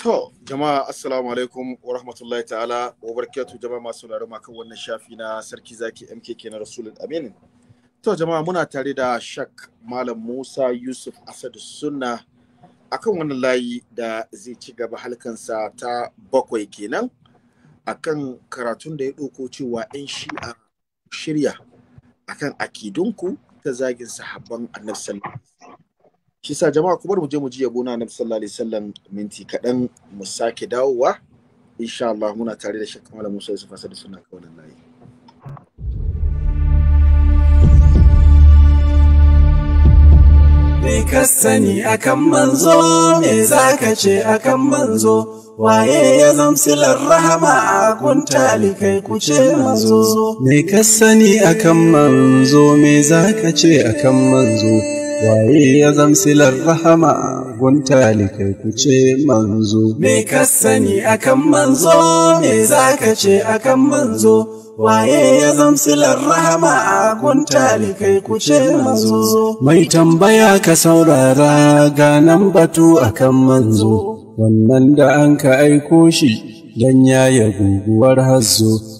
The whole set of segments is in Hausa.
To, jama'a assalamu alaikum wa rahmatullahi ta'ala wa barkatu jama'a masu sauraro kan wannan shafi na sarki zaki MKK na Rasulul Aminin. To, jama'a muna tare da Shak Malam Musa Yusuf Asadu Sunna akan wannan layi da zai ci gaba halkansa ta bakwai kenan akan karatun da ya ɗauko cewa 'yan shi'a shirya akan akidunku ta zagin sahabban annabi sallallahu alaihi shi sa jama'a kuma mu je mu ji yabo na annabi sallallahu alaihi wasallam minti kaɗan mu sake dawowa insha Allah muna tare da shakka malam Musa Yusuf Asad suna kawalan layi Me ka sani akan manzo, me za ka ce akan manzo, waye ya zamsilar rahama a kuntali kai kuce manzo. Me ka sani akan manzo, me za ka ce akan manzo, waye ya zamsilar rahama gunta likai ku ce manzo me ka sani akan manzo me zaka ce akan manzo waye ya zamsilar rahama gunta likai ku ce manzo mai tambaya ka saurara ga nan batu akan manzo wannan da an ka aiko shi dan yaya guguwar hazo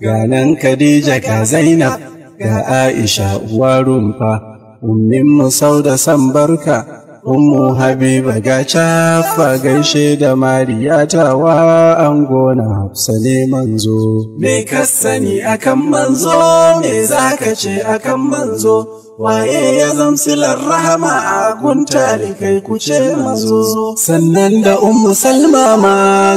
ga nan Khadija ka Zainab ga Aisha uwa rumfa ummin musau da san barka ummu Habiba ga cafa gaishe da Mariya wa, an gona Hafsa ne manzo me ka sani akan manzo me zaka ce akan manzo waye ya zamsilar rahama a gunta kai kuce manzo sannan da ummu Salma ma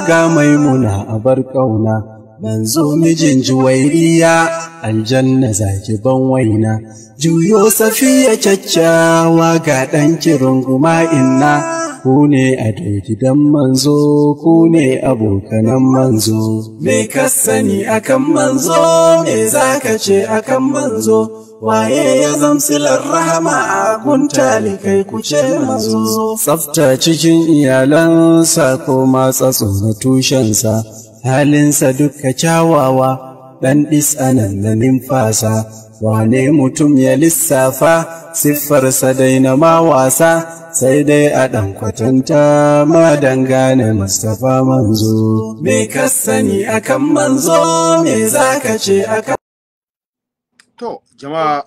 ga maimuna abar ƙauna. manzo mijin juwairiya aljanna zaki ban waina juyo safiya caccawa ga ɗan runguma inna ku ne a gidan manzo ku ne abokanan manzo me ka sani akan manzo me zaka ce akan manzo waye ya zamsilar rahama a kuntali kai kuce manzo tsafta cikin iyalansa ko matsa na tushensa halinsa duka kyawawa ɗan ɗis'anan na nimfasa wane mutum ya lissafa siffarsa daina ma wasa sai dai a ɗan kwatanta ma dangane mustapha manzo me ka sani akan manzo me za ka ce akan to jama'a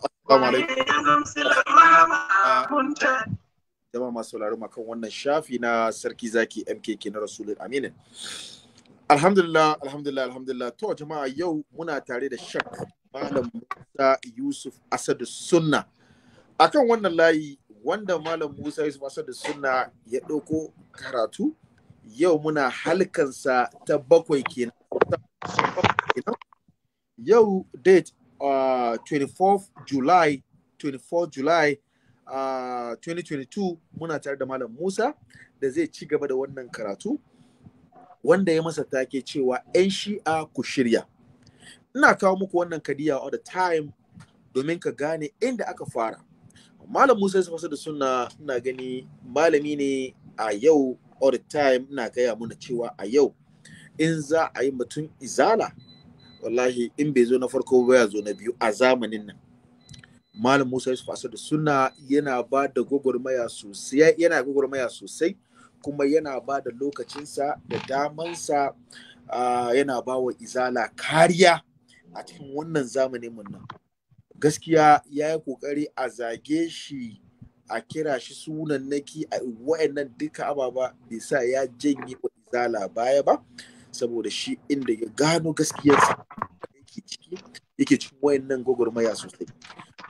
jama'a masu sauraron kan wannan shafi na sarki zaki mkk na rasulun aminin Alhamdulillah, alhamdulillah, alhamdulillah. To jama'a yau muna tare da shak Malam Musa Yusuf Asadu Sunna. Akan wannan layi wanda Malam Musa Yusuf Asadu Sunna ya ɗauko karatu, yau muna halkansa ta bakwai kenan. Yau date uh, 24 July, 24 July uh, 2022 muna tare da Malam Musa da zai ci gaba da wannan karatu. wanda ya masa take cewa 'yan shi'a ku shirya ina kawo muku wannan kadiya all the time domin ka gane inda aka fara malam musa yusuf da suna ina gani malami ne a yau all the time ina gaya muna cewa a yau in za a yi mutum izala wallahi in bai zo na farko ba ya zo na biyu a zamanin nan malam musa yusuf da suna yana ba da gwagwarmaya sosai yana gwagwarmaya sosai kuma yana ba da lokacinsa da damansa uh, yana ba wa izala kariya a cikin wannan zamanin mun gaskiya ya yi kokari a zage shi a kira shi sunan naki a wa'annan duka ababa bai sa ya janye wa izala baya ba saboda shi inda ya gano gaskiyarsa yake ciki yake cikin wayannan gwagwarmaya sosai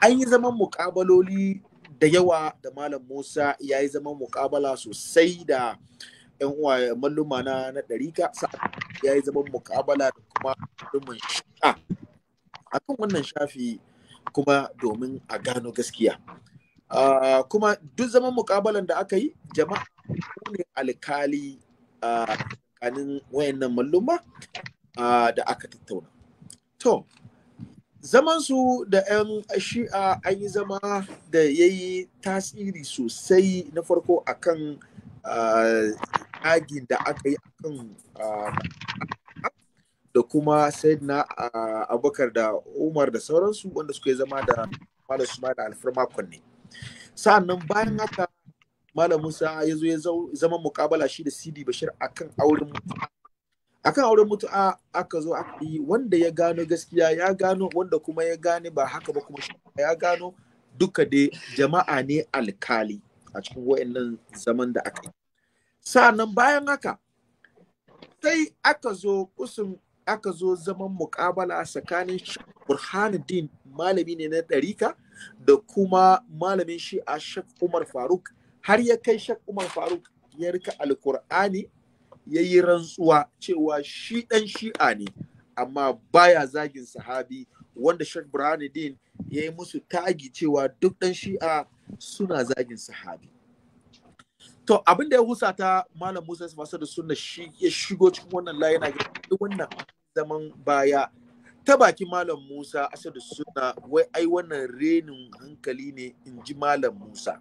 an yi zaman mukabaloli da yawa da malam musa ya yi zama mukabala sosai da yan uwa malluma na na ɗarika ya yi zaman mukabala da kuma domin shi'a akan wannan shafi kuma domin a gano gaskiya kuma duk zaman mukabalan da aka yi jama'a ne alkali a tsakanin wayannan malluma da aka tattauna to Zaman su da 'yan shi'a an yi zama da ya yi tasiri sosai na farko akan agin da aka yi akan da kuma sayyidina abubakar da umar da sauransu wanda suka yi zama da malam su da alfarma kunne sa'annan bayan haka malam musa ya zo ya zama mukabala shi da sidi bashir akan auren akan auren mutu'a aka zo aka yi wanda ya gano gaskiya ya gano wanda kuma ya gane ba haka ba kuma ya gano duka dai jama'a ne alkali a cikin wa'annan zaman da aka yi sa'annan bayan haka sai aka zo kusan aka zo zaman mukabala tsakanin burhanuddin malami ne na ɗarika da kuma malamin shi a shak umar faruk har ya kai shak umar faruk ya rika alkur'ani ya yi rantsuwa cewa shi ɗan shi'a ne amma baya zagin sahabi wanda Sheikh Burhanuddin ya yi musu tagi cewa duk ɗan shi'a suna zagin sahabi. To abin da ya husata ta Malam Musa masu da suna shi ya shigo cikin wannan layi na wannan zaman baya ta baki Malam Musa Asadu suna wai ai wannan renin hankali ne in ji Malam Musa.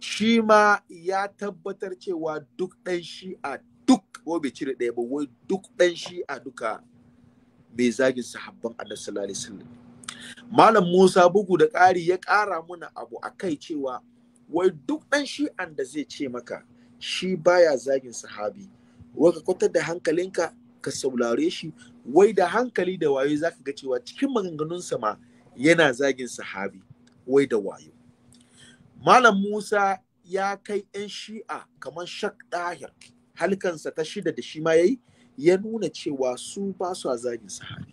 Shi ma ya tabbatar cewa duk ɗan shi'a ko bai cire ɗaya ba wai duk ɗan a duka mai zagin sahabban annabi sallallahu alaihi wasallam malam Musa bugu da ƙari ya ƙara muna abu a kai cewa wai duk ɗan shi'an da zai ce maka shi baya zagin sahabi wai ka kwatar da hankalinka ka saurare shi wai da hankali da wayo zaka ga cewa cikin maganganunsa ma yana zagin sahabi wai da wayo malam Musa ya kai 'yan shi'a kamar shak dahir halkansa ta shida da shi ma yayi ya nuna cewa su ba su zagin sahabi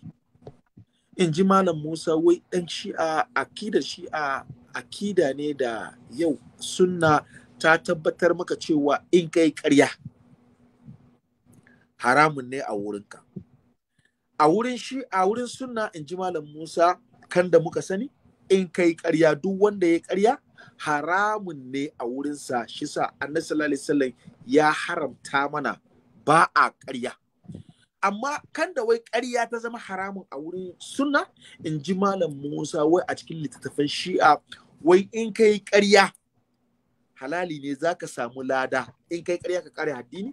in ji malam musa wai ɗan shi'a akidar shi'a akida ne da yau sunna ta tabbatar maka cewa in kai karya haramun ne a wurinka a wurin shi a wurin sunna in ji malam musa kan da muka sani in kai karya duk wanda ya karya haramun ne a wurinsa shi sa annabi sallallahu ya haramta mana ba a karya. amma kan da wai karya ta zama haramun a wurin sunna in ji malam musa wai a cikin littattafan shi'a wai in kai ƙarya halali ne za ka samu lada in kai ƙarya ka ƙare addini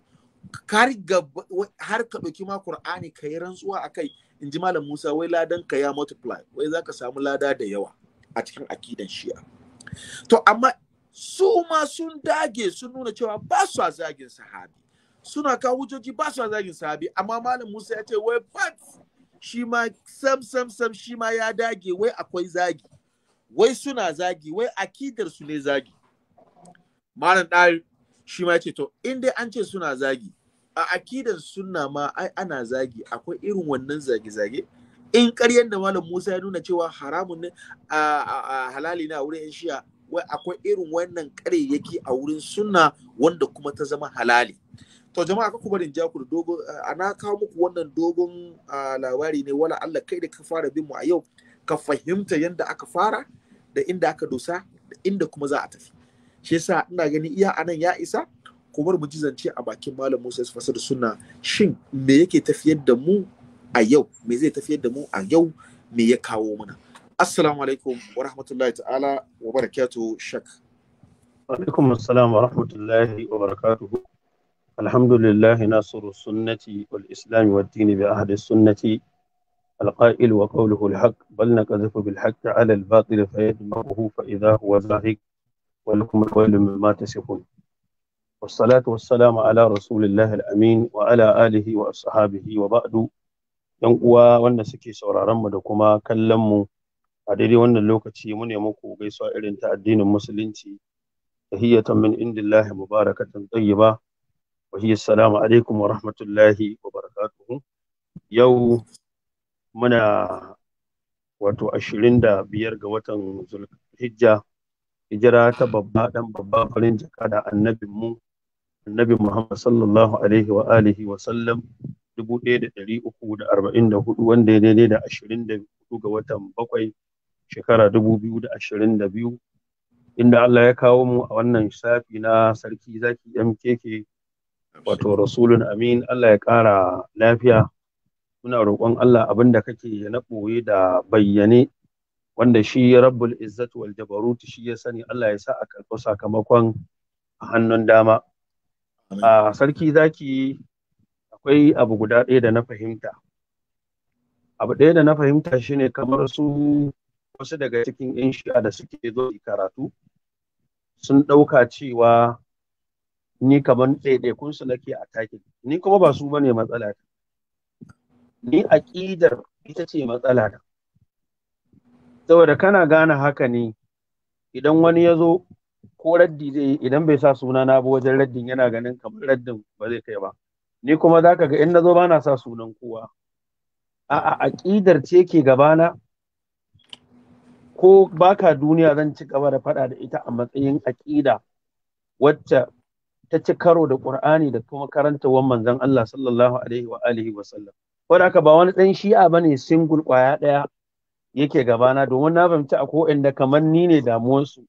har ka ɗauki ma Kur'ani ka yi rantsuwa a kai in ji Malam Musa wai ladan ka ya multiply wai za ka samu lada da yawa a cikin akidan shi'a. to amma su ma sun dage sun nuna cewa ba su zagin sahabi suna kawo hujjoji ba su zagin sahabi amma malam Musa ya ce wai but shi ma sam sam sam shi ma ya dage wai akwai zagi wai suna zagi wai akidar su ne zagi malam ɗari shi ma ya ce to in dai an ce suna zagi a akidar sunna ma ai ana zagi akwai irin wannan zage-zage in ƙaryar da malam Musa ya nuna cewa haramun ne a halali na wurin yan shi'a wai akwai irin wannan yake a wurin sunna wanda kuma ta zama halali to jama'a ka kuma rinja ku dogo ana kawo muku wannan dogon labari ne wala Allah kai da ka fara bin mu a yau ka fahimta yanda aka fara da inda aka dosa da inda kuma za a tafi shi yasa ina gani iya anan ya isa ku bar mu ji zance a bakin malam Musa ya Fasadu Sunna shin me yake tafiyar da mu a yau me zai tafiyar da mu a yau me ya kawo mana assalamu alaikum wa rahmatullahi ta'ala wa barakatuhu shak alaikum assalam wa rahmatullahi wa barakatuhu alhamdulillah nasiru sunnati wal islam wa dini bi ahli sunnati القائل وقوله الحق بل نقذف بالحق على الباطل فيدمغه فإذا هو زاهق ولكم الويل مما تصفون والصلاة والسلام على رسول الله الأمين وعلى آله وأصحابه وبعد 'yan uwa wanda suke sauraron mu da kuma kallon mu a daidai wannan lokaci mu ne muku gaisuwa irin ta addinin musulunci tahiyyata min indillahi mubarakatan tayyiba wa hiya assalamu alaikum wa rahmatullahi wa barakatuhu yau muna wato ashirin da biyar ga watan zulhijja hijira ta babba dan babba farin jaka da annabin mu annabi muhammad sallallahu alaihi wa alihi wa sallam dubu ɗaya da ɗari uku da arba'in da hudu wanda ya daidai da ashirin da hudu ga watan bakwai shekara dubu biyu da ashirin da biyu inda Allah ya kawo mu a wannan safi na sarki zaki yan keke wato rasulun amin Allah ya ƙara lafiya muna roƙon Allah abin da kake na ɓoye da bayyane wanda shi rabbul izzatu wal jabarut shi ya sani Allah ya sa a karɓi sakamakon a hannun dama a sarki zaki akwai abu guda ɗaya da na fahimta abu ɗaya da na fahimta shine kamar su wasu daga cikin 'yan shi'a da suke zo karatu sun ɗauka cewa ni kamar ɗaiɗaikun su nake a takin ni kuma ba su bane matsala ta ni aƙidar ita ce matsala ta saboda kana gane haka ne idan wani ya zo ko raddi zai idan bai sa suna na ba wajen raddin yana ganin kamar raddin ba zai kai ba ni kuma za ka ga in na zo ba sa sunan kowa a'a aƙidar ce ke gabana ko baka duniya zan ci gaba da faɗa da ita a matsayin aƙida wacce ta ci karo da Ƙur'ani da kuma wan manzon Allah sallallahu alaihi wa alihi wa sallam ko da ba wani ɗan shi'a bane single ƙwaya ɗaya yake gabana domin na fahimci a ko inda kamar ni ne damuwarsu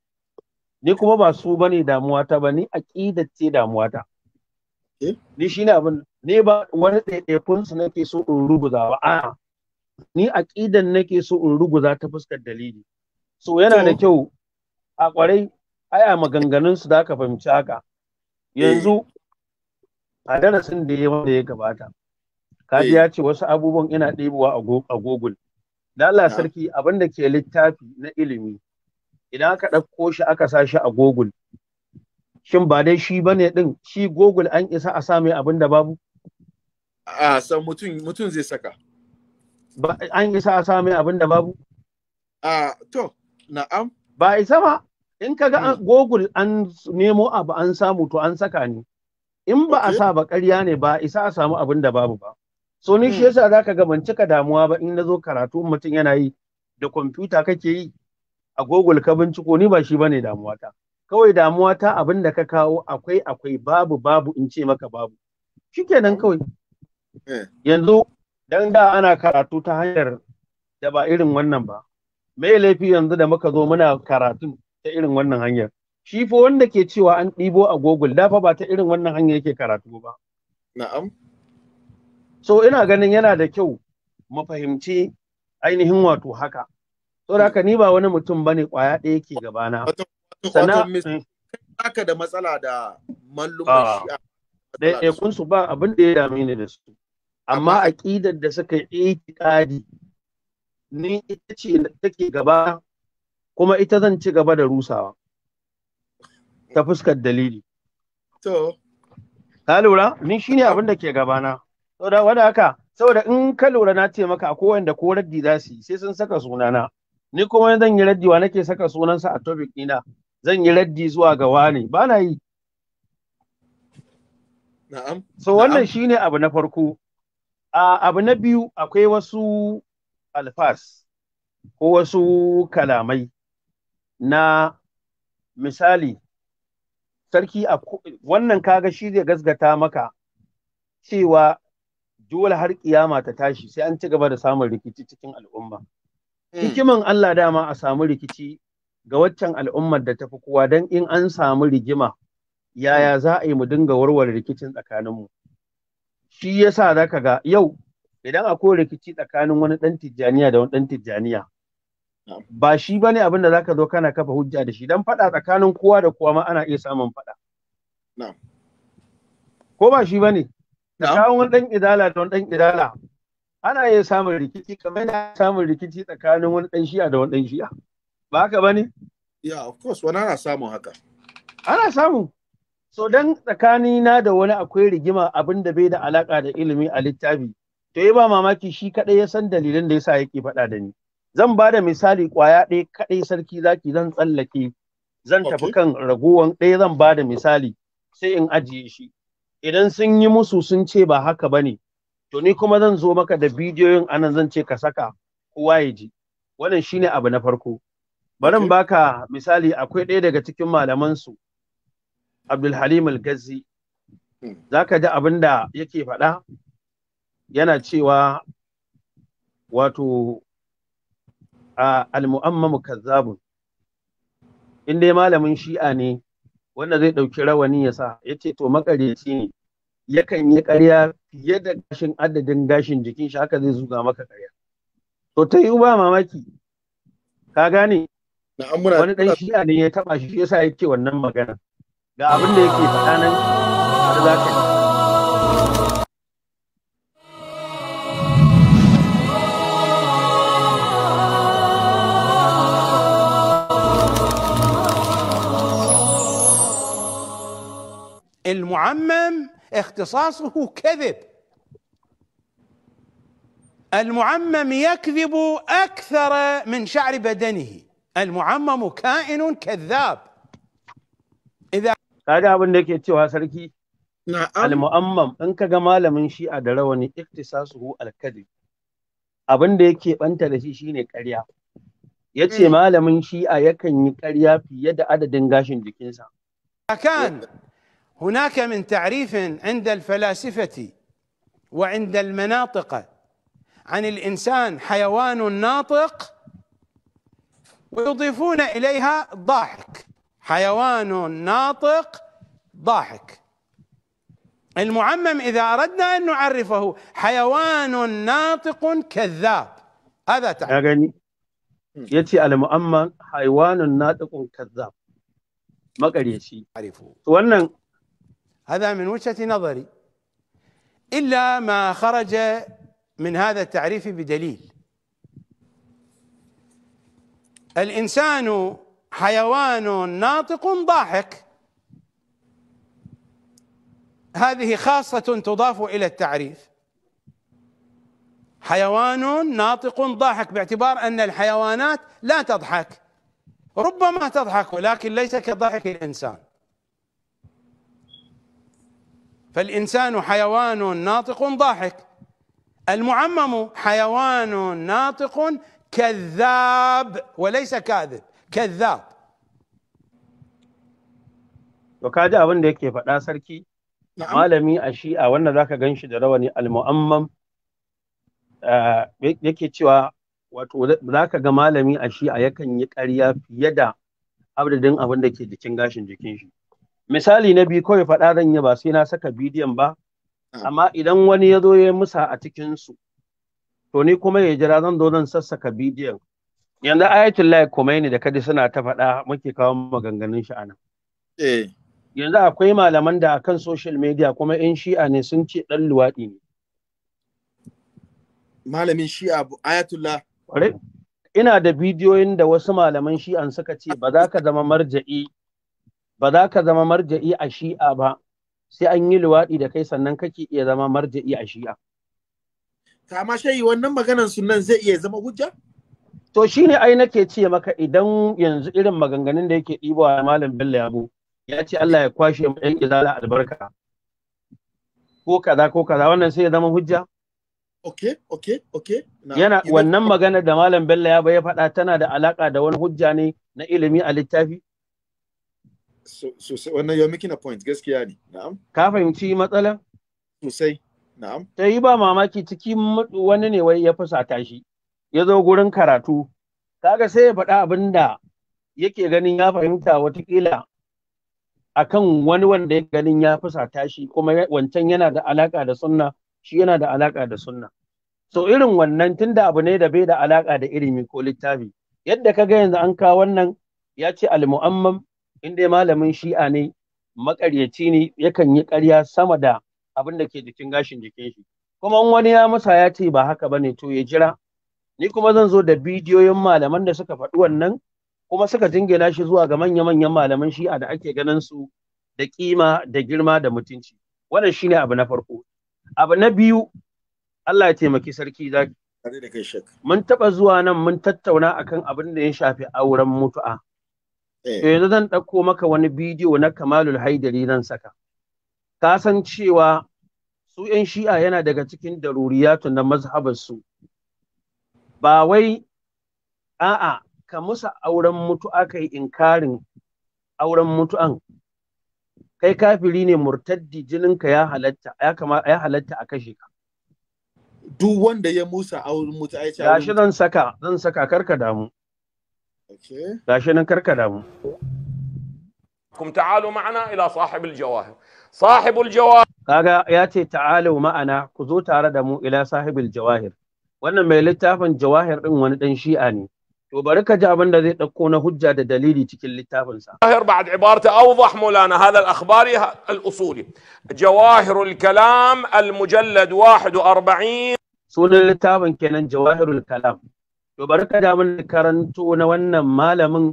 ni kuma ba su bane damuwata ba ni aƙidar ce damuwata Eh? ni shi ne abin ne ba wani ɗaiɗaikun su nake so in ruguza ba a ni aƙidan nake so in ruguza ta fuskar dalili so yana da kyau a ƙwarai aya maganganun su da aka fahimci haka eh. yanzu a darasin da ya da ya gabata kaji eh. ya ce wasu abubuwan ina ɗebowa a google da Allah ah. sarki abin da ke littafi na ilimi idan aka ɗauko shi aka sa shi a google shin ba dai shi bane din shi google an isa a sa mai abin da babu a san mutum mutum zai saka ba an isa a sa mai abin da babu a to na'am ba isa ba in ka ga hmm. google an nemo abu an samu to an saka ne in ba a sa ba ƙarya ne ba isa a samu abin da babu ba so ni shi hmm. yasa zaka ga ban cika damuwa ba in nazo karatu mutum yana yi da kwamfuta kake yi a google ka binciko ni ba shi bane damuwa ta kawai damuwa ta abin da ka kawo akwai akwai babu babu in ce maka babu shikenan kawai eh. yanzu dan da ana karatu ta hanyar da ba irin wannan ba me laifi yanzu da muka zo muna karatu ta irin wannan hanyar shi fa wanda ke cewa an ɗibo a google da fa ba ta irin wannan hanyar yake karatu ba na'am so ina ganin yana da kyau mu fahimci ainihin wato haka saboda haka ni ba wani mutum bane kwaya ɗaya ke gabana sannan haka mm. da matsala da mallumar shi'a ɗaya kun su ba abin da ya dame ni da su amma aƙidar da suka yi itikadi ni ita ce da take gaba kuma ita zan ci gaba da rusawa ta fuskar dalili to ka lura ni shine abin da ke gabana saboda wanda haka saboda in ka lura na ce maka ko wanda ko raddi za su yi sai sun saka sunana ni kuma zan yi raddi wa nake saka sunansa a topic ɗina zan yi raddi zuwa ga wani ba na yi na'am so wannan shine abu na farko a abu na biyu akwai wasu alfas ko wasu kalamai na misali sarki wannan kaga shi zai gasgata maka cewa dole har kiyama ta tashi sai an ci gaba da samun rikici cikin al'umma. Hmm. Hikiman Allah dama a samu rikici ga waccan al'ummar da tafi kowa don in an samu rigima yaya za a yi mu dinga warware rikicin tsakaninmu shi yasa za ka ga yau idan akwai rikici tsakanin wani ɗan tijjaniya da wani ɗan tijjaniya ba shi ba ne abin da za ka zo kana kafa hujja da shi don faɗa tsakanin kowa da kowa ma ana iya samun faɗa ko ba shi ba ne tsakanin wani ɗan idala da wani ɗan idala ana iya samun rikici kamar yana samun rikici tsakanin wani ɗan shi'a da wani ɗan shi'a ba haka ba ne? of course, wani ana samun haka. Ana samu. So dan tsakani na da wani akwai rigima abin da bai da alaka da ilimi a littafi. To yi ba mamaki shi kaɗai ya san dalilin da yasa yake faɗa da ni. Zan ba da misali ƙwaya ɗaya kaɗai sarki zaki zan tsallake zan tafi kan ragowan ɗaya zan ba da misali sai in ajiye shi. Idan sun yi musu sun ce ba haka ba ne, to ni kuma zan zo maka da bidiyoyin anan zan ce ka saka kowa ya ji. Wannan shine abu na farko. barin baka misali akwai ɗaya daga cikin malamansu abdulhalim al-gazi hmm. za ka ji abin da yake faɗa yana cewa wato al-mu'ammamu kazzabun in dai malamin shi'a ne wanda zai ɗauki rawani ya sa ya ce to makareci ne yakan yi ƙarya fiye da gashin adadin gashin jikin shi haka zai zuga maka ƙarya to ta yi ba mamaki ka gane wani dan shi'a ne ya taba shi yasa yake wannan magana ga abin da yake faɗa nan har za ka ji المعمم اختصاصه كذب المعمم يكذب اكثر من شعر بدنه المعمم كائن كذاب إذا هذا abin da yake cewa sarki al-mu'ammam in ka ga malamin shi'a da rawani iktisasuhu al-kadhib abin da yake banta da shi shine ƙarya yace malamin shi'a yakan yi ƙarya fiye da adadin gashin jikinsa كان هناك من تعريف عند الفلاسفة وعند المناطق عن الإنسان حيوان ناطق ويضيفون إليها ضاحك حيوان ناطق ضاحك المعمم إذا أردنا أن نعرفه حيوان ناطق كذاب هذا تعريف يأتي المؤمن حيوان ناطق كذاب ما قال wannan هذا من وجهة نظري إلا ما خرج من هذا التعريف بدليل الانسان حيوان ناطق ضاحك هذه خاصه تضاف الى التعريف حيوان ناطق ضاحك باعتبار ان الحيوانات لا تضحك ربما تضحك ولكن ليس كضحك الانسان فالانسان حيوان ناطق ضاحك المعمم حيوان ناطق كذاب وليس كاذب كذاب to kaji abin da yake faɗa sarki malami a shi'a wanda zaka gan shi da rawani almu'ammam eh, yake cewa wato zaka ga malami a shi'a yakan yi karya fiye da adadin abin da ke jikin gashin jikin shi misali na biyu kawai faɗa zan yi ba sai na saka bidiyon ba amma idan wani ya zo ya musa a cikinsu. to ni kuma ya jira zan zo sassaka bidiyon yanzu ayatul lahi kumaini da kadi suna ta faɗa muke kawo maganganun shi anan eh. yanzu akwai malaman da akan social media kuma in shi'a ne sun ce ɗan luwaɗi ne malamin shi'a ayatullah ina da bidiyoyin da wasu malaman shi'an suka ce ba za ka zama marja'i ba za ka zama marja'i a shi'a ba sai an yi luwaɗi da kai sannan kake iya zama marja'i a shi'a Kama shayi wannan maganan sunan zai iya zama hujja? To shi ne ai nake ce maka idan yanzu irin maganganun da yake ɗibawa Malam Bello Yabo ya ce Allah ya kwashe mu ɗan izala albarka. Ko kaza ko kaza wannan sai ya zama hujja? Okay, okay, okay. Yana wannan maganar da Malam Bello Yabo ya faɗa tana da alaƙa da wani hujja ne na ilimi a littafi? So, so, so wannan you're making a point gaskiya ne. Na'am. Ka fahimci matsalar? Sosai. ta yi ba mamaki ciki wani ne wai ya fusata shi ya zo gurin karatu kaga sai ya faɗa abin da yake ganin ya fahimta watakila a kan wani wanda ya ganin ya fusata shi kuma wancan yana da alaƙa da sunna shi yana da alaƙa da sunna so irin wannan tun da abu ne da bai da alaƙa da ilimi ko littafi yadda ka ga yanzu an kawo wannan ya ce almu'ammam in dai malamin shi'a ne maƙaryaci ne yakan yi ƙarya sama da abin da ke jikin gashin jikin shi kuma wani ya masa ya ce ba haka bane to ya jira ni kuma zan zo da bidiyoyin malaman da suka faɗi wannan kuma suka jingina shi zuwa ga manya-manyan malaman shi'a da ake ganin su da kima da girma da mutunci wannan shine abu na farko abu na biyu Allah ya taimaki sarki zaki mun taɓa zuwa nan mun tattauna akan abin da ya shafi auren mutu'a eh. to yanzu zan ɗauko maka wani bidiyo na kamalul haidari zan saka ka san cewa su 'yan shi'a yana daga cikin daruriyatu na mazhabarsu ba wai a'a ka musa auren mutu'a kai inkarin auren mutu'an kai kafiri ne murtaddi jininka ya halatta ya kama ya halatta a kashe ka duk wanda ya musa auren mutu ya ce gashi zan saka zan saka karka damu gashi nan karka damu kum ta'alu ma'ana ila sahib jawahir صاحب الجواهر kaga ya ce ta'alu ma'ana ku zo tare da mu wannan mai littafin jawahir din wani dan shi'a ne to bari ka ji abin da zai dauko na hujja da dalili cikin littafin sa jawahir ba'd ibarata awdah mulana hada al-akhbari al-usuli jawahir al-kalam al-mujallad 41 sunan littafin kenan jawahir al kalam to bari ka ji abin karanto na wannan malamin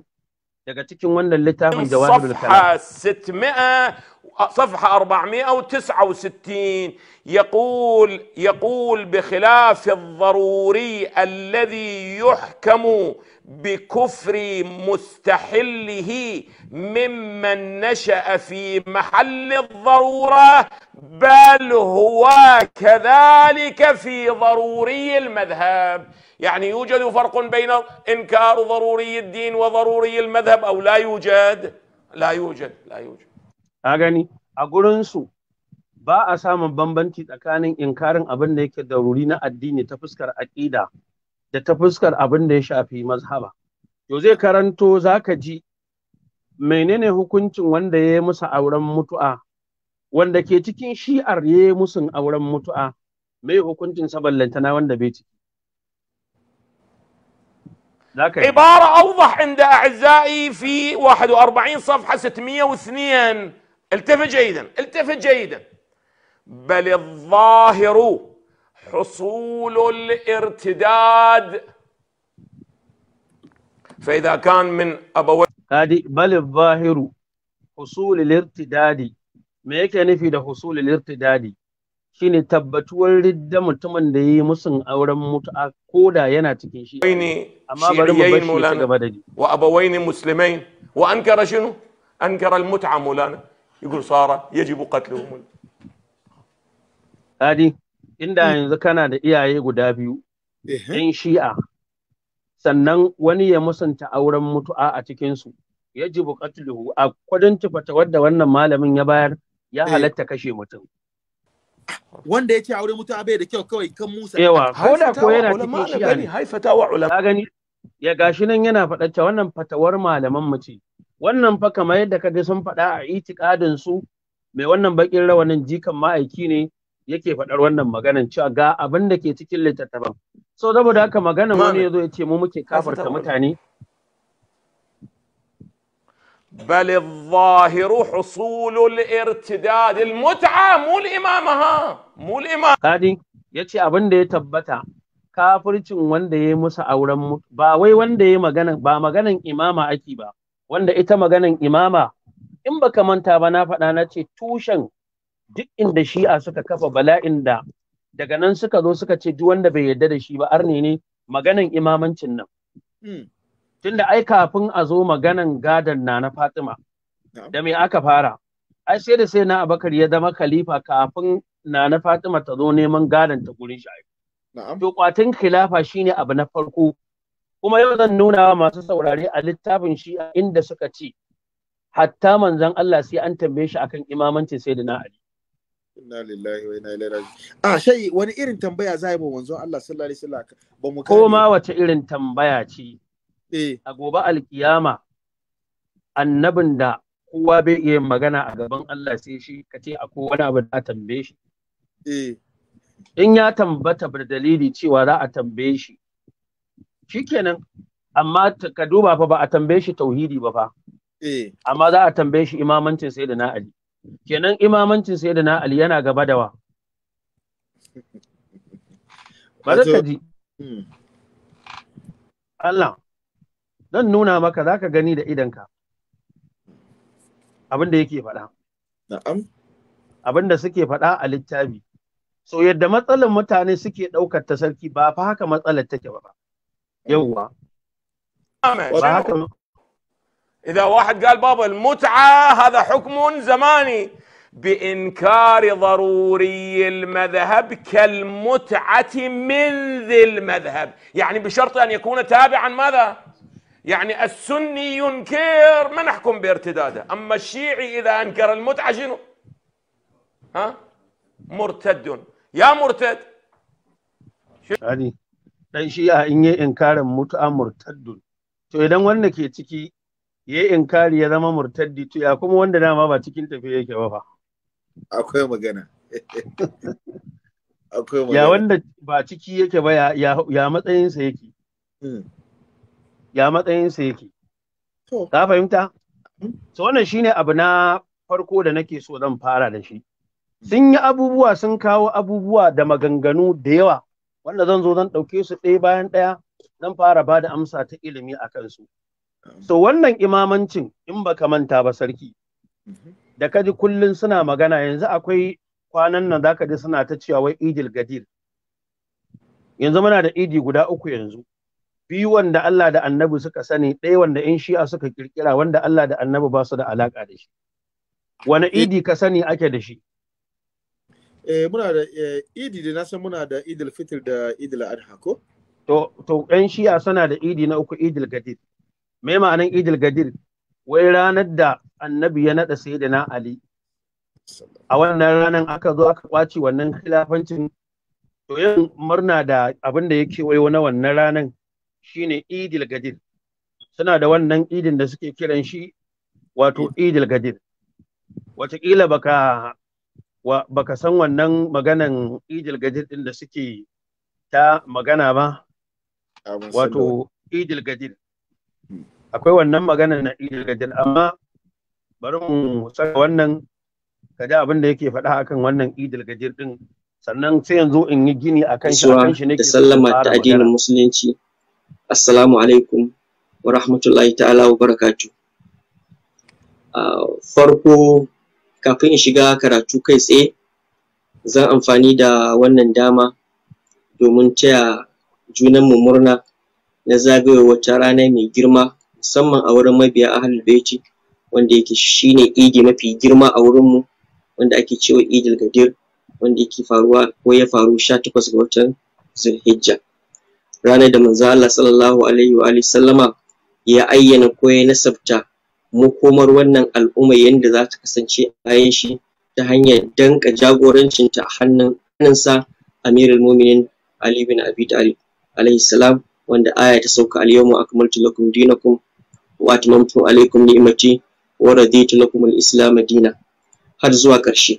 daga cikin wannan littafin jawahir al kalam 600 صفحة 469 يقول يقول بخلاف الضروري الذي يحكم بكفر مستحله ممن نشأ في محل الضرورة بل هو كذلك في ضروري المذهب يعني يوجد فرق بين إنكار ضروري الدين وضروري المذهب أو لا يوجد لا يوجد لا يوجد a gani a gurinsu ba a samun bambanci tsakanin inkarin abin da yake daruri na addini ta fuskar aƙida da ta fuskar abin da ya shafi mazhaba to zai karanto za ka ji menene hukuncin wanda ya yi musu auren mutu'a wanda ke cikin shi'ar ya yi musu auren mutu'a mai hukuncin saballantana wanda bai ciki عبارة أوضح عند أعزائي في 41 صفحة 602 التفت جيدا التفت جيدا بل الظاهر حصول الارتداد فاذا كان من ابوي هذه بل الظاهر حصول الارتداد ما يكن في ده حصول الارتداد شيني تبت ولد متمن دي مسن او رم كودا ينا تكين شي وين شيعيين مولانا وابوين مسلمين وانكر شنو انكر المتعه مولانا يقول صار يجب قتلهم هذه inda hmm. yanzu kana da iyaye guda biyu yan shi'a sannan wani ya musanta auren mutu'a a cikinsu ya ji buƙatuluhu a kwadin tufata wadda wannan malamin ya bayar ya eh. halatta kashe mutum wanda ya ce auren mutu'a bai da kyau kawai kan musa yawa ko da ko yana cikin shi'a ne haifata wa ulama ya gani ya gashi nan yana faɗa wannan fatawar malaman mu ce wannan fa kamar yadda kaga sun faɗa a itikadin su mai wannan bakin rawanin jikan ma'aiki ne yake faɗar wannan maganan cewa ga abin da ke cikin littattafan so saboda haka maganan wani yazo ya ce mu muke kafarta mutane بل الظاهر حصول الارتداد المتعة مو الإمام ها مو الإمام هادي يتي أبن دي تبتا كافر wanda ya musu auren ba wai wanda ya magana ba maganan imama ake ba wanda ita maganan imama in baka manta ba na faɗa na ce tushen duk inda shi'a suka kafa bala'in da daga nan suka zo suka ce duk wanda bai yarda da shi ba arne ne maganan imamancin nan hmm. tunda ai kafin a zo maganan gadan na na Fatima da me aka fara ai sai da sai na Abakar ya zama khalifa kafin na na Fatima ta zo neman gadan ta gurin shi to kwatin khilafa shine abu na farko kuma yau zan nuna wa masu saurare a littafin shi inda suka ce hatta manzon Allah sai an tambaye shi akan imamancin sayyidina Ali inna lillahi wa inna ilaihi raji'un a shai wani irin tambaya za yi ba manzon Allah sallallahu alaihi wasallam ba mu ko ma wace irin tambaya ce eh a gobe alkiyama annabin da kowa bai iya magana a gaban Allah sai shi ka ce akwai wani abu da tambaye shi eh in ya tambata da dalili cewa za a tambaye shi shikenan amma ka duba fa ba a tambaye shi tauhidi ba fa eh. amma za a tambaye shi imamancin sai da na Ali kenan imamancin sai da na Ali yana gaba da wa baraka ji hmm. Allah zan nuna maka za ka gani da idanka abin da yake faɗa na'am abin da suke faɗa a littafi so yadda matsalar mutane suke ɗaukar ta sarki ba fa haka matsalar take ba يلا إذا واحد قال بابا المتعة هذا حكم زماني بإنكار ضروري المذهب كالمتعة من ذي المذهب يعني بشرط أن يكون تابعا ماذا؟ يعني السني ينكر ما نحكم بارتداده أما الشيعي إذا أنكر المتعة شنو؟ ها؟ مرتد يا مرتد علي dan shi'a in yi inkarin mutu'a murtaddun to idan wanda ke ciki ya yi inkari ya zama murtaddi to ya kuma wanda dama ba cikin tafi yake ba fa akwai magana akwai magana ya wanda ba ciki yake ba ya matsayinsa yake ya matsayinsa yake hmm. ka fahimta to hmm. wannan shine abu na farko da nake so zan fara da shi hmm. sun yi abubuwa sun kawo abubuwa da maganganu da yawa wanda zan zo zan ɗauke su ɗaya bayan ɗaya zan fara ba da amsa ta ilimi a kansu. So wannan imamancin in ba ka manta ba sarki, da kaji kullum suna magana yanzu akwai kwanan nan zaka ji suna ta cewa wai idil gadir. Yanzu muna da idi guda uku yanzu. Biyu wanda Allah da annabi suka sani, ɗaya wanda in shi'a suka kirkira wanda Allah da annabi ba su da alaƙa da shi. Wani eh, idi ka sani ake da shi? eh, muna da eh, idi da nasan muna da idil fitil da idil adha ko to to ƴan shi'a suna da idi na uku idil gadir me ma'anan idil gadir wai ranar da annabi ya nada na ali a wannan ranar aka zo aka kwaci wannan khilafancin to yin murna da abin da yake wayo na wannan ranar shine idil gadir suna da wannan idin da suke kiran shi wato idil gadir wataƙila baka wa baka san wannan maganan ijil gajir din da suke ta magana ba ah, wato ijil gadir akwai wannan maganan na ijil gajir amma bari mu saka wannan kaji abin da yake faɗa akan wannan idil gajir din sannan sai yanzu in yi gini akan shi akan shi nake sallama ta addinin musulunci assalamu alaikum wa rahmatullahi ta'ala wa barakatuh ah, farko kafin in shiga karatu kai tsaye zan amfani da wannan dama domin taya mu murna na zagaye wata rana mai girma musamman a wurin mabiya Ahlul Baiti wanda yake shine idi mafi girma a wurinmu wanda ake cewa Idil Gadir wanda yake faruwa ko ya faru sha takwas ga watan Zulhijja ranar da manzo Allah sallallahu alaihi wa sallama ya ayyana ko ya nasabta makomar wannan al'umma yadda za ta kasance a bayan shi ta hanyar danka jagorancinta a hannun hannunsa amirul muminin ali bin abi talib alaihi salam wanda aya ta sauka al-yawma akmaltu lakum dinakum wa atmamtu alaykum ni'mati wa raditu lakum al-islam dina har zuwa ƙarshe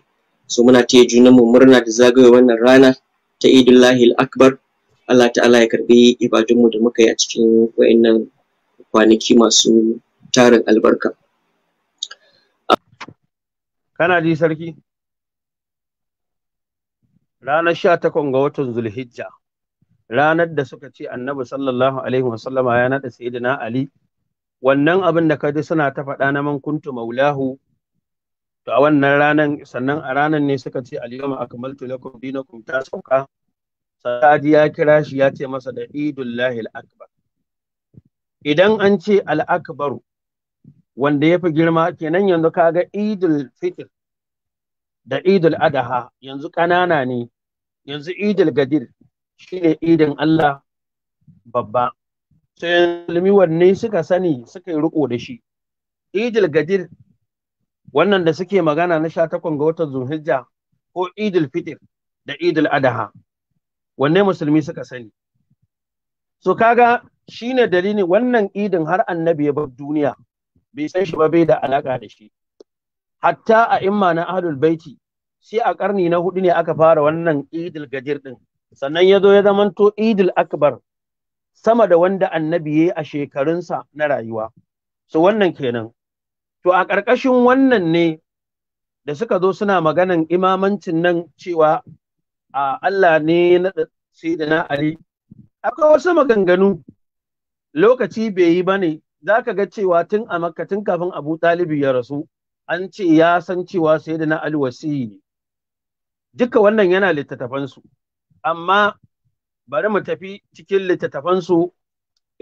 so muna taya junan mu murna da zagaye wannan rana ta idullahi akbar Allah ta'ala ya karbi ibadunmu da muka yi a cikin wayannan kwanaki masu tarin albarka kana ji sarki ranar sha takwas ga watan zulhijja ranar da suka ce annabi sallallahu alaihi wasallama ya naɗa sayyidina ali wannan abin da ji suna ta faɗa na man maulahu to a wannan ranar sannan a ranar ne suka ce al-yawma akmaltu lakum dinakum ta sauka sa'adi ya kira shi ya ce masa da idullahi al idan an ce al-akbar wanda ya fi girma kenan yanzu kaga idul fitr da idul adaha yanzu ƙanana ne yanzu idul gadir shine idin Allah babba sai musulmi wanne suka sani suka yi riko da shi idul gadir wannan da suke magana na sha takwan ga watan zuhijja ko idul fitr da idul adaha wanne musulmi suka sani so kaga shine dalili wannan idin har annabi ya bar duniya bai san shi ba bai da alaka da shi hatta a imma na ahlul baiti shi a karni na hudu ne aka fara wannan idil gajir din sannan ya zo ya zamanto idil akbar sama da wanda annabi ya yi a shekarunsa na rayuwa so wannan kenan to a ƙarƙashin wannan ne da suka zo suna maganan imamancin nan cewa a Allah ne na sayyidina Ali akwai wasu maganganu lokaci bai yi bane za ka ga cewa tun a makka tun kafin abu talibi ya rasu an ce ya san cewa sai da na alwasi ne duka wannan yana littattafansu amma bari mu tafi cikin littattafansu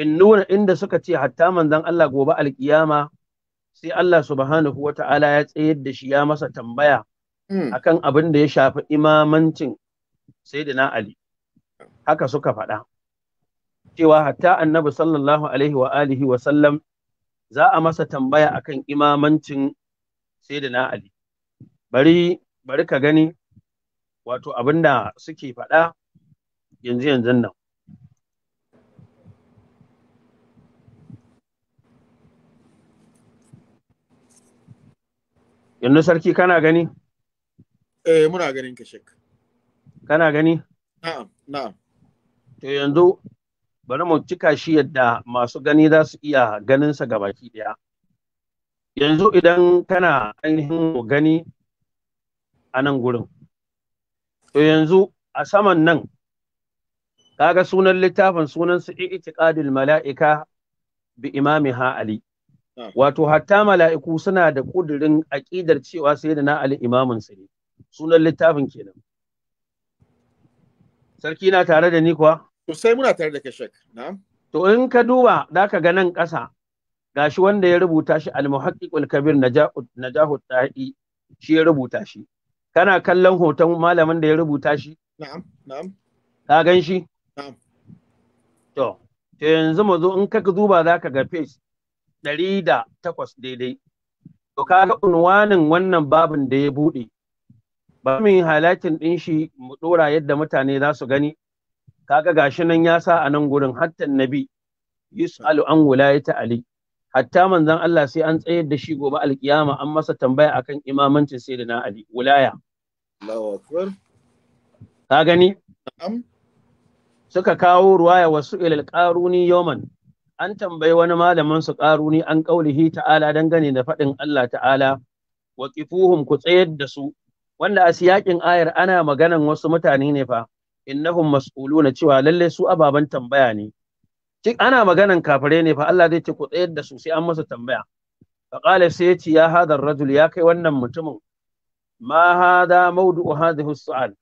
in nuna inda suka ce hatta manzon Allah gobe alkiyama sai Allah subhanahu wa ta'ala ya tsayar da shi ya masa tambaya hmm. akan abin da ya shafi imamancin sayyidina Ali haka suka faɗa cewa hatta annabi sallallahu alaihi wa alihi wa sallam za a masa tambaya akan imamancin sayyidina ali bari bari ka gani wato abinda suke faɗa yanzu yanzu nan yanzu sarki kana gani eh muna ganin ka shek kana gani na'am na'am to yanzu bari mu cika shi yadda masu gani za su iya ganinsa ga baki ɗaya yanzu idan kana ainihin gani a nan gurin to yanzu a saman nan kaga sunan littafin sunan su i'tiqadil mala'ika bi ha ali ah. wato hatta mala'iku suna da kudirin aqidar cewa sai da na ali imamin su ne sunan littafin kenan sarki na tare da ni kuwa sai muna tare da ke shek. To in ka duba da ka ga nan ƙasa gashi wanda ya rubuta shi al-muhaqqiqul kabir najahut shi ya rubuta shi. Kana kallon hoton malamin da ya rubuta shi? Na'am, na'am. Ka gan shi? Na'am. To, to yanzu mu zo in ka duba za ka ga page ɗari da takwas daidai. To ka ga unwanin wannan babin da ya buɗe. Ba mu halakin ɗin shi mu ɗora yadda mutane za su gani kaga gashi nan ya sa a nan gurin hatta nabi yus'alu an wulayata ali hatta manzon Allah sai an tsayar da shi gobe alkiyama an masa tambaya akan imamancin sayyidina ali wulaya Allahu akbar ka gani suka kawo ruwaya wasu ilal qaruni yoman an tambayi wani malamin su ƙaruni an ƙaulihi ta'ala dangane da faɗin Allah ta'ala wa ku tsayar da su wanda a siyakin ayar ana maganan wasu mutane ne fa innahum mas'uluna cewa lalle su ababan tambaya ne cik ana maganan kafare ne fa Allah zai ce ku tsayar da su sai an masa tambaya fa qala sai ya ce ya hadar rajul ya kai wannan mutumin ma hada mawdu'u hadhihi su'al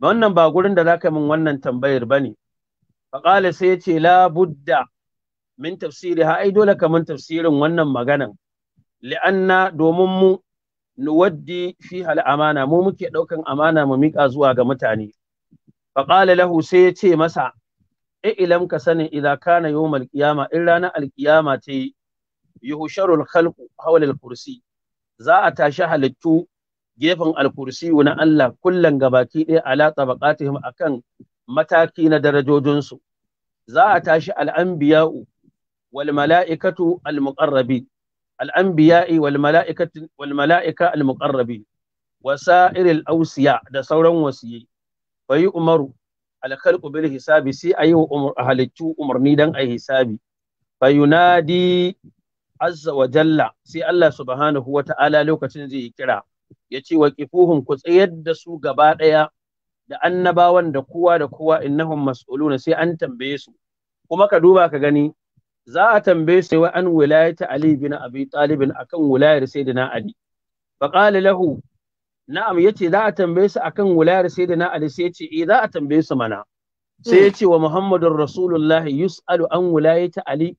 wannan ba gurin da zaka min wannan tambayar bane fa qala sai ya ce la budda min tafsiri ha ai dole kaman tafsirin wannan maganan li'anna domin mu nuwaddi fi hal amana mu muke daukan amana mu mika zuwa ga mutane faƙala lahu sai ya ce masa ilam ka sanin idza kana yawmal qiyama in ranar alqiyama ce yuhsharul khalqu hawla al-kursi za a tashi halittu gefen al na Allah kullan gabaki ɗaya ala tabaqatihim akan mataki na darajojinsu za a tashi al-anbiya'u wal mala'ikatu al-muqarrabi wasa'iril awsiya da sauran wasiyyi fayi umaru alkhalqu bil hisabi sai ayi wa halittu umarni dan ayi hisabi fayunadi azza wa jalla sai Allah subhanahu wa ta'ala lokacin zai kira yace wa kifuhum ku tsayar da su gaba daya da annabawan da kowa da kowa innahum mas'uluna sai an tambaye su kuma ka duba ka gani za a tambaye su wa an wilayata ali bin abi talib akan wilayar sayyidina ali فقال lahu na'am yace za a tambaye su akan wulayar na ali sai yace eh za a tambaye su mana sai yace wa muhammadur rasulullah yus'alu an wulayata ali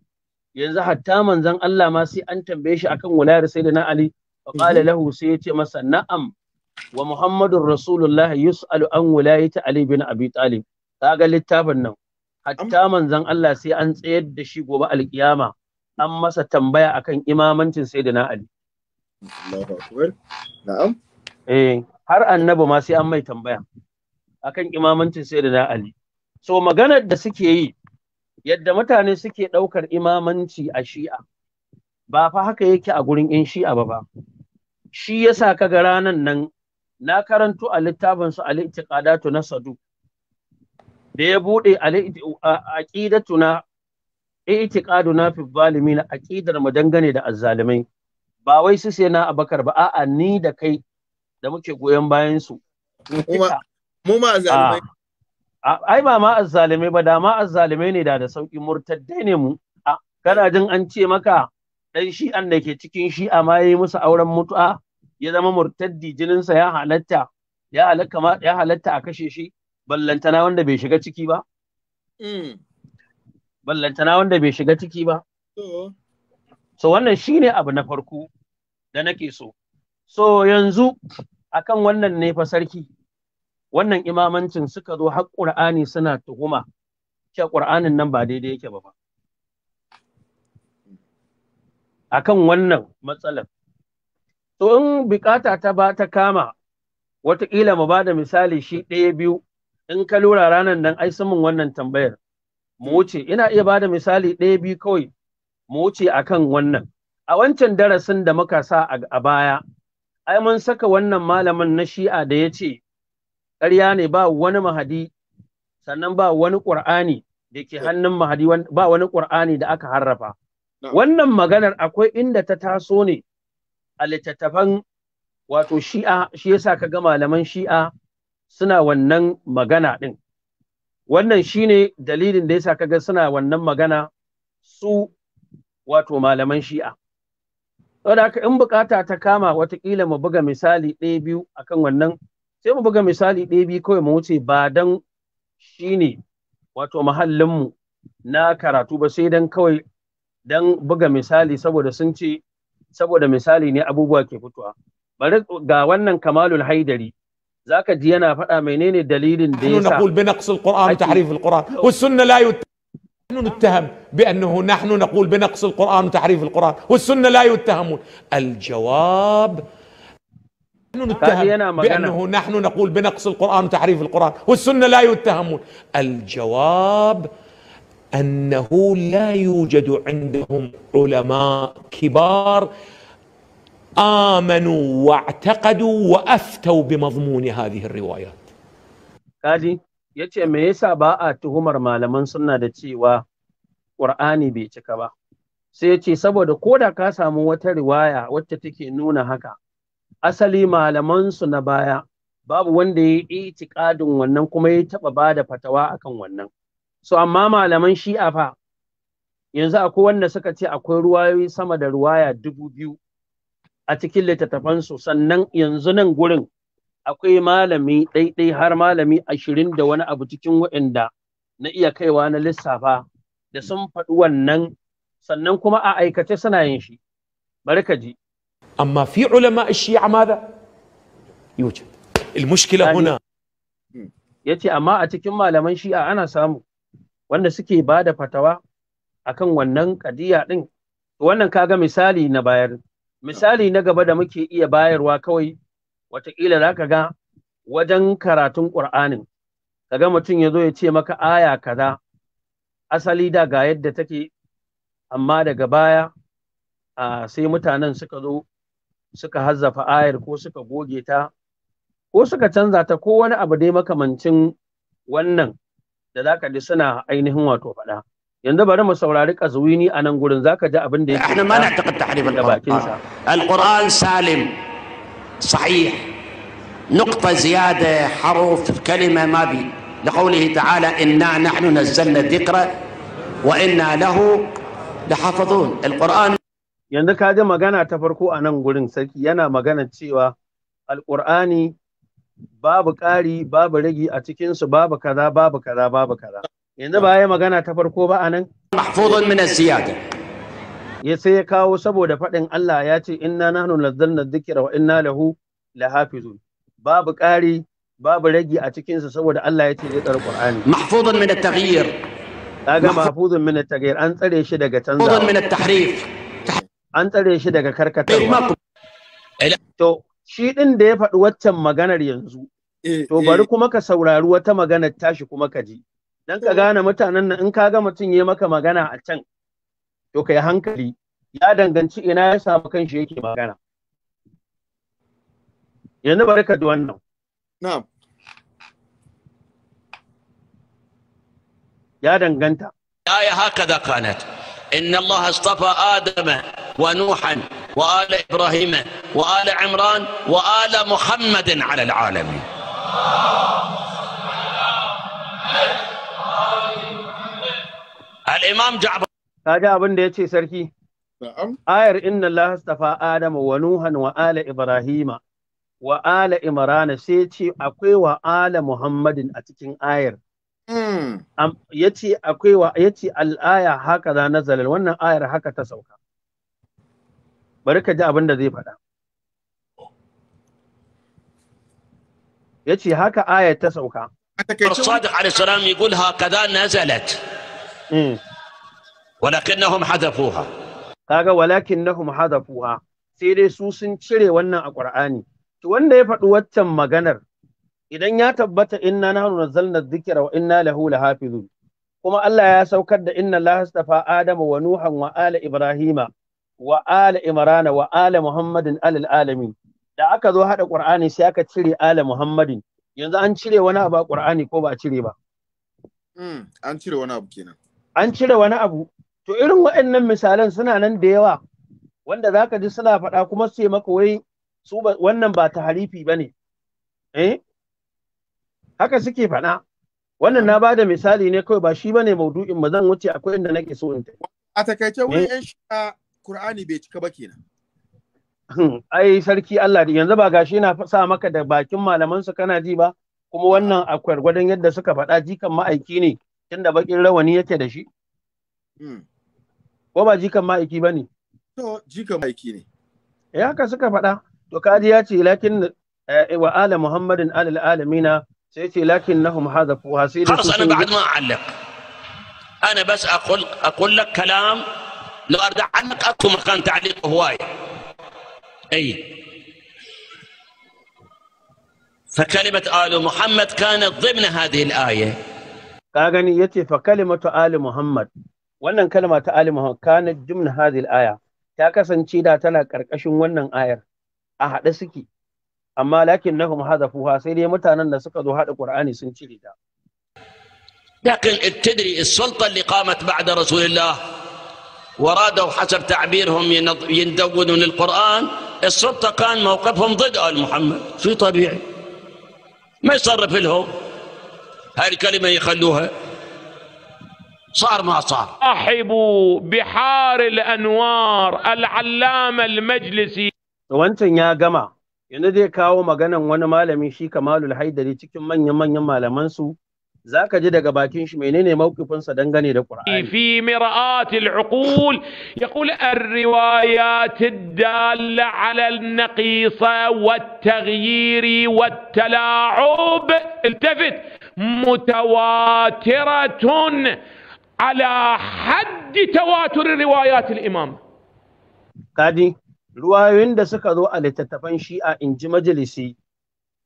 yanzu hatta manzon Allah ma sai an tambaye shi akan wulayar sayyidina ali fa qala mhm. lahu sai yace masa na'am wa muhammadur rasulullah yus'alu an wulayata ali bin abi talib kaga littafin nan hatta manzon Allah sai an tsayar da shi gobe alkiyama an masa tambaya akan imamancin sayyidina ali Allahu akbar na'am eh har annabi ma sai an mai tambaya akan imamancin sai da na Ali so maganar da suke yi yadda mutane suke ɗaukar imamanci a shi'a ba fa haka yake a gurin yan shi'a ba ba shi yasa ka ga ranan nan na karanto a littafin su al na sadu da ya bude aqidatu na i'tiqadu na fi zalimin mu dangane da azzalumai ba wai su sai na abakar ba a'a ni da kai da muke goyon bayan su mu ma azzalimai ah, ah, ai ba ma azzalumai ba da ma azzalimai ne da da sauki murtaddai ne mu ah, kana jin an ce maka dan shi'an da ke cikin shi'a ma yayi musu auren mutu'a ya zama murtaddi jininsa ya halatta ya halatta ya halatta a kashe shi ballantana wanda bai shiga ciki ba mm. ballantana wanda bai shiga ciki ba so wannan shine abu na farko da nake so so yanzu akan wannan ne fa sarki wannan imamancin suka zo har ƙur'ani suna tuhuma cewa qur'anin nan ba daidai yake ba akan wannan matsalar to in bukata ta ba ta kama wataƙila mu bada misali shi ɗaya biyu in ka lura ranar nan ai mun wannan tambayar mu wuce ina iya bada misali ɗaya biyu kawai mu wuce akan wannan a wancan darasin da muka sa a baya ai mun saka wannan malamin na shi'a da ya ce ƙarya ne ba wani mahadi sannan ba wani ƙur'ani da ke hannun mahadi ba wani ƙur'ani da aka harrafa wannan maganar akwai inda ta taso ne a littattafan wato shi'a shi yasa ka ga malaman shi'a suna wannan magana ɗin wannan shine dalilin da yasa ga suna wannan magana su wato malaman shi'a da haka in bukata ta kama watakila mu buga misali ɗaya biyu akan wannan sai mu buga misali ɗaya biyu kawai mu wuce ba dan shine wato mahallinmu na karatu ba sai don kawai don buga misali saboda sun ce saboda misali ne abubuwa ke fitowa. Bari ga wannan Kamalul Haidari zaka ji yana faɗa menene dalilin da ya sa. نحن نتهم بأنه نحن نقول بنقص القرآن وتحريف القرآن والسنة لا يتهمون الجواب نحن نتهم بأنه نحن نقول بنقص القرآن وتحريف القرآن والسنة لا يتهمون الجواب أنه لا يوجد عندهم علماء كبار آمنوا واعتقدوا وأفتوا بمضمون هذه الروايات هذه ya ce me yasa ba a tuhumar malaman sunna da cewa ƙur'ani bai cika ba sai ya ce saboda ko da ka samu wata riwaya wacce take nuna haka asali malaman su na baya babu wanda ya yi itikadin wannan kuma ya taɓa bada fatawa akan wannan so amma malaman shi'a fa yanzu akwai wanda suka ce akwai ruwayoyi sama da ruwaya dubu biyu a cikin littattafansu sannan yanzu nan gurin akwai malami ɗaiɗai har malami ashirin da wani abu cikin waɗanda na iya kaiwa na lissafa da sun faɗi wannan sannan kuma a aikace suna yin shi bari ka ji amma fi ulama a maza ilmushkila huna Ya ce amma a cikin malaman shi'a ana samu wanda suke ba da fatawa akan wannan kadiya din wannan kaga misali na bayar misali na gaba da muke iya bayarwa kawai wataƙila za ka ga wajen karatun ƙur'anin ka ga mutum ya zo ya ce maka aya kaza asali da ga yadda take amma daga baya a sai mutanen suka zo suka hazzafa ayar ko suka goge ta ko suka canza ta ko wani abu dai makamancin wannan da za ka ji suna ainihin wato faɗa. yanzu bari mu saurari kazuwini a nan gurin za ka ji abin da yake. ke da bakinsa. Al-Qur'an Salim صحيح نقطة زيادة حرف كلمة ما بي لقوله تعالى إنا نحن نزلنا الذكر وإنا له لحافظون القرآن yanzu ka ji magana ta farko a nan gurin sarki yana magana cewa alƙur'ani babu ƙari babu ragi a cikinsu babu kaza babu kaza babu kaza yanzu ba ya magana ta farko ba a nan mahfuzun min ziyada ya sai ya kawo saboda faɗin Allah ya ce inna nahnu nazzalna dhikra wa inna lahu lahafizun babu ƙari babu ragi a cikin sa saboda Allah ya ce zai tsare Qur'ani mahfuzun min at-taghyir kaga mahfuzun min at-taghyir an tsare shi daga canza mahfuzun min at-tahrif an tsare shi daga karkatarwa to shi din da ya faɗi waccan maganar yanzu eh, to bari eh. kuma ka saurari wata maganar tashi kuma ka ji dan ka eh. gane mutanen nan in ka ga mutum ya maka magana a can to kai hankali ya danganci ina ya samu kanshi yake magana yanzu baraka da wannan na'am ya danganta aya hakaza kanat inna allaha astafa adama wa nuhan wa وال ibrahima وال ala imran wa ala muhammadin الامام جعفر kaji abin da ya ce sarki ayar inna Allah astafa Adamu wa Nuhan wa ala Ibrahima wa ala Imrana sai ce akwai wa ala Muhammadin a cikin ayar hmm. ya ce akwai wa ya ce al'aya haka za na nazalar wannan ayar haka ta sauka bari ka ji abin da zai faɗa ya ce haka ayar ta sauka الصادق عليه السلام يقول هكذا نزلت ولكنهم حذفوها kaga walakinnahum hadafuha sai dai su sun cire wannan a Qur'ani to wanda ya faɗi waccan maganar idan ya tabbata inna nahnu nazzalna dhikra wa inna lahu lahafizun kuma Allah ya saukar da inna Allah astafa Adama wa Nuhan wa ala Ibrahima wa ala imran wa ala Muhammadin alal alamin da aka zo haɗa Qur'ani sai aka cire ala Muhammadin yanzu an cire wani abu a Qur'ani ko ba a cire ba hmm, an cire wani abu kenan an cire wani abu to irin waɗannan misalan suna nan da yawa wanda za ka ji suna faɗa kuma su maka wai su wannan ba ta harifi ba ne eh haka suke faɗa wannan na bada misali ne kawai ba shi ba ne maudu'in ba zan wuce akwai inda nake so in a takaice wani eh? yan shiga Kur'ani bai cika ba kenan hmm, ai sarki Allah yanzu ba gashi na sa maka da bakin malaman su kana ji ba kuma wannan akwai gwadon yadda suka faɗa jikan ma'aiki ne tunda bakin rawani yake da shi hmm. ko ba jikan ma'aiki ba ne? To, jikan ma'aiki ne. Ya haka suka faɗa, to kaji ya ce lakin wa ala Muhammadin alal alamina sai ce lakin nahum hadafu hasidi. su. ana ba'd ma a'allaq. Ana bas aqul aqul lak kalam لو arda عنك أكو makan ta'liq huwai. Ay. فكلمة آل محمد كانت ضمن هذه الآية كاغني يتي فكلمة آل محمد wannan kalma ta alimu kanat jumn hadhihi aya ta kasance da tana karkashin wannan ayar a haɗe suke amma lakin nahum hadafuha sai dai mutanen da suka zo hada qur'ani sun cire ta لكن تدري السلطة اللي قامت بعد رسول الله ورادوا حسب تعبيرهم يندونوا للقرآن السلطة كان موقفهم ضد آل محمد شيء طبيعي ما يصرف لهم هاي الكلمة يخلوها صار ما صار صاحب بحار الأنوار العلامة المجلسي wancan ya gama yanzu zai kawo maganan wani malami shi kamalul haidari cikin manya-manyan malamansu za ka ji daga bakin shi menene mawkifinsa dangane da Qur'ani fi mir'ati al-uqul yaqul ar-riwayat ad-dalla 'ala an-naqisa wat-taghyir wat-tala'ub iltafit mutawatiratun ala haddi tawaturin riwayatul imam kadi ruwayoyin da suka zo a littattafan shi'a in ji majalisi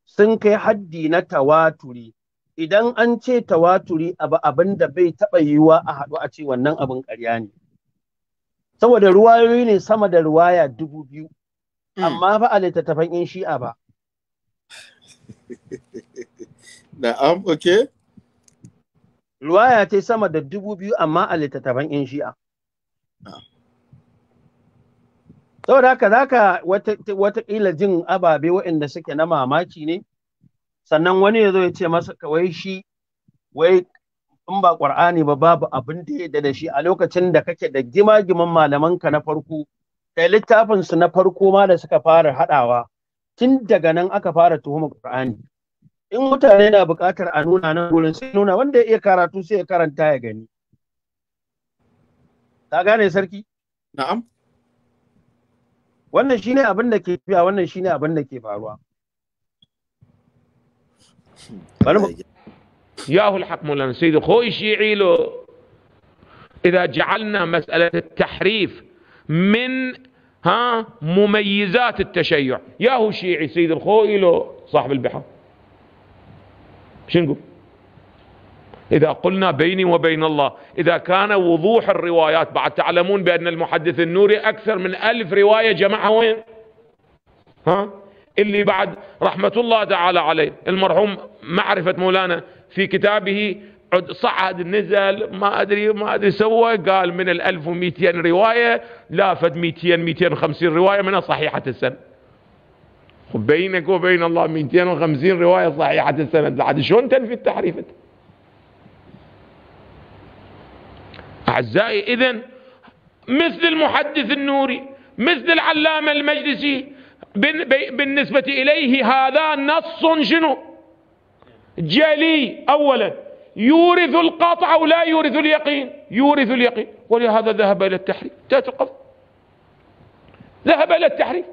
sun kai haddi na tawaturi idan an ce tawaturi abu abin da bai taɓa yiwuwa a haɗu a ce wannan abin ƙarya ne saboda ruwayoyi ne sama da ruwaya dubu biyu hmm. amma ba a littattafan yan shi'a ba na'am okay ruwaya ta sama da dubu biyu amma a littattafan yan shi'a saboda haka zaka watakila jin ababe waɗanda suke na mamaki ne sannan wani ya zo ya ce masa kawai shi wai in ba ƙwar'ani ba babu abin da ya da shi a lokacin da kake da gima-giman malaman malamanka na farko kai littafinsu na farko ma da suka fara haɗawa tun daga nan aka fara tuhumar ƙwar'ani in mutane na buƙatar a nuna nan gurin sai nuna wanda ya iya karatu sai ya karanta ya gani ka gane sarki na'am wannan shine abin da ke tafiya wannan shine abin da ke faruwa يا هو الحق مولانا سيدي خوي شيعي له إذا جعلنا مسألة التحريف من ها مميزات التشيع يا هو شيعي سيدي الخوي له صاحب البحر شو نقول إذا قلنا بيني وبين الله إذا كان وضوح الروايات بعد تعلمون بأن المحدث النوري أكثر من ألف رواية جمعها وين ها اللي بعد رحمة الله تعالى عليه المرحوم معرفة مولانا في كتابه صعد نزل ما أدري ما أدري سوى قال من الألف ومئتين رواية فد مئتين مئتين خمسين رواية منها صحيحة السنة بينك وبين الله 250 رواية صحيحة السند لحد شلون تنفي التحريف انت أعزائي اذا مثل المحدث النوري مثل العلامة المجلسي بالنسبة إليه هذا نص شنو جلي أولا يورث القطع او لا يورث اليقين يورث اليقين ولهذا ذهب إلى التحريف ذهب إلى التحريف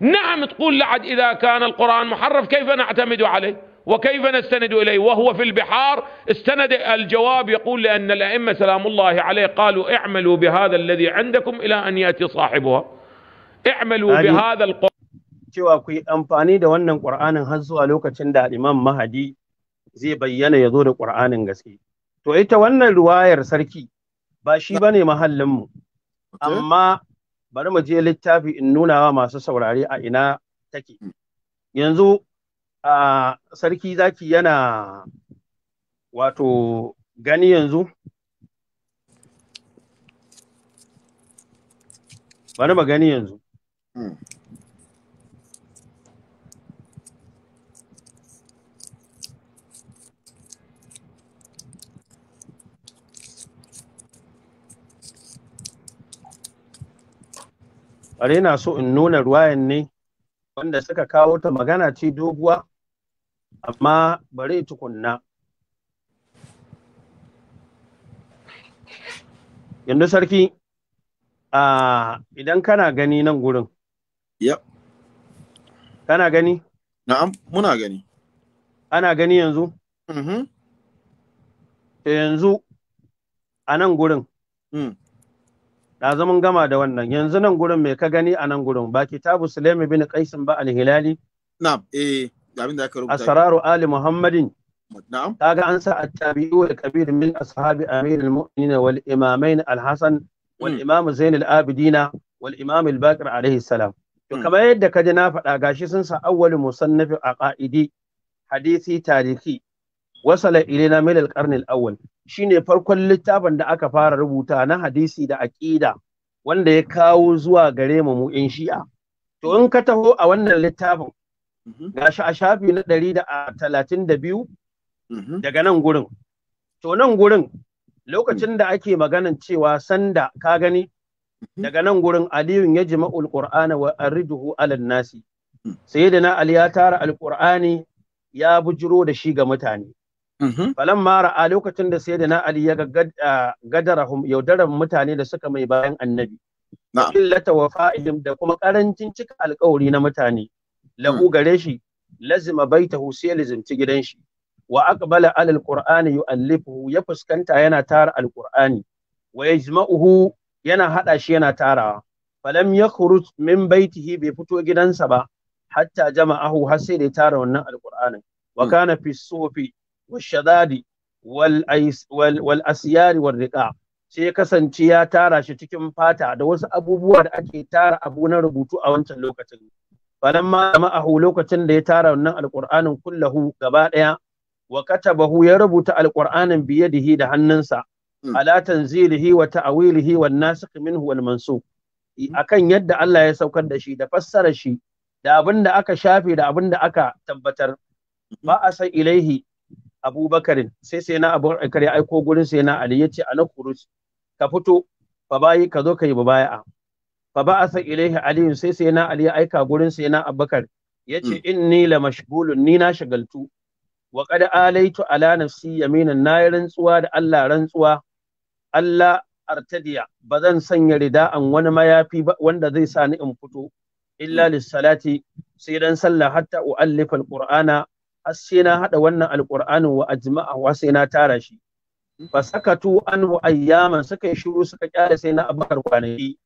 نعم تقول لعد إذا كان القرآن محرف كيف نعتمد عليه وكيف نستند إليه وهو في البحار استند الجواب يقول لأن الأئمة سلام الله عليه قالوا اعملوا بهذا الذي عندكم إلى أن يأتي صاحبها اعملوا يعني بهذا القرآن cewa ku yi amfani da wannan Qur'anin har zuwa lokacin da Imam Mahadi zai bayyana yazo da Qur'anin gaske. To ita wannan ruwayar sarki ba shi bane mahallin mu. Amma bari mu je littafi in nuna wa masu saurare a ina take mm. yanzu a sarki zaki yana wato gani yanzu bari mu gani yanzu mm. bare na so in nuna ruwayan ne wanda suka kawo ta magana ce doguwa amma bare tukunna yanzu sarki a idan kana gani nan gurin yep. kana gani na'am muna gani ana gani yanzu mm -hmm. yanzu a nan gurin mm. da mun gama da wannan yanzu nan gurin mai ka gani a nan gurin ba kitabu sulaimi bin qaisin ba al-hilali na'am eh ali muhammadin na'am kaga an sa at-tabi'i wa kabir min ashabi amir al-mu'minin wal imamain al-hasan wal imam hmm. zain al-abidin wal imam al-baqir alayhi salam to hmm. kamar yadda ka ji na faɗa gashi sun sa awwal musannaf a qa'idi hadisi tarihi wasala la'ilina min al-qarn al-awwal Shi ne farkon littafin da aka fara rubuta na hadisi da aƙida wanda ya kawo zuwa gare mu mu in shi'a to in ka taho a wannan littafin mhm. ga shi a shafi na ɗari da talatin da biyu mhm. daga nan gurin to nan gurin lokacin da ake maganan cewa sanda ka gani mhm. daga nan gurin aliyun ya jima'ul qur'ana wa arriduhu alan nasi na ali ya tara alƙur'ani ya bujiro da shi ga mutane Mm-hmm. falan mara a lokacin da sai da na Ali ya gadara yaudarar mutane da suka mai bayan annabi. Illata wa fa'ilim da kuma ƙarancin cika alkawari na mutane. Lahu mm. gare shi lazima baitahu sai lizimci gidan shi. Wa akbala alal qur'ani yu'allifuhu ya fuskanta yana tara alqur'ani wa yajma'uhu yana hada shi yana tarawa. Falam yakhruj min baitihi bai fito gidansa ba hatta jama'ahu har sai da ya tara wannan alqur'anin. Wa mm. kana fi sufi washadadi wal wal asyari sai ya kasance ya tara shi cikin fata da wasu abubuwa da ake tara abu na rubutu a wancan lokacin falamma jama'ahu lokacin da ya tara wannan kulla kullahu gaba ɗaya. wa bahu ya rubuta alqur'anin biyadihi da hannunsa hmm. ala tanzilihi wa ta'wilihi wan nasikh minhu wal mansukh hmm. akan yadda Allah ya saukar da shi da fassara shi da abin da aka shafe da abin da aka tabbatar hmm. ba a san ilaihi abubakarin sai sai na abubakar ya aiko gurin sai na ali yace ana kuruj ka fito fa bayi ka zo ka yi baya'a fa ba'asa ilaihi ali sai sai na ali ya aika gurin sai na abubakar yace hmm. inni la mashghulun ni na shagaltu wa qad alaitu ala nafsi yaminan na rantsuwa da Allah rantsuwa Allah artadiya ba zan sanya rida'an wani mayafi ba wanda zai sa ni in fito illa hmm. lissalati sai dan sallah hatta u'allifa alqur'ana sai na haɗa wannan alƙur'anin wa ajma'a wa sai na tara shi fa sakatu anhu ayyaman suka yi shiru suka kyale sai na abakar kwanaki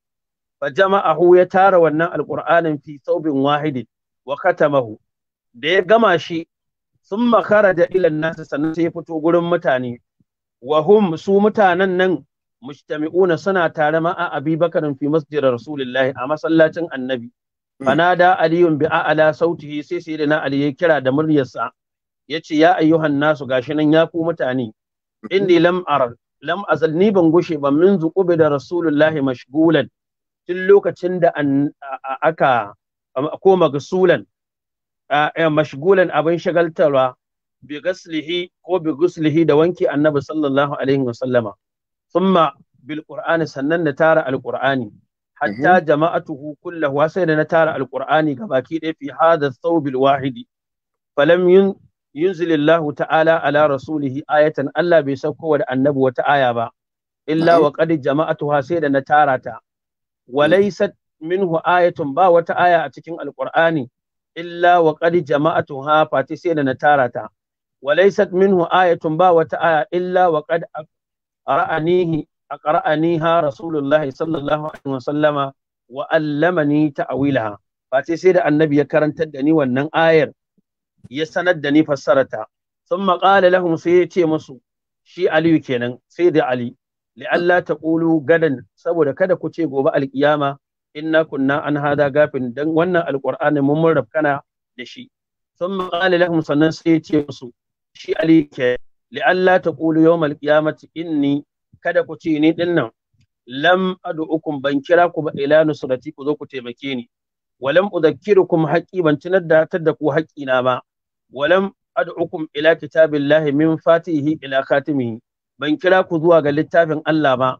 fa jama'ahu ya tara wannan alqur'anin fi thawbin wahidin wa katamahu da ya gama shi sun makara da ilan nas sannan sai ya fito gurin mutane wa hum su mutanen nan mujtami'una suna tare ma'a abubakar fi masjid rasulullahi a masallacin annabi Mm. fanada aliyun bi a'ala sautihi sai sai da na ali ya kira da muryarsa yace ya ayyuhan nasu gashi nan ya ku mutane mm. inni lam ara lam azal ni ban gushe ba min zuqubi da rasulullahi mashgulan tun lokacin da aka ko magsulan mashgulan abin shagaltarwa bi gaslihi ko bi guslihi da wanki annabi sallallahu alaihi wasallama thumma bil qur'ani sannan da tara al qur'ani hatta mhm. jama'atuhu kullahu sai da na tara ga baki ɗaya fi hadha thawb alwahid falam yun yunzilillahu ta'ala ala rasulihi ayatan Allah bai sauko da annabi wata aya ba illa wa qad jama'atuha sai da na tara ta walaysat mm. minhu ayatun ba wata aya a cikin alqur'ani illa wa qad jama'atuha fati sai da na tara ta walaysat minhu ayatun ba wata aya illa wa qad ra'anihi aqra'aniha rasulullahi sallallahu alaihi wasallama wa allamani ta'awilaha face sai da annabi ya karantar da ni wannan ayar ya sanar da ni fassarata thumma qala lahum sai ya ce musu shi aliyu kenan sai da ali li'alla taqulu gadan saboda kada ku ce gobe alkiyama inna kunna an hada gafin dan wannan alqur'ani mun mun rafkana da shi thumma qala lahum sannan sai ya ce musu shi ali ke li'alla taqulu yawm alqiyamati inni kada ku ce ni din nan lam ad'ukum ban kira ku ba ila nusrati ku zo ku taimake ni walam udhakkirukum haqqi ban tunar da tar da ku na ba walam ukun ila kitabillahi min fatihi ila khatimihi ban kira ku zuwa ga littafin Allah ba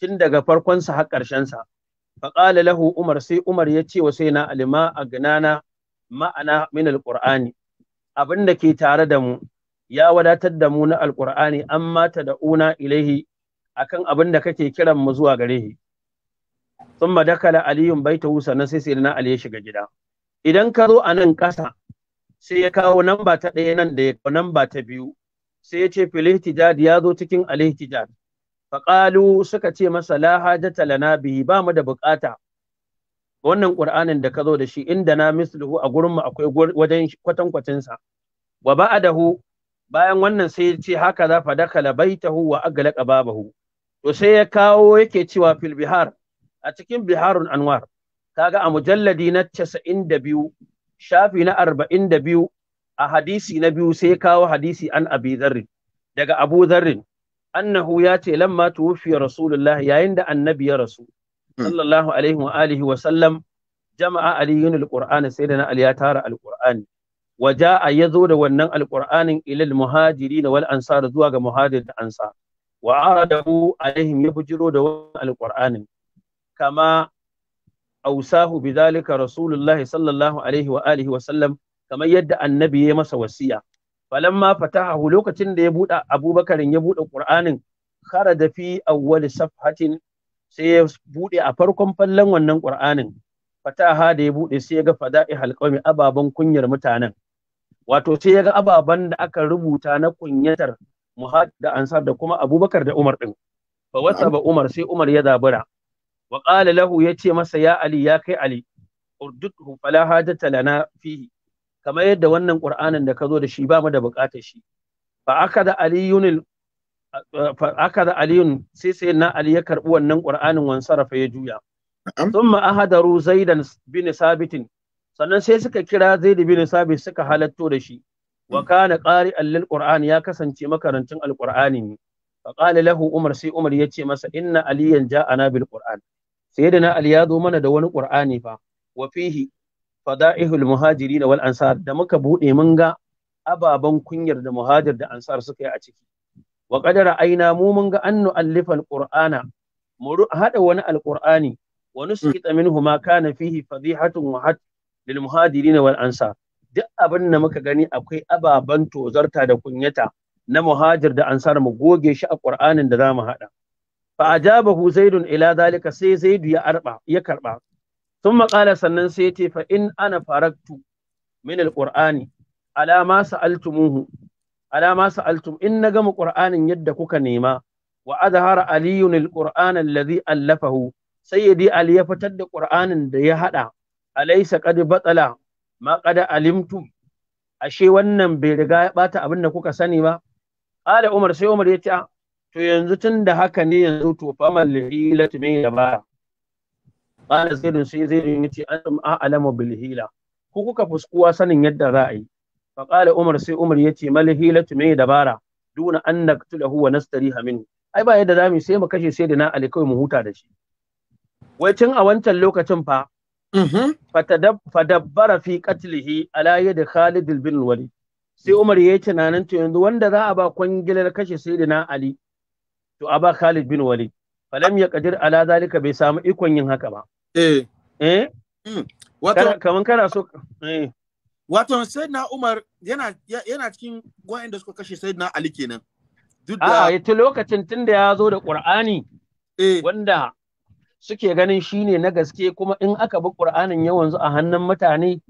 tun daga farkon sa har sa faqala lahu umar sai umar ya ce wa sai na alima agnana ma'ana min alqur'ani abin da ke tare da mu ya wadatar da mu na alqur'ani amma ta da'una ilaihi akan abin da kake kiran mu zuwa gare shi ma dakala aliyun baitahu na sai sayyidina ali ya shiga gida idan ka zo a nan ƙasa sai ya kawo namba ta ɗaya nan da ya kawo namba ta biyu sai ya ce filihtijad ya zo cikin alihtijad faƙalu suka ce masa la hajata lana bihi ba mu da buƙata wannan ƙur'anin da ka zo da shi inda na misluhu a gurin mu akwai wajen kwatin sa wa ba'adahu bayan wannan sai ya ce haka za fa dakala baitahu wa aglaqa babahu to sai ya kawo yake cewa fil bihar a cikin biharun anwar kaga a mujalladi na 92 shafi na 42 a hadisi na biyu sai ya kawo hadisi an abi dharri daga abu dharrin annahu ya ce lamma tuwfiya rasulullah yayin da annabi ya rasu hmm. sallallahu alaihi wa alihi wa sallam jama'a aliyun alqur'ani sayyidina ali ya tara alqur'ani waja'a yazo da wannan alqur'anin ilal muhajirin wal ansar zuwa ga muhajir da ansar wa adahu alaihim ya bujiro da wannan alƙur'anin. kama ausahu bidhalika rasulullahi sallallahu alaihi wa alihi wa sallam kamar yadda annabi ya masa wasiya falamma fatahahu lokacin da ya buɗe abubakarin ya buɗe qur'anin kharaja fi awwal safhatin sai ya buɗe a farkon fallon wannan qur'anin fataha da ya buɗe sai ya ga fada'i halqami ababan kunyar mutanen wato sai ya ga ababan da aka rubuta na kunyatar muhad da ansar da kuma abubakar da umar din fa wasa ba umar sai umar ya zabura wa qala lahu yace masa ya ali ya kai ali urdudhu fala hajata lana fihi kamar yadda wannan qur'anin da ka zo da shi ba mu da bukatar shi fa akada aliyun fa akada aliyun sai sai na ali ya karbi wannan qur'anin wansarafa ya juya thumma ahadaru zaidan bin sabitin sannan sai suka kira zaid bin sabit suka halatto da shi wa kana qari'an lil qur'an ya kasance makarantun alqur'ani ne fa qala lahu umar sai umar ya ce masa inna aliyan ja'ana bil qur'an na ali ya zo mana da wani qur'ani fa wa fihi fada'ihul muhajirin wal ansar da muka bude mun ga ababan kunyar da muhajir da ansar suka yi a ciki wa qadara aina mu mun ga annu allifal qur'ana mu hada wani alqur'ani wa nusqita minhu ma kana fihi fadihatun wa hat lil muhajirin wal ansar duk abin da muka gani akwai ababen tozarta da kunyata na muhajir da ansar mu goge shi a ƙur'anin da zamu haɗa fa ajabahu zaidun ila zalika sai zaidu ya arba ya karba sun maƙala sannan sai ce fa in ana faraktu min Alƙur'ani, alama sa'altumuhu sa'altum in na gama ƙur'anin yadda kuka nema wa azhara aliyun alqur'ana alladhi allafahu sayyidi ali ya fitar da qur'anin da ya hada alaysa qad batala ma qad alimtum ashe wannan bai riga ya bata abin da kuka sani ba ala umar sai umar ya ce ah, to yanzu tun haka ne yanzu to fa mal hilat min yaba qala zaidun sai zaidun yace antum a'lamu bil hila ku kuka fuskuwa sanin yadda za a yi fa qala umar sai umar yace mal hilat min dabara duna an naqtulahu wa nastariha min ai ba yadda zamu sai mu kashe sai da na ali kai mu huta da shi wai tun a wancan lokacin fa Mm-hmm. fadabbara fi qatlihi ala yadi Khalid bin Walid sai mm-hmm. Umar yayi tunanin to yanzu wanda za a ba kwangilar kashe Sayyidina Ali to a ba Khalid bin Walid falam ya kadir ala zalika bai samu ikon yin haka ba eh eh hmm. wato kaman kana so eh wato Sayyidina Umar yana yana cikin da suka kashe Sayyidina Ali kenan duk da a lokacin tunda ya zo da Qur'ani eh. wanda suke ganin shi ne na gaske kuma in aka bi Qur'anin yawanzu a hannun mutane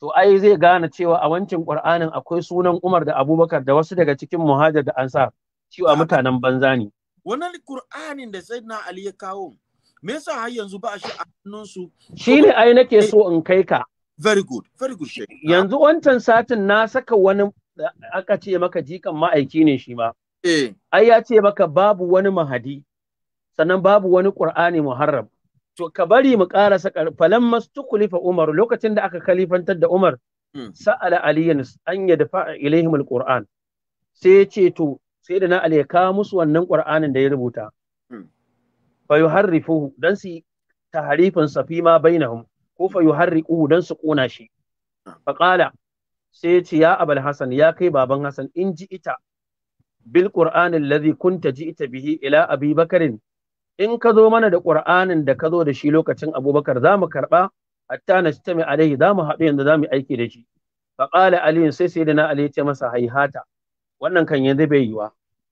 to ai zai gane cewa a wancan ƙur'anin akwai sunan Umar da Abubakar da wasu daga cikin Muhajir da sa cewa mutanen banza ne wannan ƙur'anin da na Ali ya kawo me yasa har yanzu ba shi a hannun su ne ai nake so in kai ka very good very good yanzu wancan satin na saka wani aka ce maka jikan ma'aiki ne shi ma eh ai ya ce maka babu wani mahadi sannan babu wani qur'ani muharram to ka bari mu karasa falan kulifa umar lokacin da aka kalifantar da umar hmm. sa'ala aliyan an ya dafa ilaihim alquran sai ya ce to sai da na ali ya kawo musu wannan qur'anin da ya rubuta hmm. fa yuharrifuhu dan su tahrifin sa fi ma bainahum ko fa yuharriquhu dan su kona shi hmm. fa qala sai ya ce ya abul hasan ya kai baban hasan in ji ita bil qur'an alladhi kunta ita bihi ila abi bakarin in ka zo mana da ƙur'anin da ka zo da shi lokacin abubakar za mu karɓa hatta na ta mai alaihi za mu haɗu yanzu za mu aiki da shi fa ƙala aliyu sai sai da na aliyu ce masa haihata wannan kan yanzu bai yiwa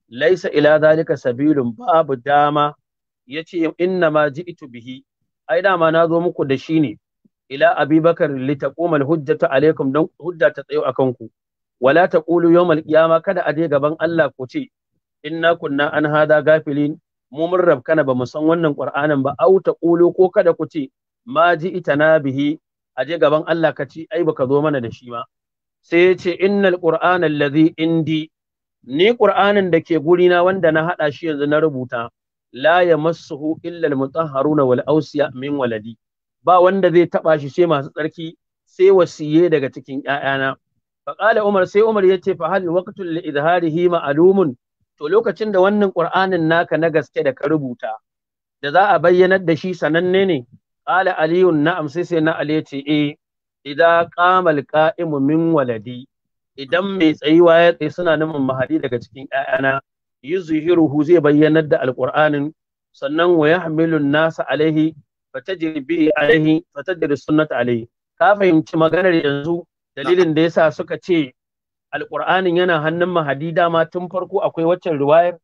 laisa ila zalika sabilun babu dama ya ce inna ma ji'tu bihi ai dama na zo muku da shi ne ila abubakar li taquma hujjatu alaikum don hujja ta tsayo akan ku wala taqulu yawmal qiyama kada a je gaban Allah ku ce inna kunna an hada gafilin mu mun rabkana ba mu san wannan qur'anin ba au ta ko kada ku ce ma ji ita na bihi aje gaban Allah ka ci ai baka zo mana da shi ba sai ya ce innal Qur'an allazi indi ni qur'anin da ke guri na wanda na hada shi yanzu na rubuta la yamassuhu illa mutahharuna wal Ausiya min waladi ba wanda zai taba shi sai masu tsarki sai wasiye daga cikin ƴaƴana fa qala umar sai umar yace fa hal waqtul li idharihi ma'lumun to lokacin da wannan qur'anin naka na gaske da ka rubuta da za a bayyanar da shi sananne ne qala aliyun na'am sai sai na ali ce e idza qamal qa'imu min waladi idan mai tsayuwa ya tsaye suna nufin mahadi daga cikin ƴaƴana yuzhiruhu zai bayyanar da alqur'anin sannan wa yahmilu nasa alaihi fa tajribi alaihi fatajri sunnat alaihi ka fahimci maganar yanzu dalilin da yasa suka ce alƙur'anin yana hannun mahadi dama tun farko akwai waccan riwayar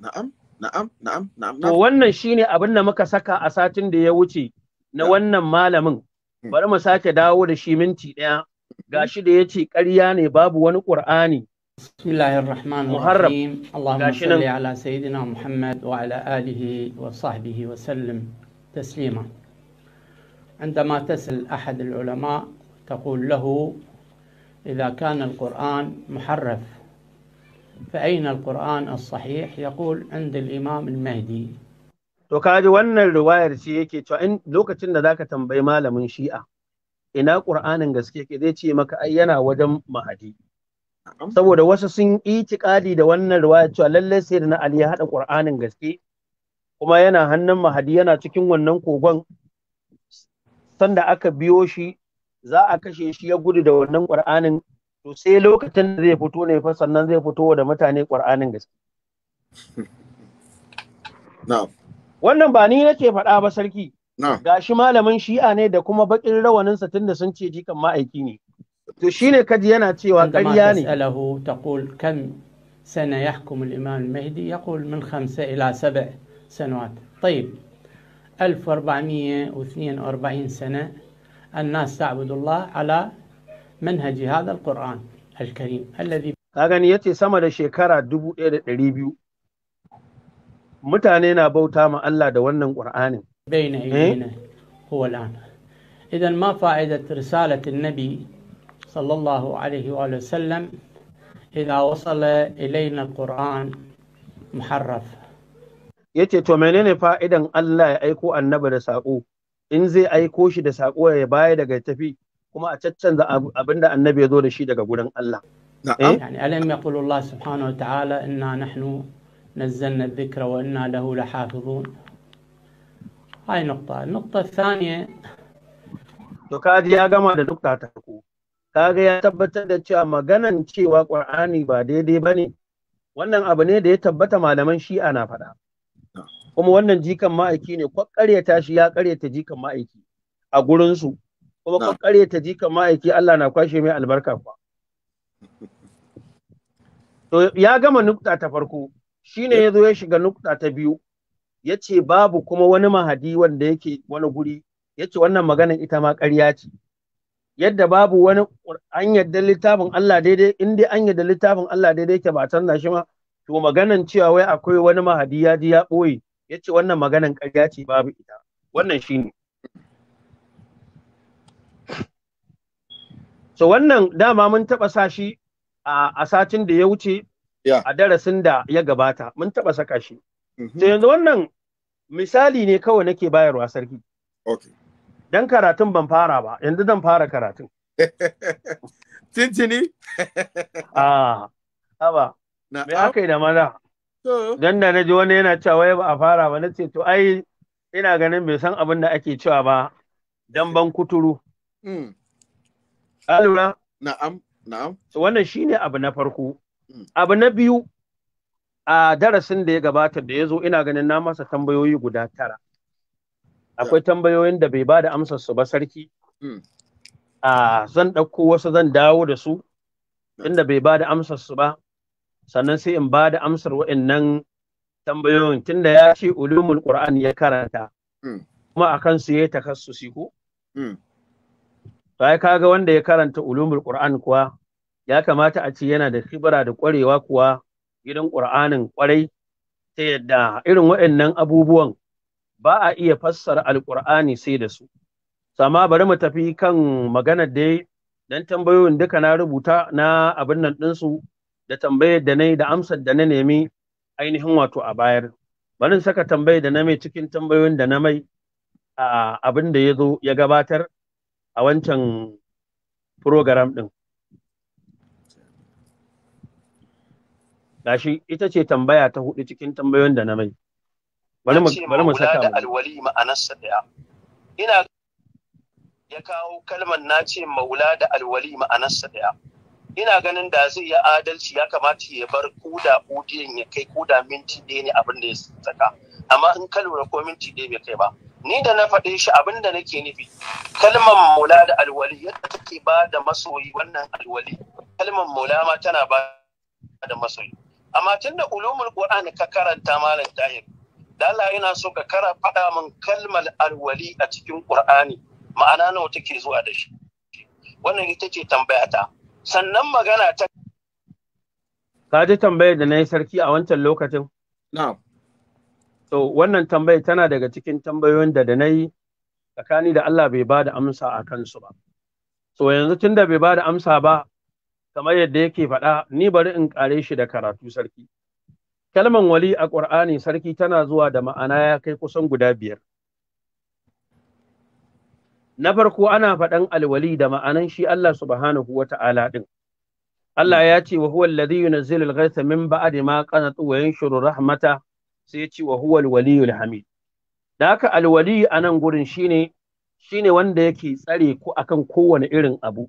na'am na'am na'am na'am to wannan shine abin da muka saka a satin da ya wuce na wannan malamin bari mu sake dawo da shi minti ɗaya gashi da yace ƙarya ne babu wani ƙur'ani بسم الله الرحمن الرحيم sayyidina Muhammad wa ala محمد wa sahbihi wa sallim تسليما عندما تسأل أحد العلماء تقول له إذا كان القرآن محرف فأين القرآن الصحيح يقول عند الإمام المهدي to kaji wannan riwayar ce yake cewa in lokacin da zaka tambayi malamin shi'a ina qur'anin gaske ke zai ce maka ai yana wajen mahadi saboda wasu sun itikadi da wannan riwaya cewa lalle sai na ali ya hada qur'anin gaske kuma yana hannun mahadi yana cikin wannan kogon sanda aka biyo shi za a kashe shi ya gudu da wannan qur'anin to sai lokacin da zai fito ne fa sannan zai fito da mutane qur'anin gaske wannan ba ni nake faɗa ba sarki gashi malamin shi'a ne da kuma bakin rawanin sa tunda sun ce jikan ma'aiki ne to shine kaji yana cewa ƙarya ne alahu taqul kam yahkum al الإمام mahdi yaqul min khamsa ila sab' sanawat طيب 1442 سنة الناس تعبد الله على منهج هذا القرآن الكريم الذي kagan yace sama da shekara 1200 mutane na bauta ma Allah da wannan Qur'anin bayna ayyina huwa al'an idan ma fa'idat risalat an-nabi sallallahu alayhi wa sallam idha wasala ilayna al-Qur'an muharraf yace to menene fa'idan Allah ya aiko annabi da sako in zai aiko shi da saƙo ya baya daga tafi kuma a caccanza abin da annabi ya zo da shi daga gurin Allah. يعني eh? to kaji ya gama da duk tatako kaga ya tabbatar da cewa maganan cewa qur'ani ba daidai bane wannan abu ne da ya tabbata malaman shi'a na faɗa kuma wannan jikan ma'aiki ne kwa ƙaryata shi ya ƙaryata jikan ma'aiki a gurinsu kuma kwa ta jikan ma'aiki Allah na kwashe mai albarka kwa to ya gama nukta ta farko shine ya zo ya shiga nukta ta biyu ya ce babu kuma wani mahadi wanda yake wani guri ya ce wannan maganan ita ma ƙarya ce yadda babu wani an yadda littafin Allah daidai in dai an yadda littafin Allah daidai ke ba canza shi ma to maganan cewa wai akwai wani mahadi ya ji ya ɓoye ya ce wannan maganan ƙarya ce babu ita wannan shi ne. so wannan dama mun taɓa sa shi a satin da ya wuce a darasin da ya gabata mun taɓa saka shi To mhm. yanzu wannan misali ne kawai nake bayarwa sarki dan karatun ban fara ba yanzu zan fara karatun Tintini? Ah, haba. Me aka yi da maza? Dan da na wani yana cewa wai ba a fara ba na ce to ai ina ganin bai san abin da ake cewa ba dan ban kuturu. Hmm. Alura? Na'am, na'am. Wannan shine abu na farko. Hmm. Abu na biyu a darasin da ya gabata da ya zo ina ganin na masa tambayoyi guda tara. Akwai tambayoyin da bai ba da amsar ba sarki. Hmm. A zan ɗauko wasu zan dawo da su inda bai ba da amsar ba. sannan sai in ba da amsar wa'annan tambayoyin tunda ya ce ulumul qur'an ya karanta hmm. kuma kan su ya takassusi ko sai hmm. kaga wanda ya karanta ulumul qur'an kuwa ya kamata a ce yana da khibra da kwarewa kuwa gidan qur'anin kwarai ta yadda irin waɗannan abubuwan ba a iya fassara alqur'ani sai da su sama bari mu tafi kan maganar da dai dan tambayoyin duka na rubuta na abin nan ɗinsu da tambayar da na yi da amsar da na nemi ainihin wato a bayar bari saka tambayar da na mai cikin tambayoyin da na mai a abin da ya zo ya gabatar a wancan program ɗin gashi ita ce tambaya ta hudu cikin tambayoyin da na mai bari mu saka da alwali ma'anarsa daya ina ya kawo kalmar na ce maula da alwali ma'anarsa daya ina ganin da zai yi adalci ya kamata ya bar koda odiyan ya kai koda minti ɗaya ne abin da ya saka amma in ka lura ko minti ɗaya bai kai ba ni da na faɗe shi abin da nake nufi kalmar mula da alwali yadda take ba da masoyi wannan alwali kalmar mula ma tana ba da masoyi amma tun da ulumul qur'an ka karanta malam tahir da Allah yana so ka kara faɗa min kalmar alwali a cikin qur'ani ma'ana nawa take zuwa da shi wannan ita ce tambaya sannan magana ta ka ji tambayar da na yi sarki a wancan lokacin na'am to wannan tambayar tana daga cikin tambayoyin da da na yi tsakani da Allah bai ba da amsa a kansu ba so yanzu tun da bai ba da amsa ba kamar yadda yake faɗa ni bari in kare shi da karatu sarki kalman wali a ƙur'ani sarki tana zuwa da ma'ana ya kai kusan guda biyar na farko ana faɗan alwali da ma'anan shi Allah subhanahu wa ta'ala ɗin. Allah ya ce wa huwa alladhi yunzilu al-ghaytha min ba'di ma qanatu wa yanshuru rahmata sai ya ce wa huwa al-waliyul hamid. Da haka alwali a nan gurin shine shine wanda yake tsare ku akan kowane irin abu.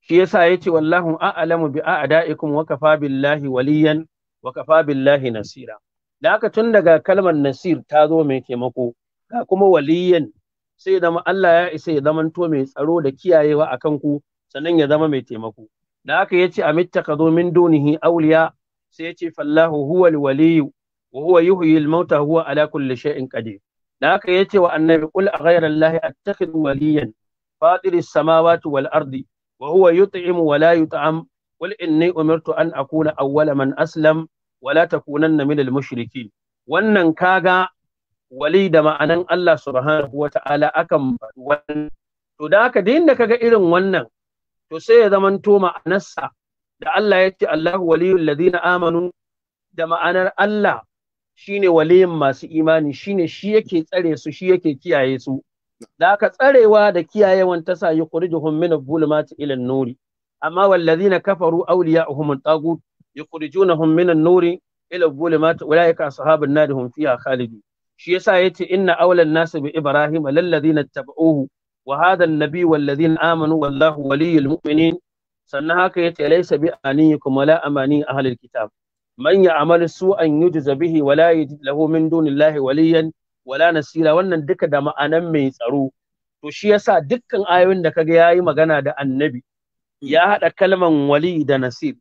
Shi yasa ya ce wallahu a'lamu bi a'da'ikum wa kafa billahi waliyan wa kafa billahi nasira. Da haka tun daga kalmar nasir ta zo mai taimako ga kuma waliyan sai zama Allah ya isa ya zamanto mai tsaro da kiyayewa a kanku sannan ya zama mai taimako da haka yace amittakazu min dunihi auliya sai yace fallahu huwa alwaliyu wa huwa yuhyi almauta huwa ala kulli shay'in qadir da haka yace wa annabi qul a ghayra allahi attakhidhu waliyan fatir as-samawati wal ardi wa huwa yut'imu wa la yut'am qul inni umirtu an akuna awwala man aslam wa la takunanna minal mushrikin wannan kaga wali da ma'anan Allah subhanahu wa ta'ala akan wannan to da haka da ka kaga irin wannan to sai ya zamanto ma'anarsa da Allah ya ce Allahu waliyul ladina amanu da ma'anar Allah shine waliyin masu imani shine shi yake tsare su shi yake kiyaye su da aka tsarewa da kiyayewan ta sa yukhrijuhum min adh-dhulumati ila an-nuri amma wallazina kafaru awliya'uhum at-taghut yukhrijunahum min an-nuri ila adh-dhulumati ulaika ashabun nar hum fiha khalidun shi yasa ce inna awalan nasu bi ibrahim lalladhina tabauhu wa hadha nabi walladhina amanu wallahu waliyul mu'minin sannan haka yace laysa bi aniyikum wala amani ahlil kitab man ya'malu su'an yujza bihi wala yajid lahu min dunillahi waliyan wala nasira wannan duka da ma'anan mai tsaro to shi yasa dukkan ayoyin da kaga yayi magana da annabi ya haɗa kalman wali da nasir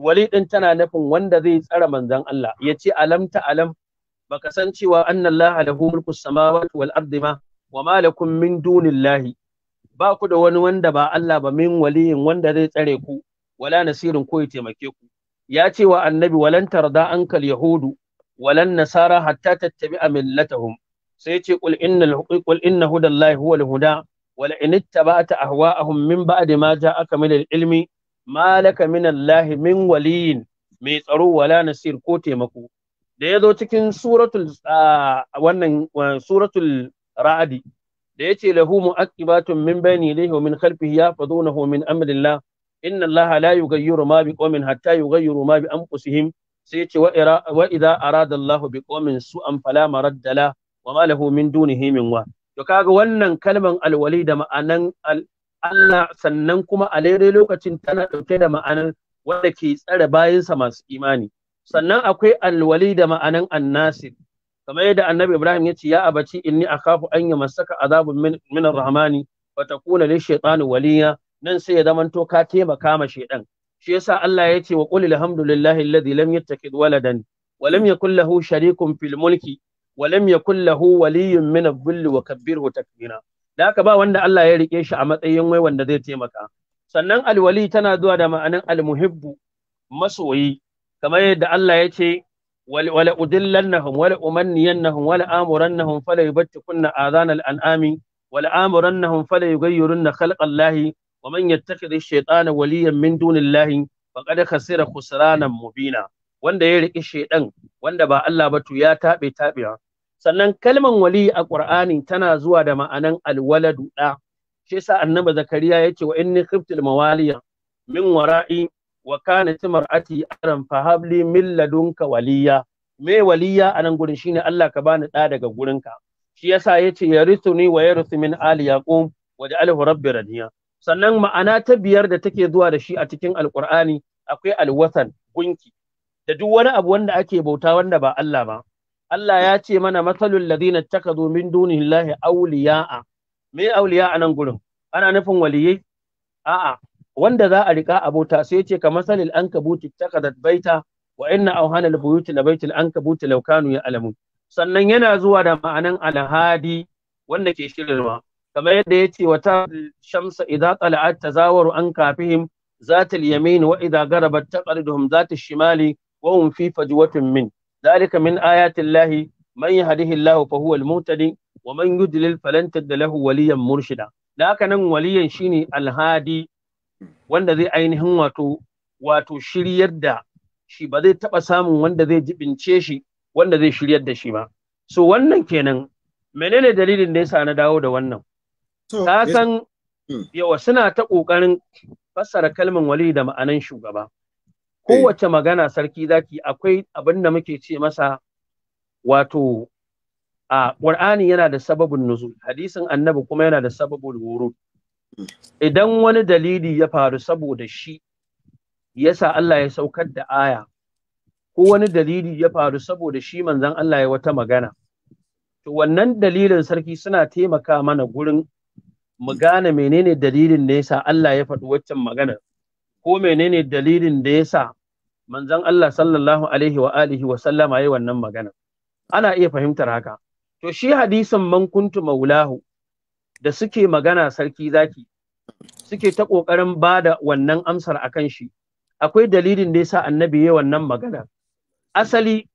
wali din tana nufin wanda zai tsara manzon Allah ya ce alam ta alam baka san cewa annallaha lahu mulku samawati wal ardi ma wa ma lakum min dunillahi ba ku da wani wanda ba Allah ba min waliyin wanda zai tsare ku wala nasirin ko ya taimake ku ya ce wa annabi walan tarda ankal yahudu walan nasara hatta tattabi'a millatahum sai ce qul innal qul inna hudallahi huwal huda wala in ittaba'ta ahwa'ahum min ba'di ma ja'aka min al-ilmi ma laka min Allah min waliyin mai tsaro wala nasir ko taimako da ya zo cikin suratul wannan suratul ra'adi da ya ce lahu mu'aqibatun min bayni ilayhi wa min khalfihi yahfazunahu min amrillah inna allaha la yughayyiru ma biqawmin hatta yughayyiru ma bi anfusihim sai ce wa idza arada allahu biqawmin su'an fala maradda la wa ma lahu min dunihi min wa to kaga wannan kalman alwali da ma'anan Allah sannan kuma a daidai lokacin tana dauke da ma'anar wanda ke tsare bayansa masu imani sannan akwai alwali da ma'anan annasir kamar yadda annabi ibrahim ya ce ya abaci inni akhafu an yamassaka azabun min rahmani arrahmani wa takuna lishaytani waliya nan sai ya zamanto ka taimaka ma shaydan shi yasa Allah ya ce wa qul alhamdulillahi alladhi lam yattakhid waladan wa lam yakul lahu sharikun fil mulki wa lam yakul lahu waliyyun min adh wa kabbirhu takbira da haka ba wanda Allah ya rike shi a matsayin wai wanda zai taimaka sannan alwali tana zuwa da ma'anan almuhibbu masoyi kamar yadda Allah ya ce wala udillannahum wala umanniyannahum wala amurannahum fala yubattikunna na al-an'ami wala amurannahum fala na khalqa lahi, wa man yattakhidh ash-shaytana waliyan min dunillahi faqad khasira khusranan mubina wanda ya riki shaydan wanda ba Allah ba to ya tabe tabewa sannan kalman wali a Qur'ani tana zuwa da ma'anan alwaladu da shi yasa annabi zakariya yace wa inni khiftul mawaliya min wara'i wa kanat mar'ati aran fahabli min ladunka waliya me waliya a nan gurin shine Allah ka bani da daga ka. shi yasa yace yarithuni wa yarithu min ali yaqum wa ja'alahu rabbi radiya sannan ma'ana ta biyar da take zuwa da shi a cikin alqur'ani akwai alwatan gunki da duk wani abu wanda ake bauta wanda ba Allah ba Allah ya ce mana masalul ladina takadu min Allah awliya'a me awliya a nan gurin ana nufin waliyai a'a wanda za a riƙa abota sai ce ka masalil an kabuti takadat baita wa inna au hanal buyuti la baitil an kabuti law kanu ya alamu sannan yana zuwa da ma'anan alhadi wanda ke shirin shirinwa kamar yadda ya ce wata shamsa idza tala'at tazawaru an kafihim zatil yamin wa idza garabat taqridhum zatil shimali wa hum fi fajwatin min dalika min ayatillahi man yahdihi Allahu fa huwa al wa man yudlil falan da lahu waliyan murshida da haka nan waliyan shine alhadi wanda zai ainihin wato wato shiryar da shi ba zai taɓa samun wanda zai jibince shi wanda zai shiryar da shi ba so wannan kenan menene dalilin da yasa na dawo da wannan ta san hmm. yawa suna ta ƙoƙarin fassara kalmin wali da ma'anan shugaba eh. kowace magana sarki zaki akwai abinda muke ce masa wato a ƙur'ani yana da sababin nuzul hadisin annabi kuma yana da sababin wurud idan wani dalili ya faru saboda shi yasa Allah ya saukar da aya ko wani dalili ya faru saboda shi manzon Allah ya wata magana to wannan dalilin sarki suna taimaka mana gurin mu gane menene dalilin da yasa Allah ya faɗi waccan magana ko menene dalilin da yasa manzon Allah sallallahu alaihi wa alihi wa sallama yayi wannan magana ana iya fahimtar haka to shi hadisin man kuntu maulahu da suke magana sarki zaki suke ta ƙoƙarin ba da wannan amsar akan shi akwai dalilin da yasa annabi ya wannan magana asali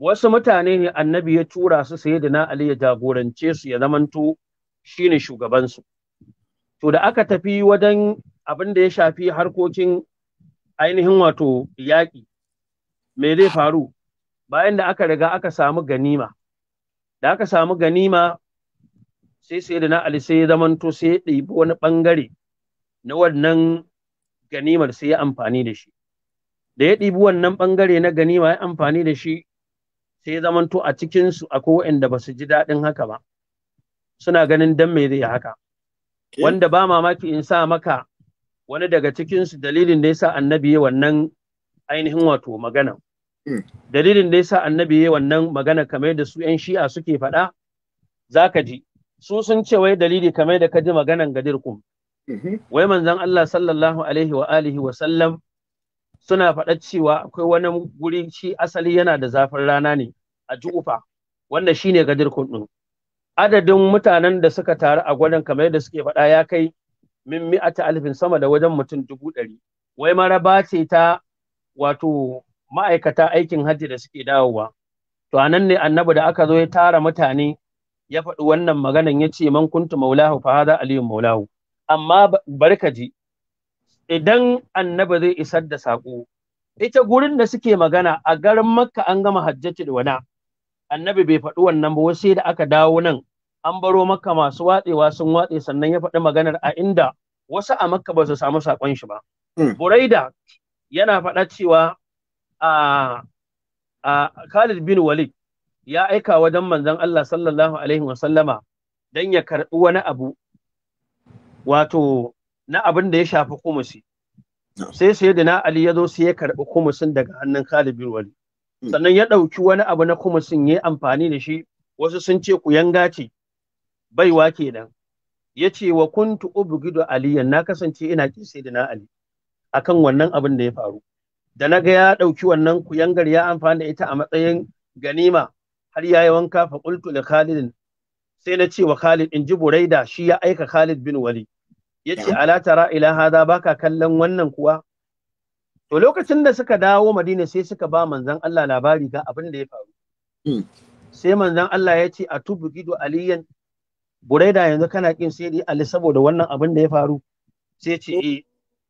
wasu mutane ne annabi ya tura su sai da na Ali ya jagorance su ya zamanto shine shugabansu to da aka tafi wajen abin da ya shafi harkokin ainihin wato yaƙi me zai faru bayan da aka riga aka samu ganima da aka samu ganima sai sai da na ali sai ya zamanto sai ya ɗibi wani ɓangare na wannan ganimar sai ya amfani da shi da ya ɗibi wannan ɓangare na ganima ya amfani da shi sai ya zamanto a cikinsu a akwai da ba su ji daɗin haka ba suna ganin dan me zai haka wanda ba mamaki in sa maka wani daga cikinsu dalilin da ya sa annabi ya wannan ainihin wato magana hmm. dalilin da ya yasa annabi ya wannan magana kamar da su 'yan shi'a suke faɗa za ka ji su sun ce wai dalili kamar da ka ji maganan gadir kum mhm. wai manzon Allah sallallahu alaihi wa alihi wa sallam suna faɗa cewa akwai wani guri shi asali yana da zafin rana ne a jufa wanda shine gadir kum din adadin mutanen da suka taru a gwadon kamar da suke faɗa ya kai min mi'ata alfin sama da wajen mutum dubu ɗari wai maraba ce ta wato ma'aikata aikin hajji da suke dawowa to anan ne annabi da aka zo ya tara mutane ya faɗi wannan maganan ya ce man kuntu maulahu fa hada aliyun maulahu amma barka ji idan annabi zai isar da saƙo ita gurin da suke magana a garin makka an gama hajjaci da wana annabi bai faɗi wannan ba Wasu da aka dawo nan an baro makka masu watsewa sun watse sannan ya faɗi maganar a inda wasu a makka ba su samu saƙon shi ba hmm. buraida yana faɗa cewa a Khalid bin Walid ya aika wajen manzon Allah sallallahu alaihi wasallama dan ya karɓi wani abu wato na abin da ya shafi kumusi sai sai da na Ali ya zo sai ya karɓi kumusin daga hannun Khalid bin mm. sannan ya ɗauki wani abu na kumusin ya amfani da shi wasu sun ce ku yanga ce baiwa kenan ya ce wa kuntu ubgidu aliyan na kasance ina ki sai da na Ali akan wannan abin da ya faru da na ga ya ɗauki wannan kuyangar ya amfani da ita a matsayin ganima har ya yi wanka fa qultu li Khalid sai na ce wa Khalid in ji Buraida shi ya aika Khalid bin Wali yace ala tara ila hada baka kallon wannan kuwa to lokacin da suka dawo Madina sai suka ba manzon Allah labari ga abin da ya faru hmm. sai manzon Allah ya ce a tubugidu aliyan Buraida yanzu kana kin sai dai Ali saboda wannan abin da ya faru sai ce eh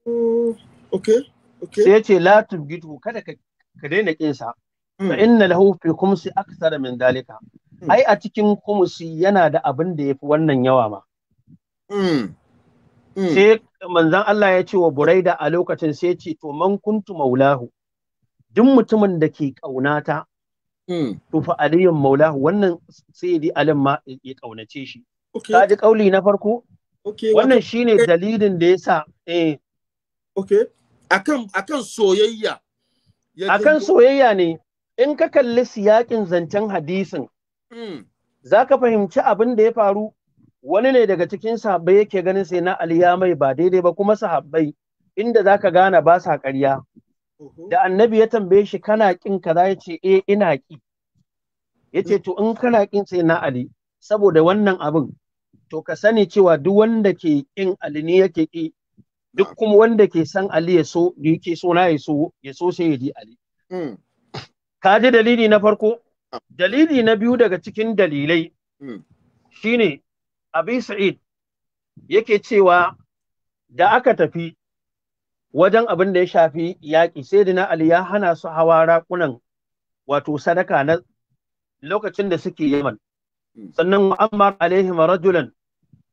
oh, okay okay sai ya ce la tubugidu kada ka ka daina kin sa fa hmm. inna lahu fi kumsi akthar min dalika hmm. ai a cikin kumsi yana da abinda da yafi wannan yawa ma hmm. sai manzon Allah ya ce wa Buraida a lokacin sai ce to kuntu maulahu duk mutumin da ke kaunata to fa aliyun maulahu wannan sai di alim ma ya kaunace shi ka ji kauli na farko wannan shine eh. dalilin da yasa eh okay akan soyayya ne in ka kalli siyakin zancen hadisin hmm. za ka fahimci abin da ya faru wani ne daga cikin sahabbai yake ganin sai na Ali ya mai ba daidai ba kuma sahabbai inda za ka gane ba sa ƙarya da annabi ya tambaye shi kana ƙin kaza ya ce eh ina ƙi ya ce to in kana ƙin sai na Ali saboda wannan abin to ka sani cewa duk wanda ke ƙin Ali ne yake ƙi duk kuma wanda ke san Ali ya so so na ya so ya so sai ya Ali hmm. ka ji dalili na farko ah. dalili na biyu daga cikin dalilai hmm. shine abi sa'id yake cewa da aka tafi wajen abin da ya shafi yaƙi sai dina ali ya hana su hawa raƙunan wato sadaka na lokacin da suke yaman hmm. sannan mu'ammar alaihi rajulan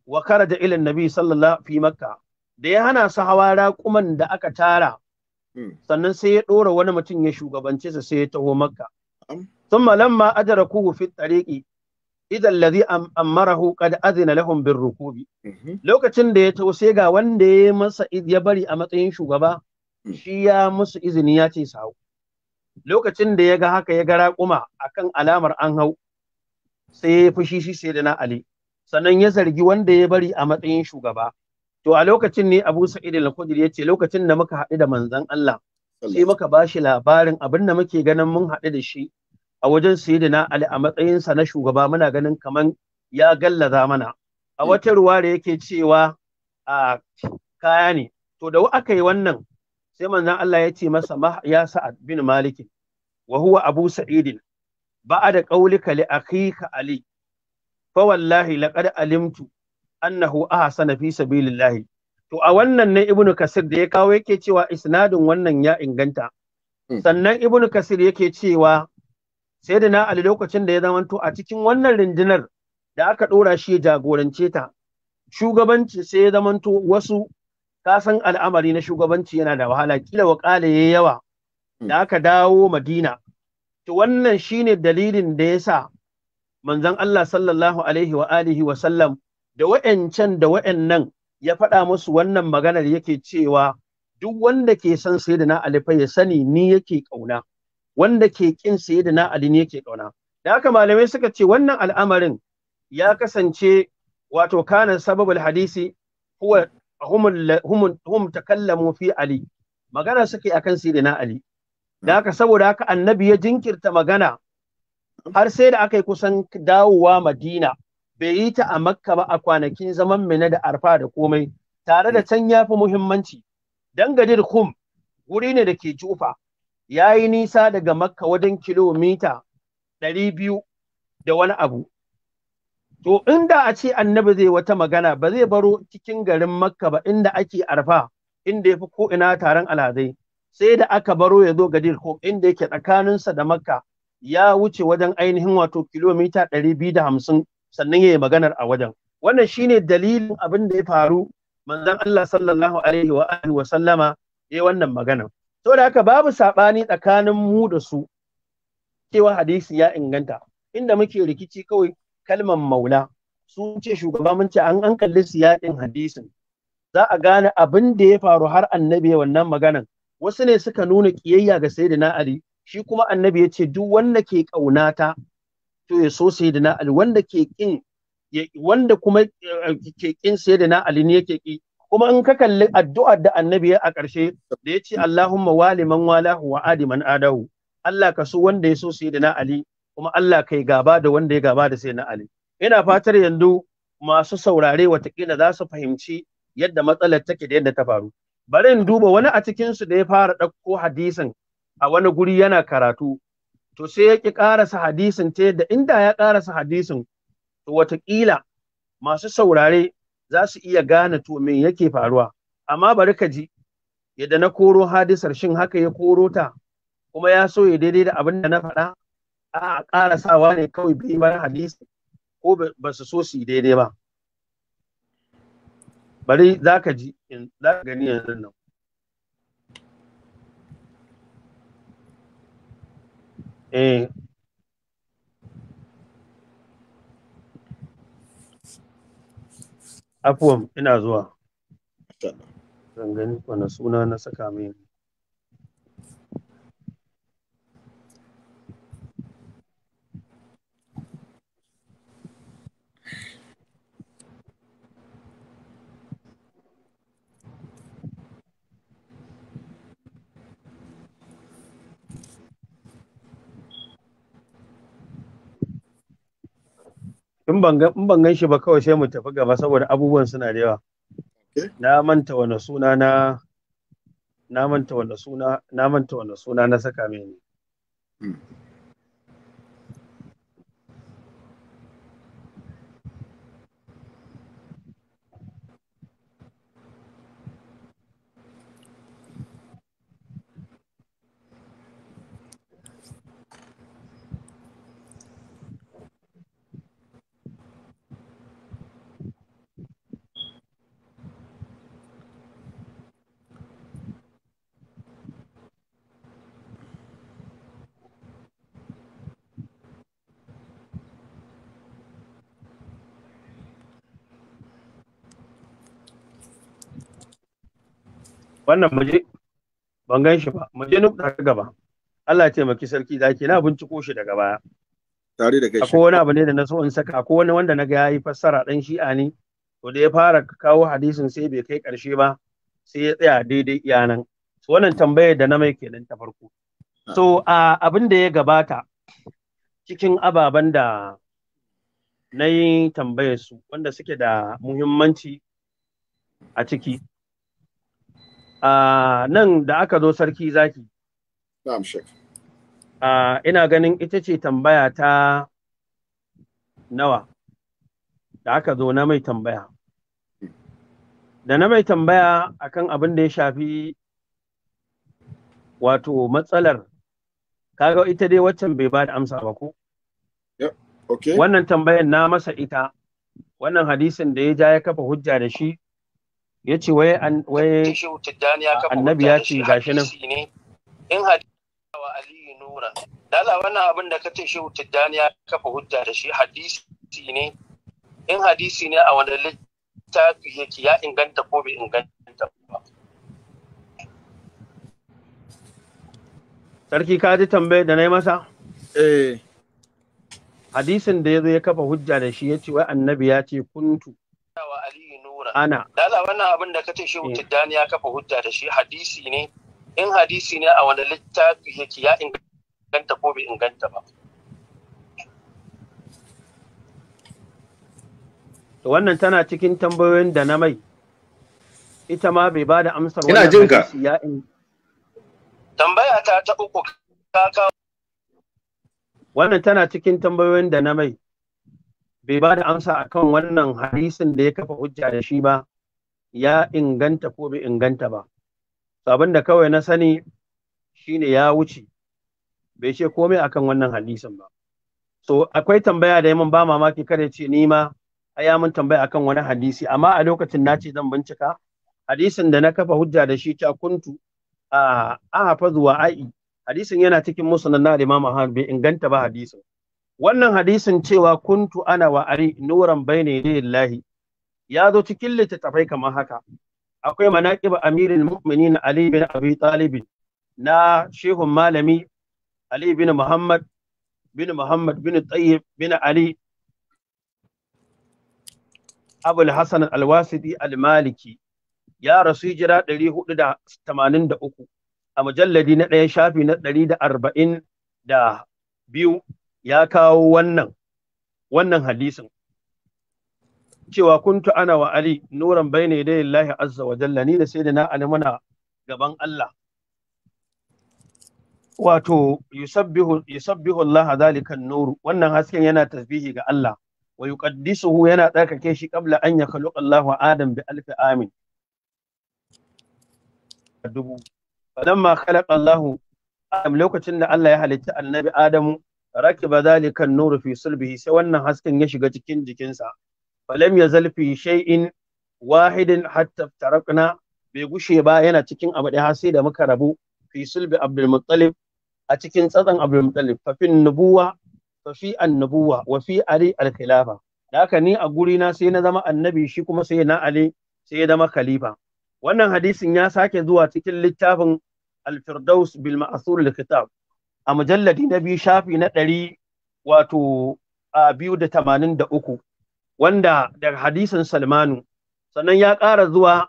wa karaja ila nabi sallallahu fi makka da ya hana su hawa raƙuman da aka tara Hmm. sannan sai ya ɗora wani mutum ya shugabance sa sai ya taho makka kuhu لما أدركوه في الطريق إذا الذي أمره da أذن lahumbin rukubi mhm. Lokacin da ya taho sai ga wanda ya masa ya bari a matsayin shugaba hmm. shi ya musu izini ya ce su hau lokacin da ya ga haka ya ga raƙuma akan alamar an hau sai ya fushi shi sai da na Ali sannan ya zargi wanda ya bari a matsayin shugaba to a lokacin ne Abu Sa'id al-Khudri ce lokacin da muka haɗu da manzon Allah sai muka ba shi labarin abin da muke ganin mun haɗu da shi a wajen sayyidina Ali a matsayinsa na shugaba muna ganin kamar ya gallaza mana a wata hmm. ruwa da yake cewa a kaya ne to da aka yi wannan sai Manzan Allah ya ce masa ya Sa'ad bin Malik wa huwa Abu Sa'id ba'ada qaulika li akhika Ali fa wallahi laqad alimtu annahu ahsana fi sabilillah to a wannan ne ibnu kasir da ya kawo yake cewa isnadin wannan ya inganta hmm. sannan ibnu kasir yake cewa sai da na ali lokacin da ya zamanto a cikin wannan rundunar da aka ɗora shi ya jagorance ta shugabanci sai ya zamanto wasu kasan al'amari na shugabanci yana da wahala kila kale ya yawa hmm. da aka dawo madina to wannan shine dalilin da ya sa manzon Allah sallallahu alaihi wa alihi wa sallam da wa'ancan da wa'annan ya faɗa musu wannan maganar yake cewa duk wanda ke son sayyidina Ali fa ya sani ni yake kauna wanda ke kin sayyidina Ali ne yake kauna da haka malamai suka ce wannan al'amarin ya kasance wato kana sababul hadisi huwa hum hum takallamu fi Ali magana suke akan sayyidina Ali da haka saboda haka annabi ya jinkirta magana har sai da aka yi kusan dawowa Madina bai yi ta a makka ba a kwanakin zaman mina da arfa da komai tare da can ya fi muhimmanci dangadir kum wuri ne da ke jufa ya yi nisa daga makka wajen kilomita ɗari da wani abu to inda a ce annabi zai wata magana ba zai baro cikin garin makka ba inda ake arfa inda ya fi ko'ina taron alhazai sai da aka baro ya zo gadir kum inda yake tsakaninsa da makka ya wuce wajen ainihin wato kilomita ɗari biyu da hamsin sannan ya yi maganar a wajen wannan shi ne dalilin abin da ya faru manzan Allah sallallahu alaihi wa alihi wa sallama yi wannan maganar. to da haka babu saɓani tsakanin mu da su cewa hadisi ya inganta inda muke rikici kawai kalmar maula sun ce shugaba mun ce an an kalli yaƙin hadisin za a gane abin da ya faru har annabi wannan maganar. wasu ne suka nuna ƙiyayya ga sayyidina Ali shi kuma annabi ya ce duk wanda ke ƙaunata to ya so wanda ke kin wanda kuma eh, ke kin na Ali ne yake ki kuma in ka kalli addu'ar da annabi ya a ƙarshe da ya ce Allahumma waliman walahu wa adiman adahu Allah ka so wanda ya so na Ali kuma Allah kai gaba da wanda ya gaba da na Ali ina fatar yanzu masu saurare watakila za su fahimci yadda matsalar take da yadda ta faru bari in duba wani a cikin su da ya fara ɗauko hadisin a wani guri yana karatu to sai ya ƙi ƙarasa hadisin ta yadda inda ya ƙarasa hadisin to wataƙila masu saurare za su iya gane to me yake faruwa amma bari ka ji yadda na koro hadisar shin haka ya koro ta kuma ya so ya daidai da abin da na faɗa a ƙarasawa ne kawai bi bar hadisi ko ba su so su daidai ba bari za ka ji za ka gani yanzu nan eh afuwan ina zuwa zan gani wani suna na saka mai in ban gan shi ba kawai sai mu tafi gaba saboda abubuwan suna da yawa na manta wani suna na na manta wani suna na manta wani suna na saka mai ne hmm. wannan muje ban gan shi ba muje nuk ta gaba Allah ya taimaki sarki zaki na binciko shi daga baya tare da gaishe akwai wani abu ne da na so in saka akwai wani wanda na yayi fassara dan shi'a ne to da ya fara kawo hadisin sai bai kai karshe ba sai ya tsaya daidai iya nan wannan tambayar da na mai kenan ta farko so a abin da ya gabata cikin ababen da na yi tambayar su wanda suke da muhimmanci a ciki A nan da aka zo sarki zaki na'am shek ina ganin ita ce tambaya ta nawa da aka zo na mai tambaya da na mai tambaya akan abin da ya shafi wato matsalar kaga ita dai waccan bai ba da amsa ba ko wannan tambayan na masa ita wannan hadisin da ya ja ya kafa hujja da shi ya ce wai annabi ya ce gashi nan in wa aliyu nura lala wannan abin da kace shehu tijjani ya kafa hujja da shi hadisi ne in hadisi ne a wanda littafi yake ya inganta ko bai inganta ba sarki ka ji tambaye da na yi masa eh hadisin da ya zo ya kafa hujja da shi ya ce wai annabi ya ce kuntu ana dala wannan abin da kace shi eh. tijjani ya kafa hujja da shi hadisi ne in hadisi ne a wani littafi yake ya inganta ko bai inganta ba wannan tana cikin tambayoyin da na mai ita ma bai ba da amsar ina jin ka tambaya ta ta uku kaka wannan tana cikin tambayoyin da na mai bai ba da amsa akan wannan hadisin da ya kafa hujja da shi ba ya inganta ko bai inganta ba abin da kawai na sani shine ya wuce bai ce komai akan wannan hadisin ba so akwai tambaya da yaman ba mamaki kada ce ni ma ya mun tambaya akan wani hadisi amma a lokacin na ce zan bincika hadisin da na kafa hujja da shi ta kuntu a hafazu wa a'i hadisin yana cikin musnad na Imam Ahmad bai inganta ba hadisin wannan hadisin cewa kuntu ana wa ari nuran bayne lillahi ya zo cikin littattafai kamar haka akwai manaqib amirin mu'minin ali bin abi talib na shehun malami ali bin muhammad bin muhammad bin tayyib bin ali abul hasan al-wasiti al-maliki ya rasu hijira 483 a mujalladi na ɗaya shafi na 142 ya kawo wannan wannan hadisin cewa kuntu ana wa ali nuran bayna da Allah azza wa jalla ni da sayyidina ali muna gaban Allah wato yusabbihu yusabbihu Allah zalika nur wannan hasken yana tasbihi ga Allah wa yuqaddisuhu yana tsarkake shi qabla an yakhluqa Allah Adam bi alf amin dubu ma khalaqa Allah lokacin da Allah ya halitta annabi Adamu rakiba zalika an-nuru fi sulbihi sai wannan hasken ya shiga cikin jikinsa falam yazal fi in wahidin hatta tarakna bai gushe ba yana cikin abu ɗaya sai da muka rabu fi sulbi abdul muttalib a cikin tsatsan abdul muttalib fa fi nubuwa fa ali al da haka ni a gurina sai na zama annabi shi kuma sai na ali sai ya zama khalifa wannan hadisin ya sake zuwa cikin littafin al-firdaus bil ma'asur kitab a mujalladi na biyu shafi na ɗari wato a biyu da tamanin da uku wanda daga hadisin salmanu sannan ya ƙara zuwa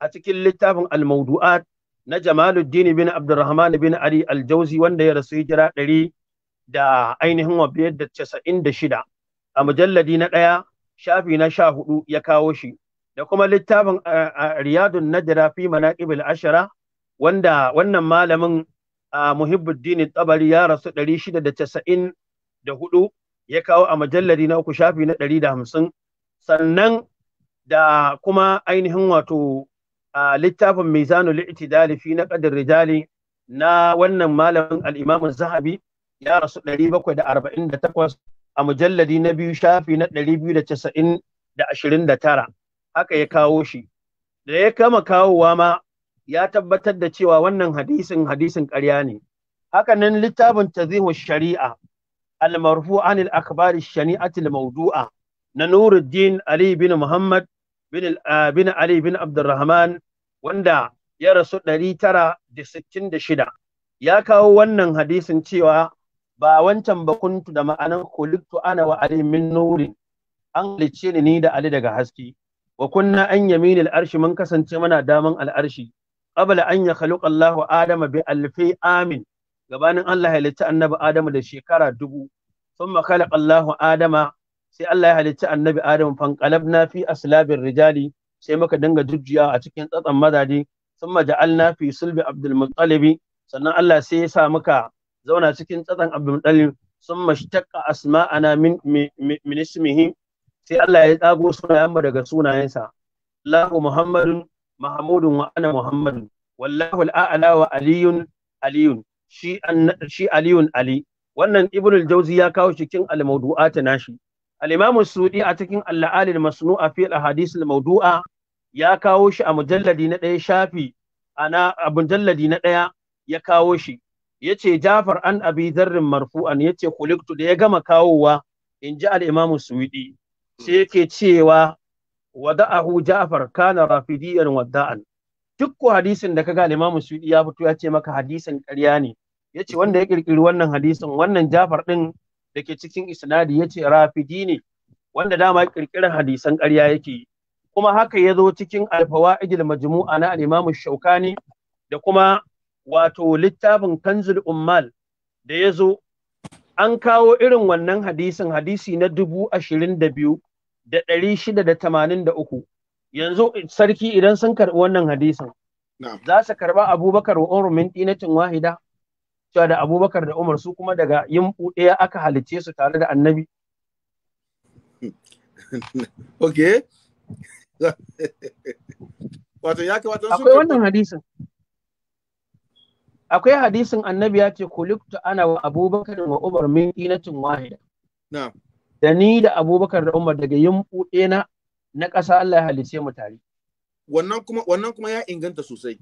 a cikin littafin al na jamaluddin bin abdurrahman bin ali al-jauzi wanda ya rasu hijira ɗari da ainihin wa biyar da casa'in da shida a mujalladi na ɗaya shafi na sha hudu ya kawo shi da kuma littafin riyadun najra fi manaqibul ashara wanda wannan malamin muhibbuddin tabari ya rasu 694 ya kawo a majallari na uku shafi na 150 sannan da kuma ainihin wato littafin mizanul i'tidali fi na qadar rijali na wannan malamin al-imam zahabi ya rasu 748 a mujalladi na biyu shafi na 299 haka ya kawo shi da ya kama kawowa ma ya tabbatar da cewa wannan hadisin hadisin ƙarya ne Haka nan, littafin tazihu shari'a al-marfu an al-akhbar shani'at al na Nuruddin Ali bin Muhammad bin, ah, bin Ali bin Abdurrahman wanda ya rasu shida. ya kawo wannan hadisin cewa ba wancan bakuntu da ma'anan kuliktu ana wa Ali min nurin an halicce ni da Ali daga haske wa kunna an yaminil arshi mun kasance muna daman al'arshi qabla an yakhluqa Allahu Adama bi alfi amin gabanin Allah ya halitta annabi Adamu da shekara dubu thumma khalaqa Allahu Adama sai Allah ya halitta annabi Adamu fanqalabna fi aslabir rijali sai muka dinga jujjuya a cikin tsatsan mazaje thumma ja'alna fi sulbi Abdul Muttalib sannan Allah sai ya sa muka zauna cikin tsatsan Abdul Muttalib thumma ishtaqqa asma'ana min min ismihi sai Allah ya tsago sunayen mu daga sunayensa Allahu Muhammadun mahmudun wa ana muhammadun wallahu wa aliyun aliyun shi shi aliyun ali wannan Ibn al-jawzi ya kawo shi cikin al-mawdu'at nashi al-imam as-sudi a cikin al-la'al al-masnu'a fi al-ahadith al-mawdu'a ya kawo shi a mujalladi na ɗaya shafi ana a mujalladi na ɗaya ya kawo shi yace Jafar an Abi Dharr marfu'an yace khuliqtu da ya gama kawowa in ji al-imam as-suwidi sai yake cewa wada'ahu Ja'far kana rafidiyan wada'an duk hadisin da kaga Imam Sudi ya fito ya ce maka hadisin ƙarya ne yace wanda ya kirkiri wannan hadisin wannan Ja'far din dake cikin isnadi yace rafidi ne wanda dama kirkiran hadisan ƙarya yake kuma haka ya zo cikin alfawaidil majmu'a na al-Imam Shaukani da kuma wato littafin Kanzul Ummal da ya zo an kawo irin wannan hadisin hadisi na dubu ashirin da biyu da ɗari shida da tamanin da uku yanzu sarki idan sun karɓi wannan hadisin za su karɓa abubakar wa umar min ɗinatin wahida cewa da abubakar da umar su kuma daga yin ɗaya aka halicce su tare da annabi ok wato ya kamata akwai wannan hadisin akwai hadisin annabi ya ce kulikta ana wa abubakar wa umar min ɗinatin wahida na'am da ni da abubakar da umar daga yin buɗe na ƙasa Allah ya halice mu tare. Wannan kuma wannan kuma ya inganta sosai.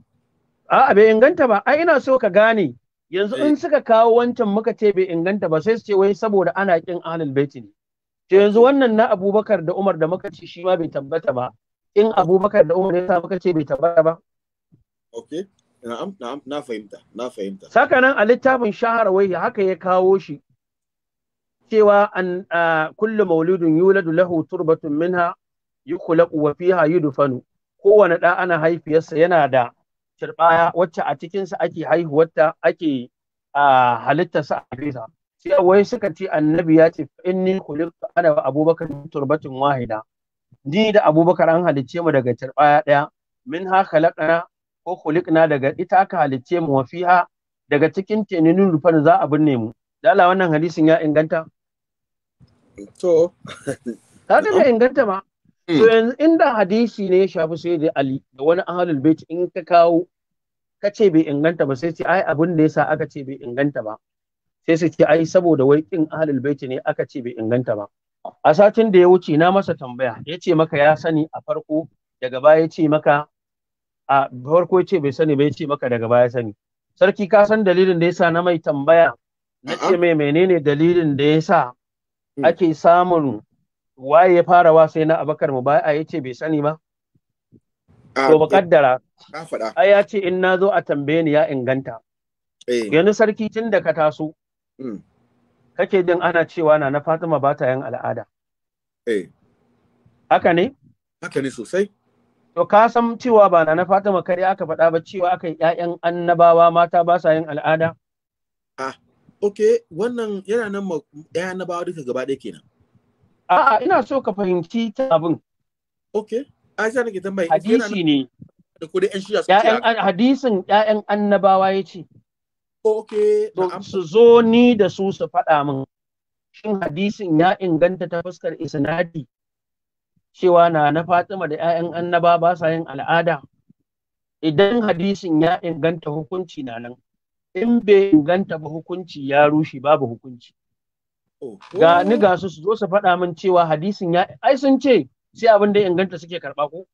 A'a bai inganta ba, ai ina so ka gane yanzu in eh. suka kawo wancan muka ce bai inganta ba sai su ce wai saboda ana kin ahlul baiti ne. To yanzu wannan na Abubakar da Umar da muka ce shi ma bai tabbata ba. In Abubakar da Umar ya muka ce bai tabbata ba. Okay. Na'am, na'am, na fahimta, na fahimta. Sakanan a littafin shaharwai haka ya kawo shi cewa an kullu mauludun yuladu lahu turbatun minha yukhlaqu wa fiha yudfanu kowane da ana haifiyarsa yana da turbaya wacce a cikin sa ake haihuwarta ake sa a bisa sai wai suka ce annabi ya ce inni khuliqtu ana wa abubakar turbatin wahida ni da abubakar an halicce mu daga turbaya daya min ha khalaqna ko khuliqna daga ita aka halicce mu wa fiha daga cikin tenenin rufan za a binne mu lala wannan hadisin ya inganta To. Ta taɓa inganta ma. To hmm. yanzu inda hadisi ne ya shafi sai da Ali da wani ahalul bait in ka kawo ka ce bai inganta ba sai ce ai abin da yasa aka ce bai inganta ba. Sai su ce ai saboda wai kin ahalul bait ne aka ce bai inganta ba. A satin da ya wuce na masa tambaya ya ce maka ya sani a farko daga baya ya ce maka a farko ya ce bai sani ba ya ce maka daga baya sani. Sarki ka san dalilin da yasa na mai tambaya na ce mai menene dalilin da yasa Mm. ake samun waye ya fara wa sai na abakar mu ba ya ce bai sani ba to ah, ba eh, kaddara ai ya ce in na zo a tambaye ni ya inganta eh. yanzu sarki tun da ka taso mm. kake din ana cewa na na fatima ba ta yin al'ada eh. haka ne haka ne sosai to ka san cewa ba na na fatima kare aka faɗa ba cewa aka yi ƴaƴan annabawa mata ba sa yin al'ada ah. ok wannan yana nan ma ɗaya na bawa duka gaba ɗaya kenan a'a ina so ka fahimci ta abin ok a nake tambaya hadisi ne da kudi yan shiya ƴaƴan hadisin ‘ya’yan annabawa yace oh, ok su zo ni da su su faɗa min shin hadisin ya inganta ta fuskar isnadi cewa na na Fatima da ‘ya'yan annaba ba sa yin al'ada, idan hadisin ya inganta hukunci na nan, in bai inganta ba hukunci ya rushe babu hukunci oh, ga oh. ni ga su zo su faɗa min cewa hadisin ya ai sun ce sai abin da inganta suke karɓa ko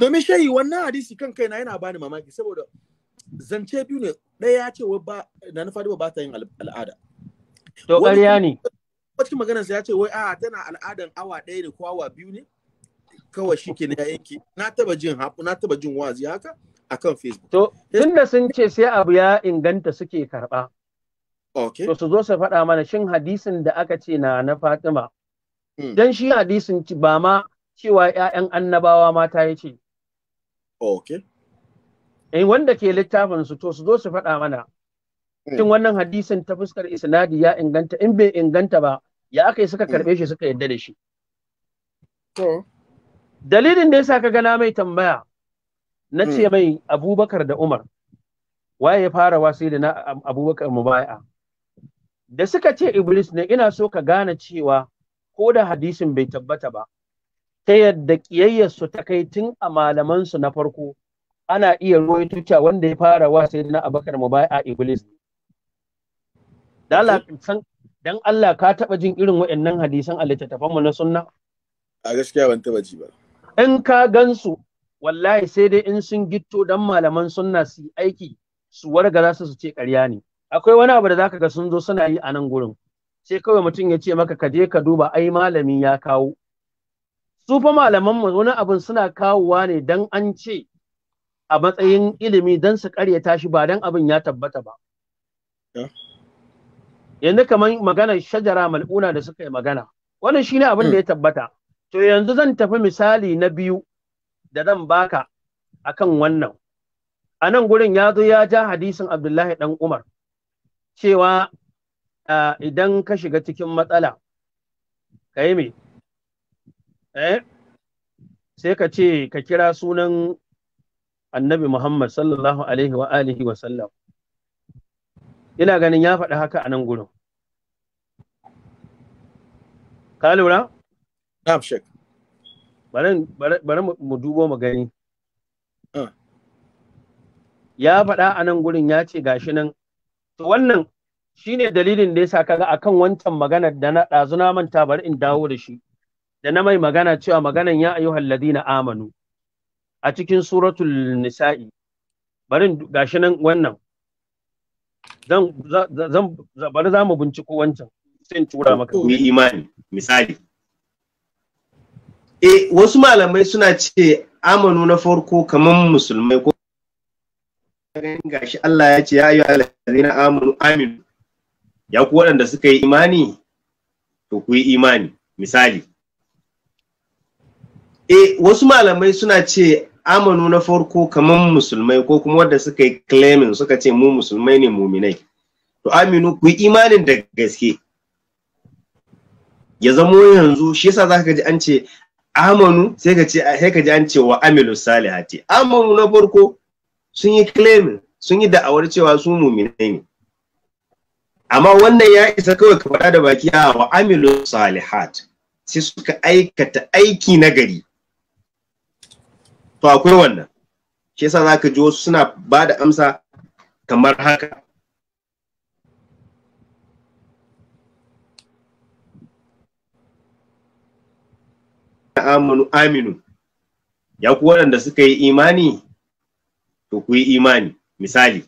domin shayi wannan hadisi kan kaina yana bani mamaki saboda zance biyu ne ɗaya ya ce wa ba na nufa ba ta yin al'ada to ƙarya ne cikin maganarsa ya ce wai a tana al'adan awa ɗaya ne ko awa biyu ne kawai shi ke na yanki na taba jin na taba jin wazi haka akan Facebook. To, tun da sun ce sai abu ya inganta suke karɓa. Okay. To su zo su faɗa mana shin hadisin da aka ce na na Fatima. Hmm. Dan shi hadisin ba ma cewa ‘ya'yan annabawa mata ya ce. Okay. Eh, wanda ke littafin su to su zo su faɗa mana. Hmm. Shin wannan hadisin ta fuskar isnadi ya inganta in bai inganta ba ya aka yi suka hmm. karɓe shi suka yadda da shi. To. Dalilin da ya sa ka gana mai tambaya na ce hmm. mai abubakar da umar waye ya fara wasu da na abubakar mubaya da suka ce iblis ne ina so ka gane cewa ko da hadisin bai tabbata ba ta yadda ƙiyayyarsu ta kai tun a malamansu na farko ana iya ruwaito cewa wanda ya fara wa sai na abakar mubaya iblis dan Allah ka taba jin irin waɗannan hadisan a littattafan mu na sunna a gaskiya ban taba ji ba in ka gansu wallahi sai dai in sun gitto dan malaman sunna su aiki su warga su su ce ƙarya ne akwai wani abu da zaka ga sun zo suna yi a nan gurin sai kawai mutum ya ce maka ka je ka duba ai malami ya kawo su fa malaman mu wani abin suna kawowa ne dan an ce a matsayin ilimi dan su ƙaryata shi ba dan abin ya tabbata ba yanzu kamar maganar shajara mal'una da suka yi magana wannan shine abin da ya tabbata to yanzu zan tafi misali na biyu da zan baka akan wannan a nan gurin ya zo ya ja hadisin abdullahi dan umar cewa idan ka shiga cikin matsala ka yi me eh sai ka ce ka kira sunan annabi muhammad sallallahu alaihi wa alihi wa sallam ina ganin ya faɗi haka a nan gurin ka lura? Na'am Sheikh. bari mu dubo mu gani ah. ya faɗa a nan gurin ya ce gashi nan to wannan shine dalilin da yasa kaga akan wancan magana da na ɗazu na manta bari in dawo da shi da na mai magana cewa maganan ya ayyuhal ladina amanu a cikin suratul nisa'i bari gashi nan wannan zan bari za mu binciko wancan sai in tura maka imani misali e wasu malamai suna ce amanu na farko kamar musulmai ko gashi Allah ya ce ya yi alazina amanu aminu ya ku waɗanda suka yi imani to ku yi imani misali e wasu malamai suna ce amanu na farko kamar musulmai ko kuma wadda suka yi claiming suka ce mu musulmai ne muminai to aminu ku yi imanin da gaske ya zamo yanzu shi yasa ka ji an ce amanu sai ka ce sai ka ji an ce wa amilu salihati amanu na farko sun yi claiming sun yi da'awar cewa su mumine ne amma wannan ya isa kawai ka faɗa da baki a wa amilu salihat sai suka aikata aiki na gari to akwai wannan shi yasa zaka ji wasu suna ba da amsa kamar haka amanu aminu ya ku waɗanda suka yi imani to ku yi imani misali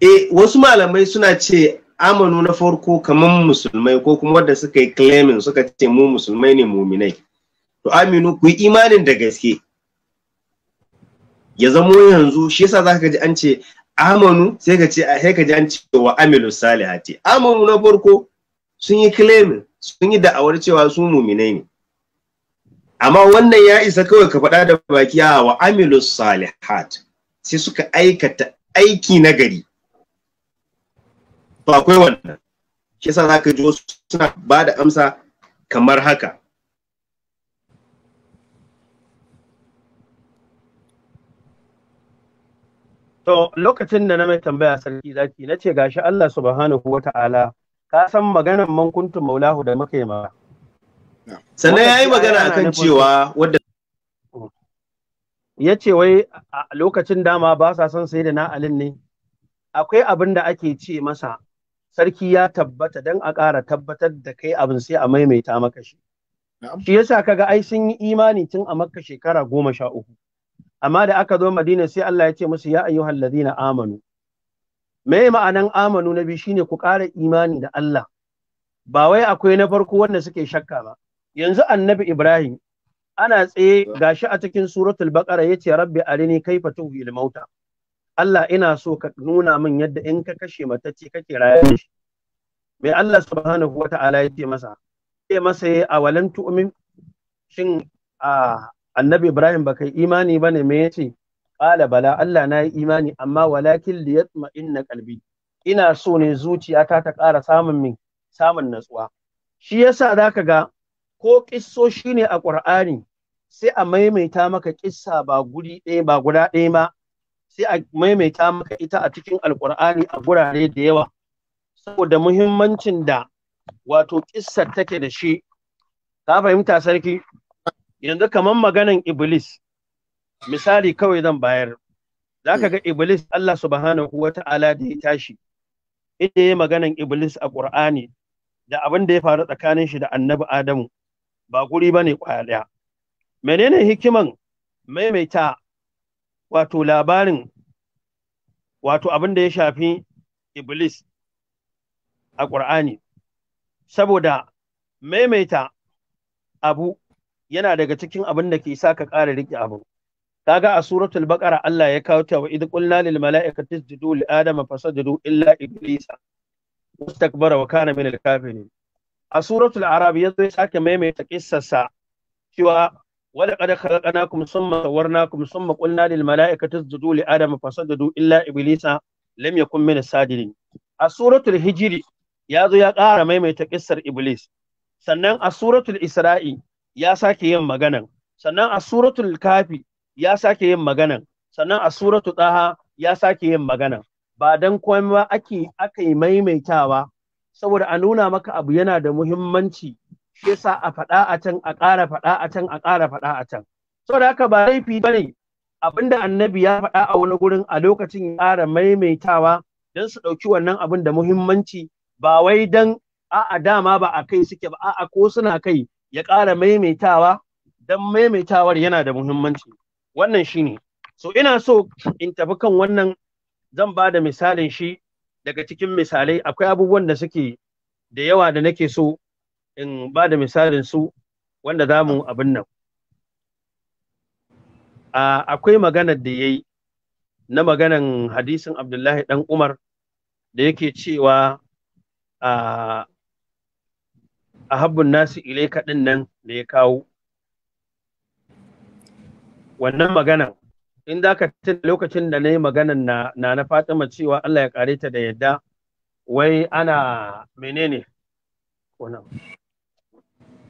e wasu malamai suna ce amanu na farko kamar musulmai ko kuma wadda suka yi claimin suka ce mu musulmai ne muminai to aminu ku yi imanin da gaske ya zamo yanzu shi yasa za ka ji an ce amanu sai ka ce sai ka ji an ce wa amilu salihati amanu na farko sun yi kilemin. sun yi da'awar cewa su muminai ne amma wannan ya isa kawai ka faɗa da baki a wa amilu salihat sai suka aikata aiki na gari Ba akwai wannan shi yasa zaka ji wasu suna ba da amsa kamar haka To lokacin da na mai tambaya sarki zaki na ce gashi Allah subhanahu wa ta'ala ka san maganar mankuntun maulahu da muka yi ma sannan ya yi magana akan cewa wadda ya ce wai a lokacin dama ba sa son sai da na'alin ne akwai abin da ake ce masa sarki ya tabbata don a ƙara tabbatar da kai abin sai a maimaita maka shi shi yasa kaga ai sun yi imani tun a makka shekara goma sha uku amma da aka zo madina sai Allah ya ce musu ya ayyuhal ladina amanu me ma'anan amanu na biyu shine ku ƙara imani da Allah ba wai akwai na farko wanda suke shakka ba yanzu annabi Ibrahim ana tsaye gashi a cikin suratul baqara yace rabbi arini kaifa tuhil mauta Allah ina so ka nuna min yadda in ka kashe matacce kake rayar da shi mai Allah subhanahu wa ta'ala masa ya masa ya awalan tu'min shin annabi Ibrahim baka imani bane me yace Ƙala bala Allah na yi imani amma walakin li na kalbi, ina so ne zuciyata ta ƙara samun min samun natsuwa shi yasa ka ga ko shi ne a Qur'ani sai a maimaita maka kissa ba guri ɗaya ba guda ɗaya ba sai a maimaita maka ita a cikin alkur'ani a gurare da yawa saboda muhimmancin da wato kissar take da shi ka fahimta sarki yanzu kamar maganan iblis misali kawai zan bayar za ka hmm. ga iblis Allah subhanahu wa ta'ala da ya tashi inda ya maganan iblis a ƙur'ani da abin da ya faru tsakanin shi da annabi adamu ba guri ba ne ƙwaya ɗaya menene hikiman maimaita wato labarin wato abin da ya shafi iblis a ƙur'ani saboda maimaita abu yana daga cikin abin da ke sa ka ƙara riƙe abu kaga a suratul baqara Allah ya kawo cewa wa id qulna lil mala'ikati isjudu li adama fasajadu illa Iblis, mustakbara wa kana min al kafirin a suratul arab ya zo sake maimaita kissarsa cewa wa laqad khalaqnakum thumma sawwarnakum thumma qulna lil mala'ikati isjudu li adama fasajadu illa Iblis, lam yakun min sajidin a suratul hijri ya zo ya ƙara maimaita kissar iblis sannan a suratul isra'i ya sake yin maganan sannan a suratul kafi ya sake yin magana. sannan a suratu ɗaha ya sake yin magana. ba dan komai ba ake aka yi maimaitawa saboda a nuna maka abu yana da muhimmanci shi sa a faɗa a can a ƙara faɗa a can a ƙara faɗa a can saboda haka ba laifi ne abinda annabi ya faɗa a wani gurin a lokacin ya ƙara maimaitawa don su ɗauki wannan abin da muhimmanci ba wai don a'a dama ba a kai suke ba a'a ko suna kai ya ƙara maimaitawa don maimaitawar yana da muhimmanci wannan shi ne, so ina so in tafi kan wannan zan ba da misalin shi daga cikin misalai akwai abubuwan da suke da yawa da nake so in ba da misalin su wanda za mu abin nan akwai maganar da ya yi na maganan hadisin abdullahi dan umar da yake cewa a habbin nasu ilai kaɗin nan da ya kawo wannan magana in da ka lokacin da na yi maganan na na Fatima cewa Allah ya kare ta da yadda wai ana menene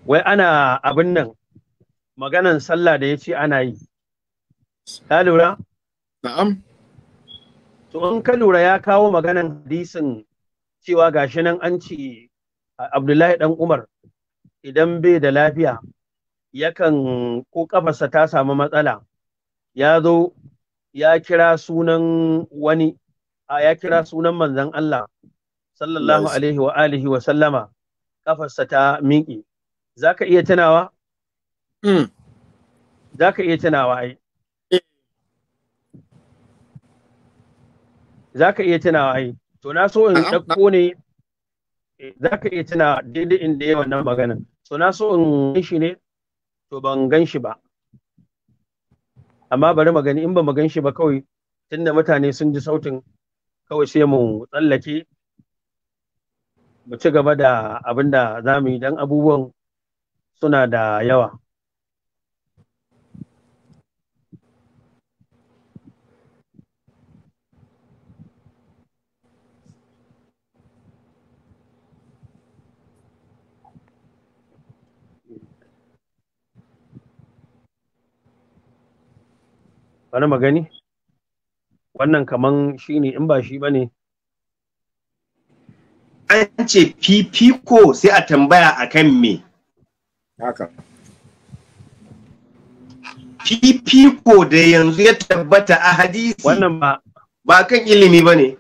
wai ana abin nan maganan sallah da ya ce ana yi ta lura? na'am to in ka lura ya kawo maganan hadisin cewa gashi nan an ce Abdullahi dan Umar idan bai da lafiya yakan ko kafarsa ta samu matsala ya zo ya kira sunan wani a ya kira sunan manzon Allah sallallahu alaihi wa alihi wa sallama kafarsa ta miƙe zaka iya tunawa mm. zaka iya tunawa ai zaka iya tunawa ai to na so in dauko ne eh, zaka iya tunawa daidai inda yawan nan magana to na so in shi ne to ban gan shi ba amma bari magani in ba mu gan shi ba kawai tunda mutane sun ji sautin kawai sai mu tsallake mu ci gaba da abin da za mu yi don abubuwan suna da yawa Wani magani? wannan kaman shi ne in ba shi ba ne an ce fifiko sai a tambaya a kan me haka fifiko da yanzu ya tabbata a hadisi wannan ba ba kan ilimi ba ne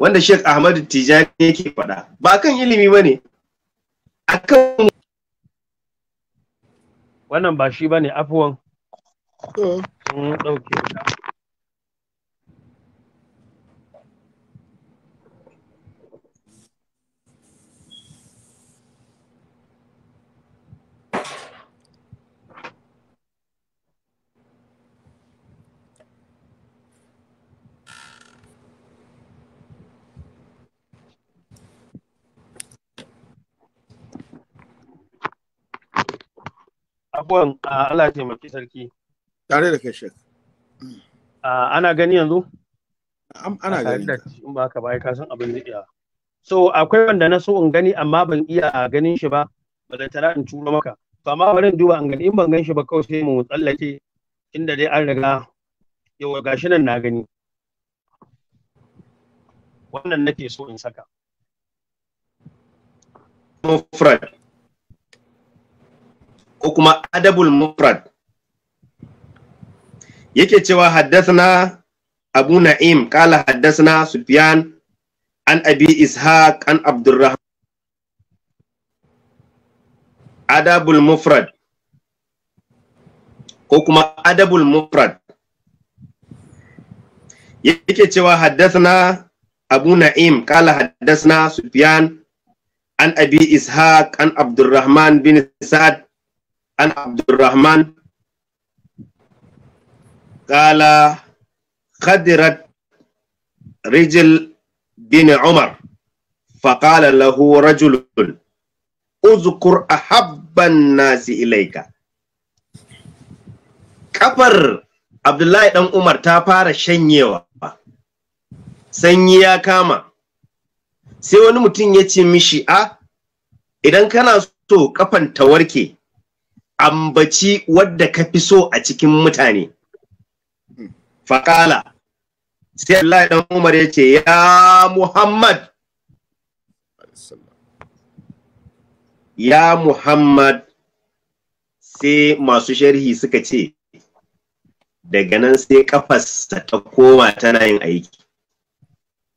wanda shek Ahmadu Tijani yake faɗa ba kan ilimi ba ne kan wannan ba shi ba ne afuwan Sun ɗauki. wuta. abubuwan Allah taimaki sarki Tare da kai A ana gani yanzu? Ana gani. In ba ka bai ka san abin da iya. So akwai wanda na so in gani amma ban iya ganin shi ba, tara in turo maka. To amma bari in duba in gani in ban gan shi ba kawai sai mu tsallake inda dai an riga yau gashi nan na gani. Wannan nake so in saka. Mufrad ko kuma adabul mufrad yake cewa haddathana abu na'im kala haddathana sufyan an abi ishaq an abdurrahman adabul mufrad ko kuma adabul mufrad yake cewa haddathana abu na'im kala haddathana sufyan an abi ishaq an abdurrahman bin sa'ad an abdurrahman Kala khadirat rijil bin Umar faƙala lahu rajulun uzkur ahabban nasi ilaika Ƙafar Abdullahi dan Umar ta fara shanyewa sanyi ya kama sai wani mutum ya ce mishi a idan kana so ƙafan ta warke ambaci wadda ka fi so a cikin mutane faƙala sai Allah ɗan Umar ya ce ya Muhammad ya Muhammad sai masu sharhi suka ce daga nan sai kafarsa ta koma tana yin aiki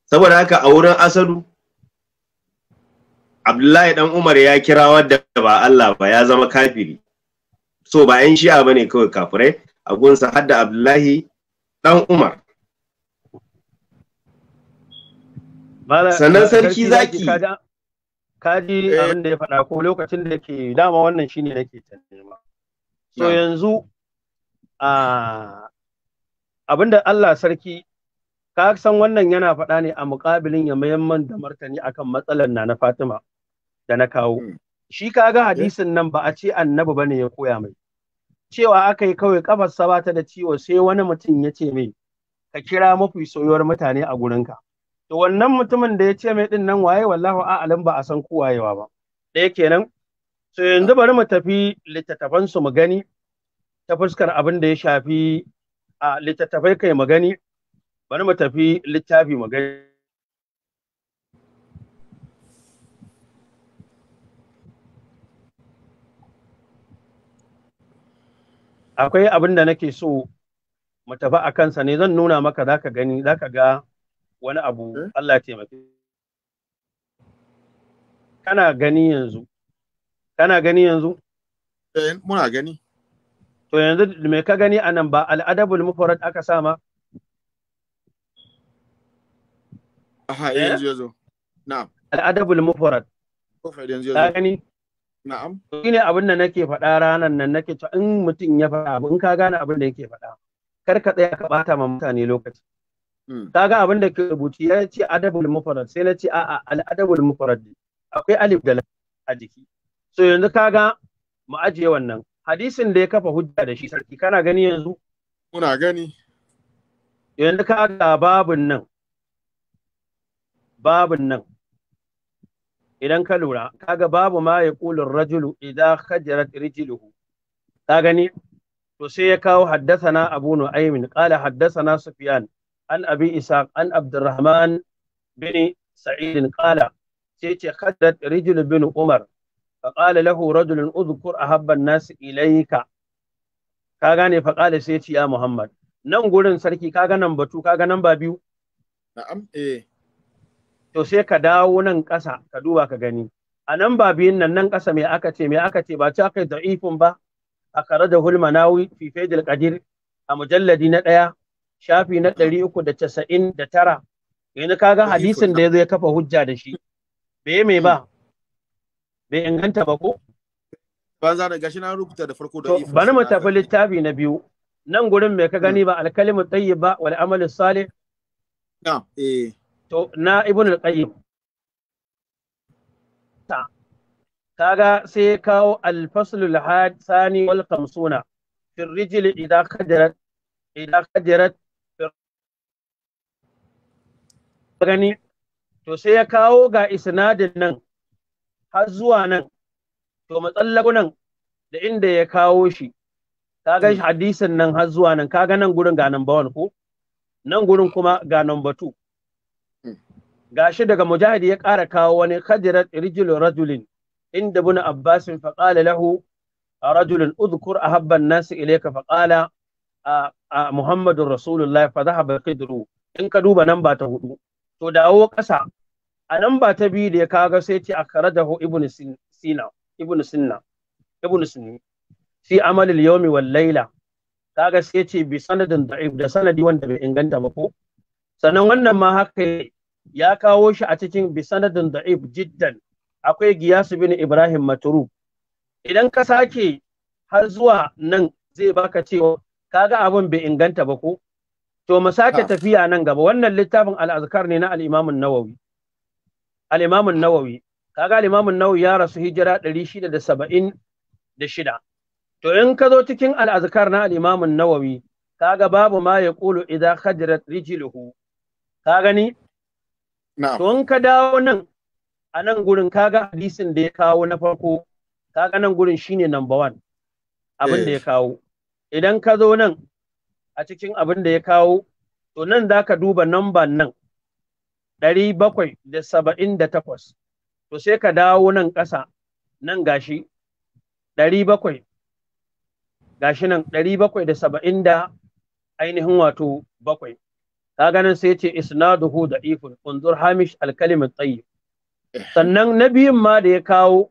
saboda haka a wurin asadu abdullahi dan umar ya kira wadda ba Allah ba ya zama kafiri so ba yan shi'a bane kawai kafirai a gunsa hadda abdullahi dan Umar sannan sarki zaki kaji eh. abin da ya faɗa ko lokacin da ke dama wannan shine nake ta nema so yanzu abin da Allah sarki ka san wannan yana faɗa ne a mukabilin ya mayamman da martani akan matsalar na na Fatima da na kawo hmm. shi ka ga hadisin nan ba a ce annabi bane ya koya mai cewa aka yi kawai kafarsa ba ta da ciwo sai wani mutum ya ce mai ka kira mafi soyuwar mutane a gurinka to wannan mutumin da ya ce mai din nan waye wallahu ba a san ko wayewa ba Da yake nan, to yanzu bari mu tafi littattafan su mu gani ta fuskar abin da ya shafi a littattafai kai mu gani bari mu tafi littafi mu gani akwai abin da nake so mu tafi a kansa ne zan nuna maka zaka gani zaka ga wani abu hmm? Allah ya taimake kana gani yanzu kana gani yanzu eh muna gani to yanzu me ka gani anan ba al'adabul mufrad aka sa ma aha eh, yanzu yazo na'am al'adabul mufrad fa yanzu yazo ka gani Na'am. Shi ne abin da nake faɗa ranar nan nake cewa in mutum ya faɗa abu in ka gane abin da yake faɗa kar ka tsaya ka bata ma mutane lokaci. Hmm. Ka ga abin da ke rubuci ya ce adabul mufarad sai na ce a'a al adabul mufarad akwai alif da a jiki. So yanzu ka ga mu ajiye wannan hadisin da ya kafa hujja da shi sarki kana gani yanzu? Muna gani. Yanzu ka ga babun nan babun nan idan ka lura kaga babu ma ya kulun rajulu idan khajarat rijluhu ka gani to sai ya kawo na abu nu'aymin qala haddasana sufyan an abi isa an abdurrahman bin sa'id qala sai ce khajarat rijlu bin umar فقال له رجل اذكر احب الناس اليك ka gane faƙala sai ce ya Muhammad. Nan gurin sarki kaga nan batu kaga nan ba biyu? Na'am eh. to sai ka dawo nan ƙasa ka duba ka gani a nan ba biyun nan nan ƙasa me aka ce me aka ce ba ta kai za'ifin ba a kare da hulmanawi fi faidil qadir a mujalladi na ɗaya shafi na ɗari uku da casa'in da tara yanzu ga hadisin da ya zo ya kafa hujja da shi bai mai ba bai inganta ba ko ban za da gashi na rubuta da farko da ifo bani mu tafi littafi na biyu nan gurin mai ka gani ba alkalimu tayyib ba wal amalu salih na'am eh to na ibn al-qayyim ta kaga sai ya kawo al-fasl al sani wal khamsuna fi rijl idha qadarat idha qadarat gani to sai ya kawo ga isnadin nan har zuwa nan to matsallagunan da inda ya kawo shi ga hadisin nan har zuwa nan Ka ga nan gurin ga number 1 ko nan gurin kuma ga number 2 gashi daga Mujahadi ya ƙara kawo wani khadirat rijlu rajulin inda buna abbas fa qala lahu rajulun habban ahabba an-nas a Muhammadu qala muhammadur rasulullah fa dhahaba qidru in ka duba nan ba ta hudu to dawo ƙasa a nan ba ta biyu da ya kaga sai ce akhrajahu ibn sina ibn sinna ibn sunni fi amalil yawmi wal layla kaga sai ce bi sanadin da'if da sanadi wanda bai inganta ba ko sannan wannan ma haka ya kawo shi a cikin bisanadin da'if jiddan akwai giyasu bin ibrahim maturu idan ka sake har zuwa nan zai baka cewa kaga abin bai inganta ba ko to mu sake tafiya nan gaba wannan littafin al-azkar ne na al-imam an-nawawi al-imam an-nawawi kaga al-imam an-nawawi ya rasu hijira 676 to in ka zo cikin al-azkar na al-imam an-nawawi kaga babu ma ya yaqulu idza khadrat rijluhu ka gani To in ka dawo nan a nan gurin kaga hadisin da ya kawo na farko kaga nan gurin shine number one abin da ya eh. kawo idan ka zo nan a cikin abin da ya kawo to nan za ka duba number nan ɗari bakwai da saba'in da takwas to sai ka dawo nan ƙasa nan gashi ɗari bakwai gashi nan ɗari bakwai da saba'in da ainihin wato bakwai ka ganin sai yace isnaduhu da'ifun unzur hamish al tsayi sannan na biyun ma da ya kawo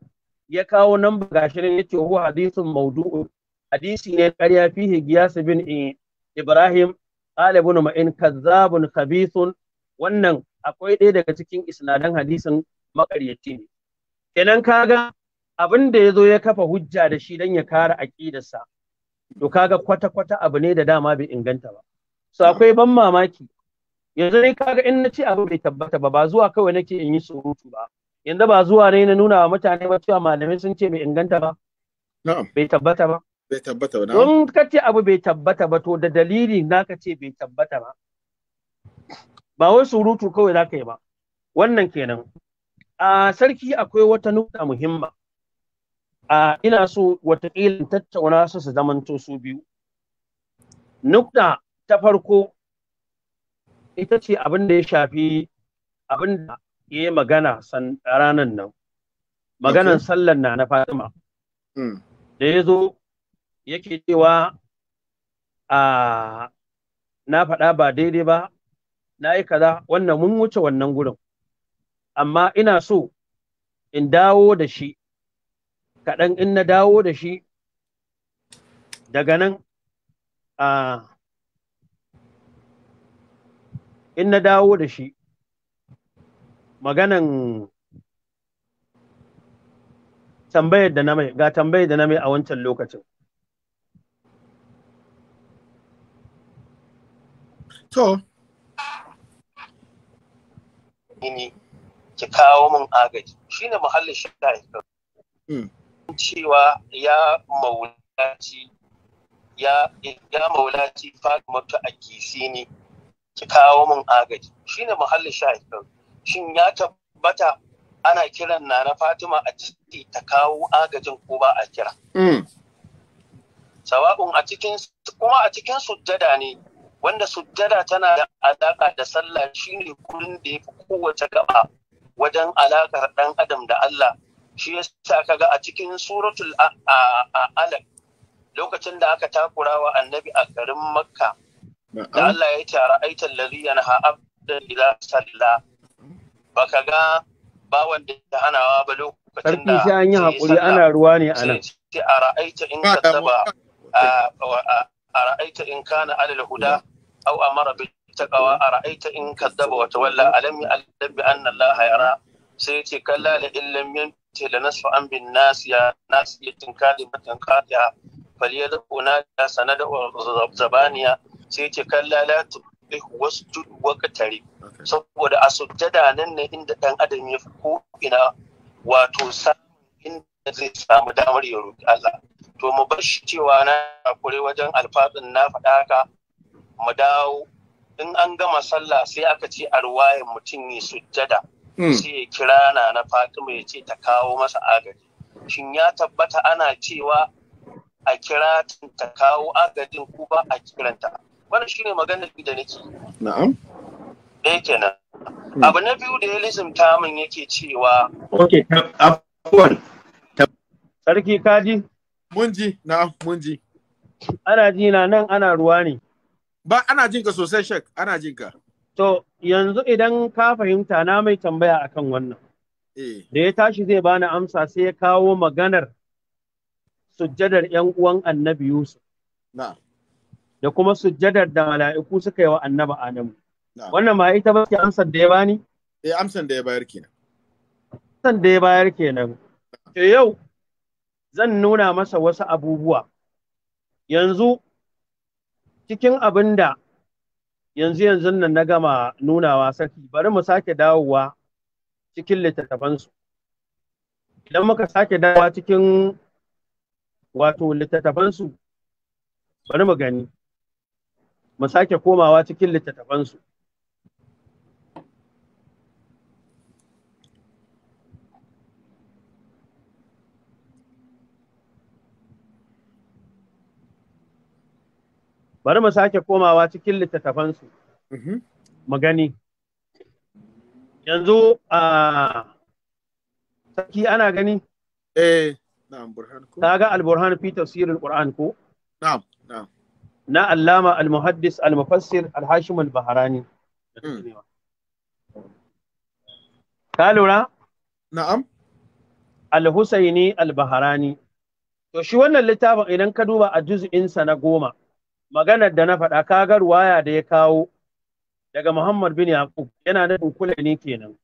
ya kawo nan gashi ne yace hu hadithun mawdu'un hadisi ne ƙarya fihi giyas bin ibrahim qalibun ma in kazzabun khabithun wannan akwai ɗaya daga cikin isnadan hadisin makaryaci ne kenan kaga abin da ya zo ya kafa hujja da shi dan ya kare aƙidarsa to kaga kwata-kwata abu ne da dama bai inganta ba so akwai ban mamaki yanzu dai kaga in na ce abu bai tabbata ba ba zuwa kawai nake in yi surutu ba yanzu ba zuwa ne na nuna wa mutane ba cewa malamai sun ce bai inganta ba bai tabbata ba bai tabbata ba don ka ce abu bai tabbata ba to da dalili naka ce bai tabbata ba ba wai surutu kawai za ka yi ba wannan kenan a sarki akwai wata nuna muhimma a ina so watakila tattauna su su zamanto su biyu nukta ta farko ita ce abin da ya shafi abin da ya yi magana san ranar nan maganan sallan na na fatima hmm. da ya zo yake cewa a na faɗa ba daidai ba na yi kaza wannan mun wuce wannan gurin amma ina so in dawo da shi kaɗan in na dawo da shi daga nan a in na dawo da shi maganan tambayar da na mai ga tambayar da na mai a wancan lokacin to ini ki kawo min agaji shine muhallin shi hmm. cewa ya maulaci ya ya maulaci Fatimatu a Kisini ki kawo min agaji shine muhallin shahid shin ya tabbata ana kiran nana fatima a ciki ta kawo agajin ko ba a kira mm. sawa'un a cikin kuma a cikin sujjada ne wanda sujjada tana da alaka da sallah shine kullun da yafi kowace gaba wajen alakar dan adam da Allah shi yasa kaga a cikin suratul alaq lokacin da aka takura wa annabi a garin makka da Allah ya ce a ra'aita allazi yanha abdan idza salla ka ga ba wanda ya hanawa ba lokacin da sai an yi haƙuri ana ruwa ne anan sai a ra'aita in kasaba a ra'aita in kana alal huda aw amara bil taqwa a ra'aita in kazzaba wa tawalla alam ya'lam bi anna Allah yara sai ya ce kalla la illam yanti lanasfa'an bin nasiya nasiyatin kalimatan qati'a falyadquna sanada wa zabaniya sai ce kalla la wasu wasjud waka tare saboda a sujjada nan ne inda dan adam ya fi ko wato sa inda zai samu damar ya roki Allah to mu bar shi cewa na akure wajen alfadin na faɗa ka mu dawo in an gama sallah sai aka ce a mutum ya sujjada hmm. sai ya kira na na Fatima ya ce ta kawo masa agaji shin ya tabbata ana cewa a kira ta kawo agajin ko ba a kiranta wannan ne magana da nake na'am ɗaya nan hmm. abu na biyu da ya lizimta min yake cewa ok afuwan sarki kaji mun ji na'am mun ji ana ji na nan ana ruwa ne ba ana jin ka sosai shek ana jin ka to yanzu idan ka fahimta na mai tambaya akan wannan eh. da ya tashi zai bani amsa sai ya kawo maganar sujjadar 'yan uwan annabi Yusuf. Na'am. da kuma sujjadar da mala'iku suka yi wa annaba Adamu. Wannan ma ita ba ke amsar da ya bani? Eh amsar da ya bayar kenan. Amsar da ya bayar kenan. To yau zan nuna masa wasu abubuwa. Yanzu cikin abin da yanzu yanzu nan na gama nunawa sarki bari mu sake dawowa cikin littattafansu. Idan muka sake dawowa cikin wato littattafansu bari mu gani. mu sake komawa cikin littattafansu bari mu sake komawa cikin littattafansu mm-hmm. yanzu a sarki ana gani eh na'am burhan ko ga al-burhan fi tafsirul qur'an ko na'am na'am na allama almuhaddis almufassir al albaharani. al hmm. ka lura na'am al-husaini al to shi wannan littafin idan ka duba a juz'insa na goma maganar da na faɗa kaga ruwaya da ya kawo daga Muhammad bin Yaqub yana nufin kula ne kenan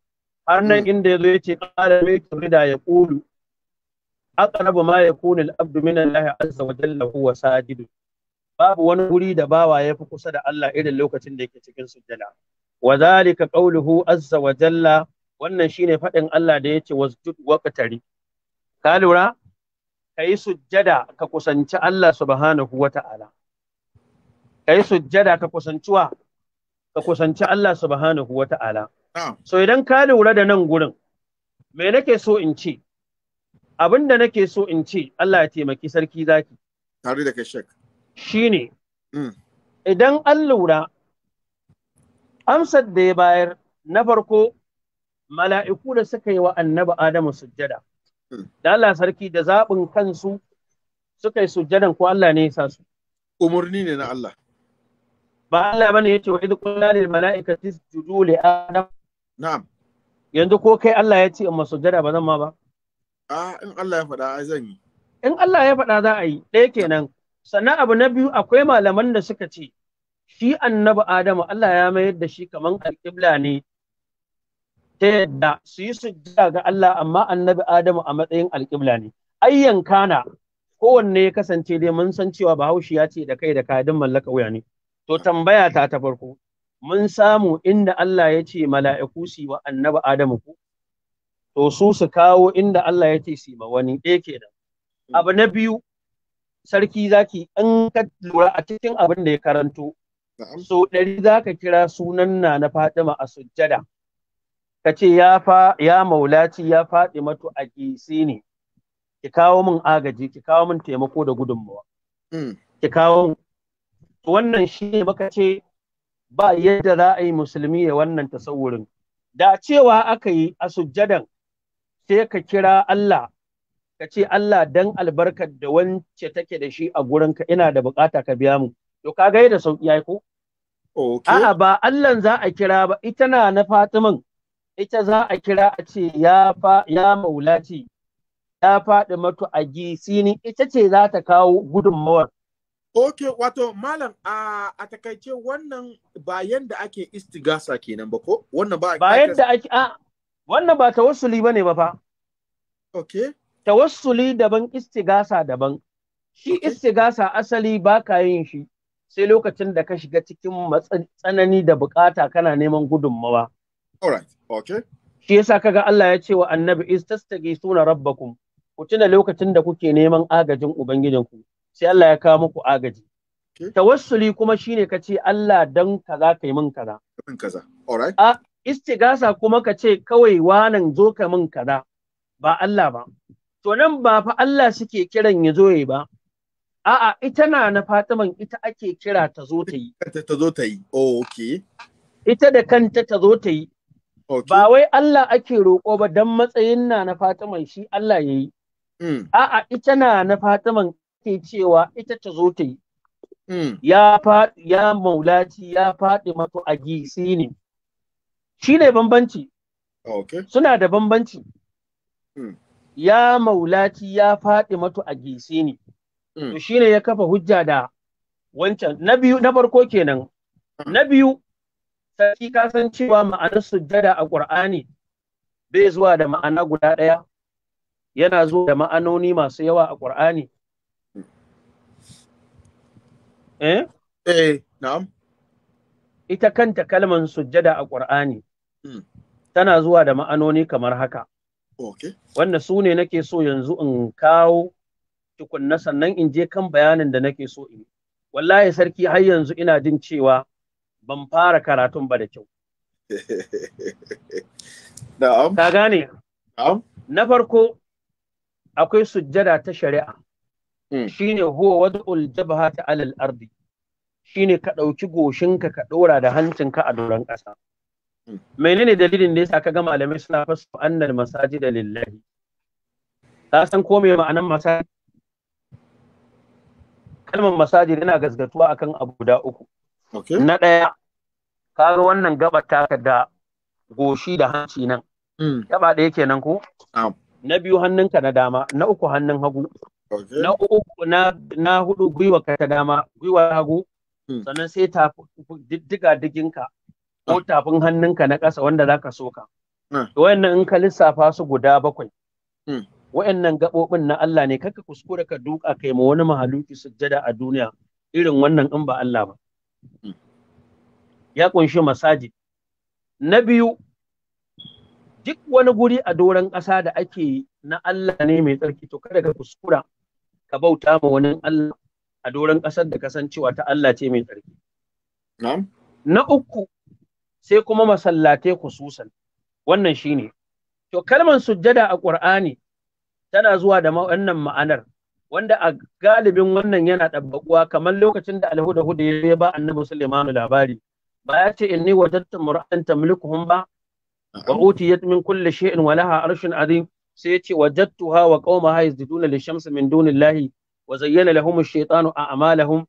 har nan hmm. inda yazo yace qala mai turida ya qulu aqrabu ma yakunu al-abdu min Allah azza wa jalla huwa sajid babu wani guri da bawa ya fi kusa da Allah irin lokacin da yake cikin sujjada wa zalika qawluhu azza wa jalla wannan shine faɗin Allah da yace wasjud waqtari ka lura kai sujjada ka kusanci Allah subhanahu wa ta'ala kai sujjada ka kusanci wa ka kusanci Allah subhanahu wa ta'ala so idan ka lura da nan gurin me nake so in ce abinda nake so in ce Allah ya taimaki sarki zaki tare da kai shek shine mm. idan an lura amsar da ya bayar na farko mala'iku da suka yi wa annabi Adamu sujjada mm. da Allah sarki da zaɓin kansu suka yi sujjadan ko Allah ne ya sa su umarni ne na Allah ba Allah bane yace wa idh qulna lil mala'ikati isjudu li adam na'am yanzu ko kai Allah ya ce in masujjada ba zan ma ba a ah, in Allah ya faɗa ai zan yi in Allah ya faɗa za a yi ɗaya kenan sannan abu na biyu akwai malaman da suka ce shi annabi adamu Allah ya mayar da shi kaman alƙibla ne ta yadda su yi sujjada ga Allah amma annabi adamu a matsayin alƙibla ne ayyan kana kowanne ya kasance dai mun san cewa bahaushe ya ce da kai da kadin mallaka wuya ne to tambaya ta ta farko mun samu inda Allah ya ce mala'iku su wa annabi Adamu ku to su su kawo inda Allah ya ce su ma wani ɗaya kenan abu na biyu sarki zaki in ka lura a cikin abin da ya karanto so ɗari za ka kira sunan na Fatima a sujjada ka ce ya fa ya maulaci ya faɗi matu a gisi ne ki kawo min agaji ki kawo min taimako da gudunmawa hmm. ki kawo wannan shi ne maka ce ba yadda za a yi musulmi ya wannan tasawurin da cewa aka yi a sujjadan sai ka kira Allah ka ce Allah dan albarkar da wance take da shi a ka ina da bukata ka biya mu to ka ga da sauki yayi ko okay. a'a ba Allah za a kira ba ita na na Fatiman ita za a kira a ce ya fa ya maulati ya faɗi mato a gisini ita ce za ta kawo gudunmawar Ok, wato malam a, a takaice wannan ba yanda ake istigasa kenan ba ko? Wannan ba ba yanda ake a wannan ba tawassuli bane ba fa. Okay. tawassuli daban istigasa daban shi istigasa asali baka yin shi sai lokacin da ka shiga cikin tsanani da bukata kana neman gudunmawa alright okay shi yasa kaga Allah ya ce wa annabi istastagisuna rabbakum ku tuna lokacin da kuke neman agajin ubangijinku sai Allah ya kawo muku agaji tawassuli kuma shine ka ce Allah dan kaza kai min kaza min kaza alright a istigasa kuma ka ce kawai wanan zo ka min kaza ba Allah ba to nan ba fa Allah suke kiran ya zo yi ba a'a ita na na Fatiman ita ake kira ta zo ta yi ta zo ta yi oh okay ita da kanta ta zo ta yi ba wai Allah ake roƙo ba dan matsayin na na Fatiman shi Allah yayi yi. Mm. a'a ita na na Fatiman ke cewa ita ta zo ta yi mm. ya faɗi ya maulaci ya faɗi mato a gisi ne shi ne bambanci okay. suna da bambanci mm. ya maulati ya faɗi matu a gise ni mm. to shine ya kafa hujja da wancan na biyu na farko kenan mm. na biyu sarki ka san cewa ma'anar sujjada a Qur'ani bai zuwa da ma'ana guda ɗaya yana zuwa da ma'anoni masu yawa a Qur'ani eh eh na'am ita kanta kalmar sujjada a Qur'ani mm. tana zuwa da ma'anoni kamar haka Wannan su ne nake so yanzu in kawo tukunna sannan in je kan bayanin da nake so in. Wallahi sarki har yanzu ina jin cewa ban fara karatun ba da kyau. Na'am. Ka gane? Na farko akwai sujjada ta shari'a. Hmm. Shine huwa wad'ul ta 'alal ardi. Shine ka ɗauki goshinka ka ɗora da hancinka a doron ƙasa. menene dalilin da yasa kaga malamai suna fasu annal masajid lillahi ka san ko me ma'anan masajid kalmar masajid yana gasgatuwa akan abu guda uku na ɗaya ga wannan gaba taka da goshi da hanci nan hmm. gaba ɗaya kenan ko na biyu hannunka na dama na uku hannun hagu na uku na na hudu gwiwa ka ta dama gwiwa hagu hmm. sannan sai ta diddiga diginka ko tafin hannunka na ƙasa wanda za ka soka. Hmm. Wayannan in ka lissafa su guda bakwai. Hmm. Wayannan gaɓoɓin na Allah ne kaka kuskura ka duka kai ma wani mahaluki sujjada a duniya irin wannan in ba Allah ba. Hmm. Ya ƙunshi masajid. Na biyu duk wani guri a doron ƙasa da ake na Allah ne mai tsarki to kada ka kuskura ka bauta ma wani Allah a doron ƙasar da kasancewa ta Allah ce mai tsarki. Na uku sai kuma masallatai khususan wannan shine to kalmar sujjada a Qur'ani tana zuwa da wannan ma'anar wanda a galibin wannan yana ɗabbaƙuwa kamar lokacin da alhuda huda ya ba annabi Sulaimanu labari ba ya ce inni wajadtu mar'atan tamlikuhum ba wa utiyat min kulli shay'in wa laha arshun azim sai ya ce wajadtuha wa qaumaha yazduna lishamsi min dunillahi wa zayyana lahum ash-shaytanu a'malahum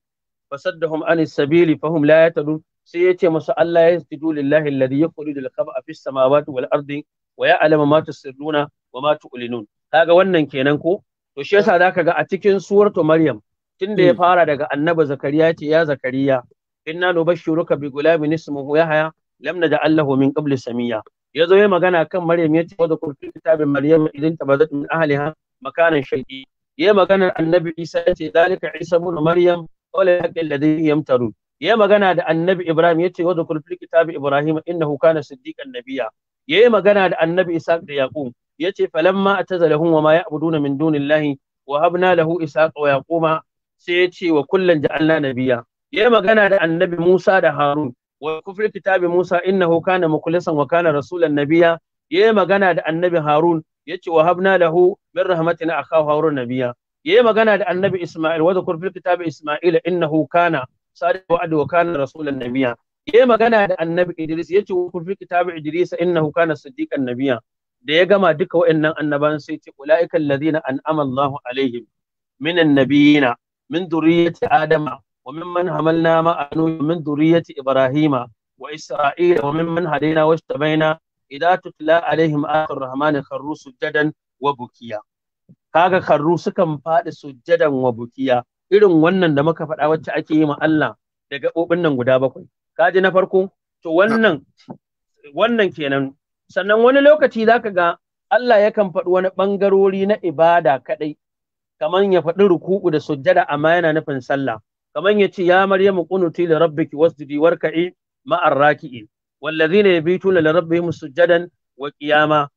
fasaddahum an as-sabili fahum la yahtadun sai ya ce masa Allah ya sidu lillahi alladhi yukhriju al-khaba'a fis samawati wal ardi wa ya'lamu ma tusirruna wa ma tu'linun kaga wannan kenan ko to shi yasa zaka ga a cikin suratu maryam tunda ya hmm. fara daga annabi zakariya ce ya zakariya inna nubashshiruka bi gulamin ismuhu yahya lam naj'al lahu min qabli samiya zo ya magana kan maryam ya ce wa zakur fi kitabin maryam idan tabazat min ahliha makanan shay'i yayi magana annabi isa ya yace zalika isa ibn maryam qala hakka alladhi yamtarun ya magana da annabi ibrahim yace wa zakul fil kitabi ibrahim innahu kana siddiqan nabiyya yayi magana da annabi isaq da yaqub yace falamma atazalahum wa ma ya'buduna min dunillahi wa habna lahu isaq wa yaquba sai yace wa kullan ja'alna nabiyya yayi magana da annabi musa da harun wa kufri kitabi musa innahu kana mukhlisan wa kana rasulan nabiyya yayi magana da annabi harun yace wa habna lahu min rahmatina akahu harun nabiyya yayi magana da annabi isma'il wa zakur fil kitabi isma'il innahu kana sadiq wa adu kana rasulan nabiyya yayi magana da annabi Idris yace wa kun fi kitabu Idris innahu kana siddiqan nabiyya da ya gama duka waɗannan annaban sai ce ulaiikal ladina an'ama Allahu alaihim minan nabiyina min dhurriyyati adama wa mimman hamalna ma anu min dhurriyyati ibrahima wa isra'ila wa mimman hadaina washtabaina idza tutla alaihim ayatul rahmani kharru sujadan wa bukiya kaga karru sukan faɗi sujjadan wa bukiya irin wannan da muka faɗa wacce ake yi ma Allah da gaɓoɓin nan guda bakwai kaji na farko to wannan wannan kenan sannan wani lokaci za ka ga Allah yakan faɗi wani ɓangarori na ibada kaɗai kamar ya faɗi ruku'u da sujjada amma yana nufin sallah kamar ya ce ya maryamu qunuti li rabbiki wasjudi warka'i ma'ar raki'i والذين sujjadan wa سجدا وقياما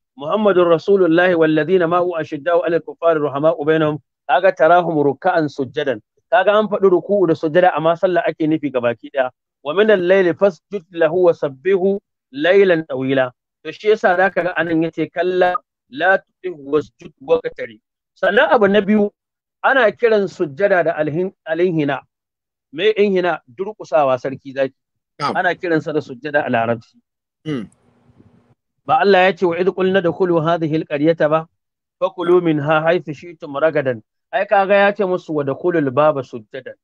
Rasulullahi wallazi na ma'u a أشداء alal الكفار رحماء بينهم kaga tarahum ruk'an sujjadan kaga an faɗi ruku'u da sujjada amma sallah ake nufi baki daya wa min al-layli fasjud lahu wa sabbihu laylan tawila to shi yasa zaka ga anan yace kalla la tutih wasjud waqtari sannan abu na biyu ana kiran sujjada da alhinhina me inhina durƙusawa sarki zaki ana kiransa da sujjada a larabci hmm. ba Allah ya ce wa idh qulna dakhulu hadhihi al-qaryata ba fakulu minha haythu shi'tum ragadan ai kaga ya ce musu wa Kulul baba sujjadan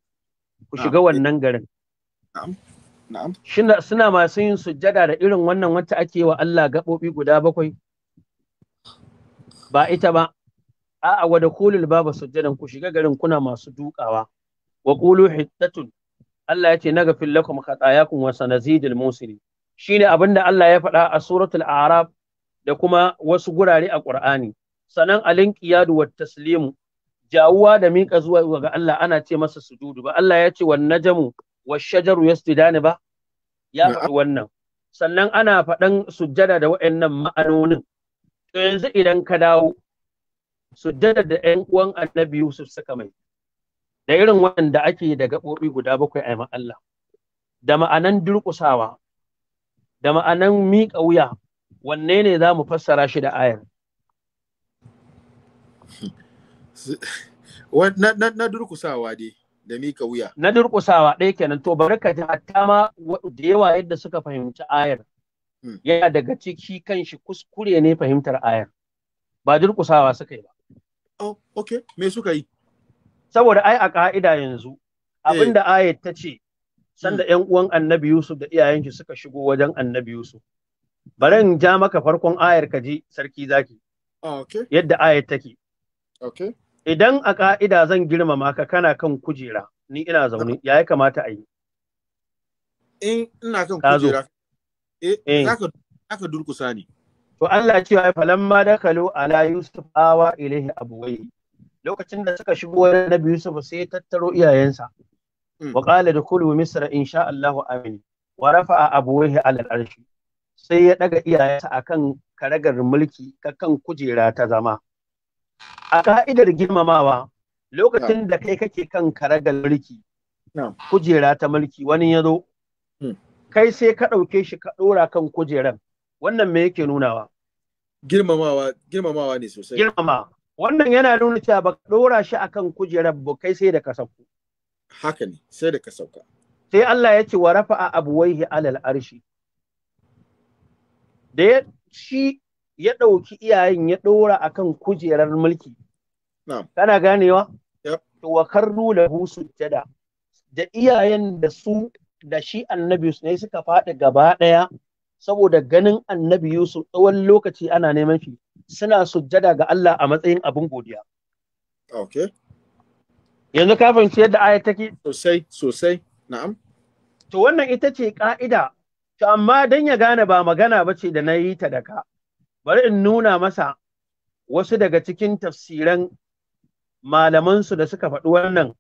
ku shiga wannan garin suna masu yin sujjada da irin wannan wacce ake wa Allah gaɓoɓi guda bakwai ba ita ba a'a wada Kulul baba sujjadan ku shiga garin kuna masu dukawa wa Hiddatun. hittatun Allah ya ce na gafil lakum khatayakum wa sanazidul shine abinda Allah ya faɗa a suratul arab da kuma wasu gurare a Qur'ani sanan alinqiyadu wat taslimu jawuwa da miƙa zuwa ga Allah ana ce masa sujudu ba Allah ya ce wan najamu shajaru yasjudani ba ya faɗi wannan sannan ana faɗan sujjada da waɗannan ma'anonin to yanzu idan ka dawo sujjada da ƴan uwan annabi Yusuf suka mai da irin waɗanda ake da gaɓoɓi guda bakwai a Allah da ma'anan durƙusawa da ma'anan miƙa wuya wanne ne za mu fassara shi da ayar na durkusawa dai da mika wuya. Na durkusawa ɗaya kenan to bari ka ji hatta ma da yawa yadda suka fahimci ayar. Hmm. Yana daga ciki kan shi kuskure ne fahimtar ayar. Ba durkusawa suka yi ba. Oh, okay. Me suka yi? Saboda ai a ka'ida yanzu eh. abin da ayar ta ce sanda ‘yan hmm. uwan annabi Yusuf da iyayen shi suka shigo wajen annabi Yusuf. Bari in ja maka farkon ayar ka ji sarki zaki. Yadda ayar take. Okay. idan a ƙa'ida zan girmama ka kana kan kujera ni ina zaune ya yi kamata a yi in ina kan kujera eh, eh. zaka durkusa ni to Allah cewa da kalo ala yusuf awa ilaihi abuwai lokacin da suka shigo wani nabi yusuf sai tattaro iyayensa hmm. wa qala dukulu in sha Allahu amin wa a abuwai ala al sai ya daga iyayensa akan karagar mulki kakan kujera ta zama a ka'idar girmamawa lokacin da kai kake kan karagar mulki kujera ta mulki wani ya zo hmm. kai sai ka ɗauke shi ka ɗora kan kujeran wannan me yake nunawa girmamawa girmamawa ne sosai girmama wannan yana nuna cewa ba ɗora shi akan kujerar ba kai sai da ka sauko haka ne sai da ka sauka sai Allah ya ce wa rafa'a abuwaihi alal arshi da shi ya ɗauki iyayen ya ɗora a kan kujerar mulki kana ganewa to wa karru lahu sujjada da iyayen da su da shi annabi Yusuf ne suka faɗi gaba ɗaya saboda ganin annabi Yusuf tsawon lokaci ana neman shi suna sujjada ga Allah a matsayin abin godiya. Okay. Yanzu ka fahimci yadda aya take? Sosai, sosai, na'am. To wannan ita ce ka'ida, to amma don ya gane ba magana ba ce da na yi ta da ka. bari in nuna masa wasu daga cikin tafsiran malamansu da suka faɗi wannan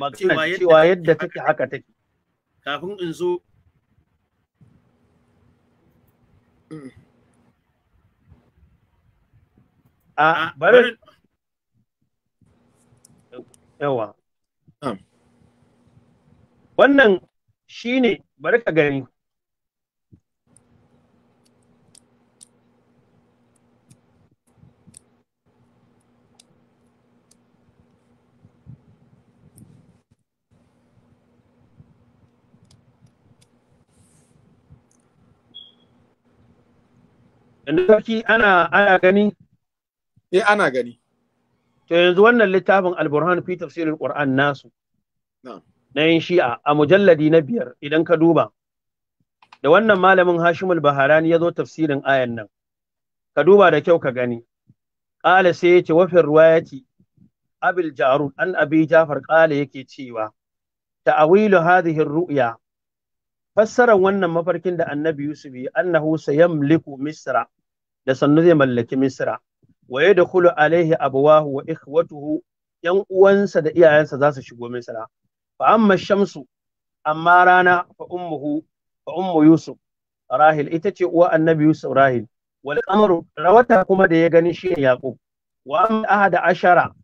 magana cewa yadda take haka take kafin in zo a bari yawa ah. wannan shine bari ka gani yanzu sarki ana ana gani eh ana gani to yanzu wannan littafin alburhan fi tafsirin qur'an nasu na yin shi'a a mujalladi na biyar idan ka duba da wannan malamin hashimul baharani ya zo tafsirin ayan nan ka duba da kyau ka gani ƙala sai ya ce wafin ruwayati abil jarud an abi jafar ƙala yake cewa ta'awilu hadhihi ru'ya fassarar wannan mafarkin da annabi yusuf annahu sayamliku misra da sannu zai mallaki misra wa yadkhulu alaihi abuwahu wa ikhwatuhu yan uwansa da iyayensa za su shigo misra fa amma shamsu amma rana fa ummuhu fa ummu yusuf rahil ita ce uwa annabi yusuf rahil wal qamaru rawata kuma da ya gani shi yaqub wa an ahada ashara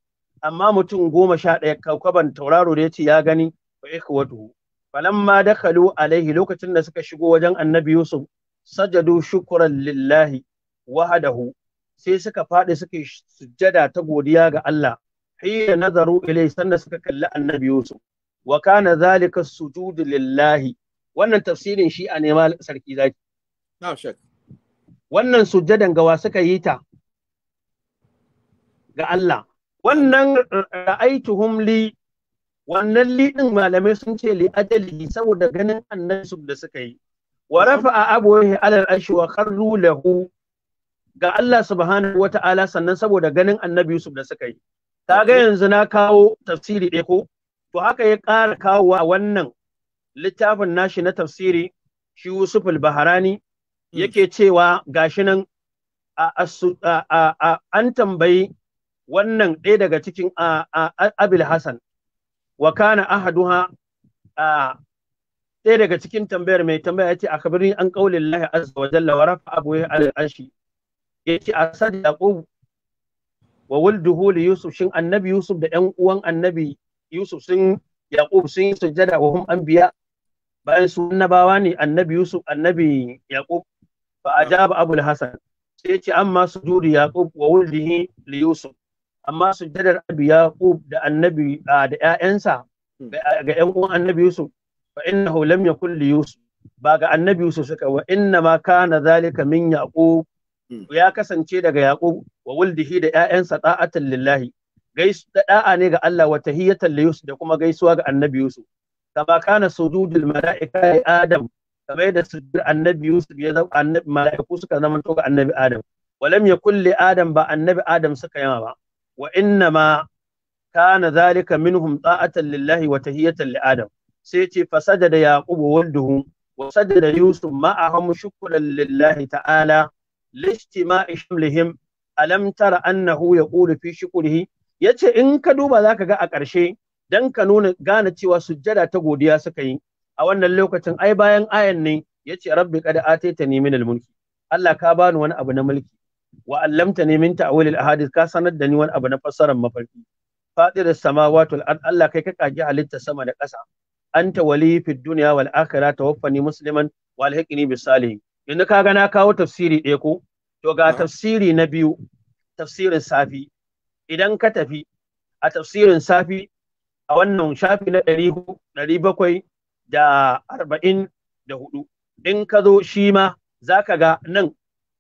amma mutum goma sha ɗaya kaukaban tauraro da ya ce ya gani fa ikhwatuhu falamma dakhalu alaihi lokacin da suka shigo wajen annabi yusuf sajadu shukran lillahi wahdahu sai suka faɗi suka sujjada ta godiya ga Allah hina nazaru ilai sanda suka kalli annabi Yusuf wa kana zalika sujudu lillahi wannan tafsirin shi a nema sarki zaki na wannan sujjadan gawa suka yi ta ga Allah wannan ra'aituhum li wannan liɗin malamai sun ce li ajali saboda ganin annabi da suka yi wa rafa'a abuhi alal arshi wa kharru lahu ga Allah subhanahu wata'ala sannan saboda ganin annabi Yusuf da suka yi Ta ga yanzu na kawo tafsiri ɗaya ko to haka ya ƙara kawowa wannan littafin nashi na tafsiri shi Yusuf al-Baharani hmm. yake cewa gashi nan an tambayi wannan ɗaya daga cikin Abil Hassan wa kana ahaduha ɗaya daga cikin tambayar mai tambaya ce a kabirin an ƙaulin Allah azza wa jalla wa rafa abu ya arshi yace asad yaqub wa walduhu li yusuf shin annabi yusuf da ɗan uwan annabi yusuf sun yaqub sun yi sujjada wa hum anbiya bayan su annabawa ne annabi yusuf annabi yaqub fa ajaba abu hasan sai ce amma sujudu yaqub wa wuldihi li yusuf amma sujjadar abi yaqub da annabi da ƴaƴansa hmm. ga ƴan uwan annabi yusuf fa innahu lam yakul li yusuf ba ga annabi yusuf suka wa inna ma kana zalika min yaqub Mm. ya kasance daga yaqub wa wuldihi da ƴaƴansa da'atan lillahi gaisu da da'a ne ga Allah wa tahiyatan li yusuf da kuma gaisuwa ga annabi yusuf kama kana sujudul mala'ika li adam kama yadda sujud annabi yusuf ya zama annabi mala'iku suka zama to ga annabi adam walam yakul li adam ba annabi adam suka yama ba wa inna ma kana zalika minhum ta'atan lillahi wa tahiyatan li adam sai ce fasajada yaqub walduhu wa sajada yusuf ma'ahum shukran lillahi ta'ala Listi shamlihim alam tara annahu yaqulu fi shukrihi yace in ka duba zaka ga a ƙarshe dan ka nuna gane cewa sujjada ta godiya suka yi a wannan lokacin ai bayan ayan ne yace rabbi qad ataitani min mulki Allah ka bani wani abu na mulki wa neminta min ta'wil ahadith ka sanar da ni wani abu na fassarar mafarki fadir as-samawati wal ard Allah kai ka kaji halitta sama da ƙasa anta wali fid dunya wal akhirah tawaffani musliman wa alhiqni bis salihin yanzu ka ga na kawo tafsiri ɗaya ko to ga tafsiri na biyu tafsirin safi idan ka tafi a tafsirin safi a wannan shafi na ɗari ɗari bakwai da arba'in da hudu in ka zo shi ma za ka ga nan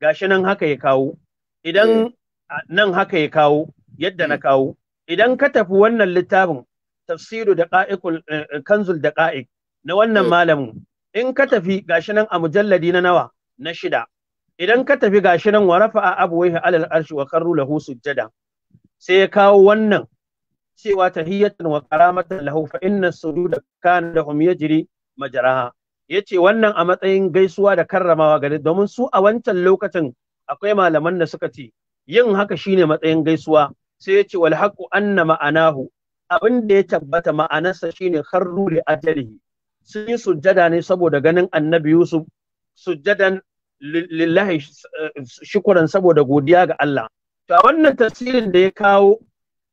gashi nan haka ya kawo idan eh. nan haka ya kawo yadda na eh. kawo idan ka tafi wannan littafin tafsiru da ƙa'ikul, eh, kanzul da ƙa'ik na wannan malamin in ka tafi gashi nan a mujalladi na nawa na shida idan ka tafi gashi nan wa rafa'a abawaihi alal arshi wa qarru lahu sujjada sai ya kawo wannan cewa tahiyatan wa karamatan lahu fa inna sujuda kana lahum yajri majraha yace wannan a matsayin gaisuwa da karramawa gare domin su a wancan lokacin akwai malaman da suka ce yin haka shine matsayin gaisuwa sai yace wal haqu anna ma'anahu abin da ya tabbata ma'anarsa shine kharru li ajalihi sun yi sujjada ne saboda ganin annabi Yusuf sujjadan lillahi eh, shukuran saboda godiya ga Allah to a wannan tafsirin da ya kawo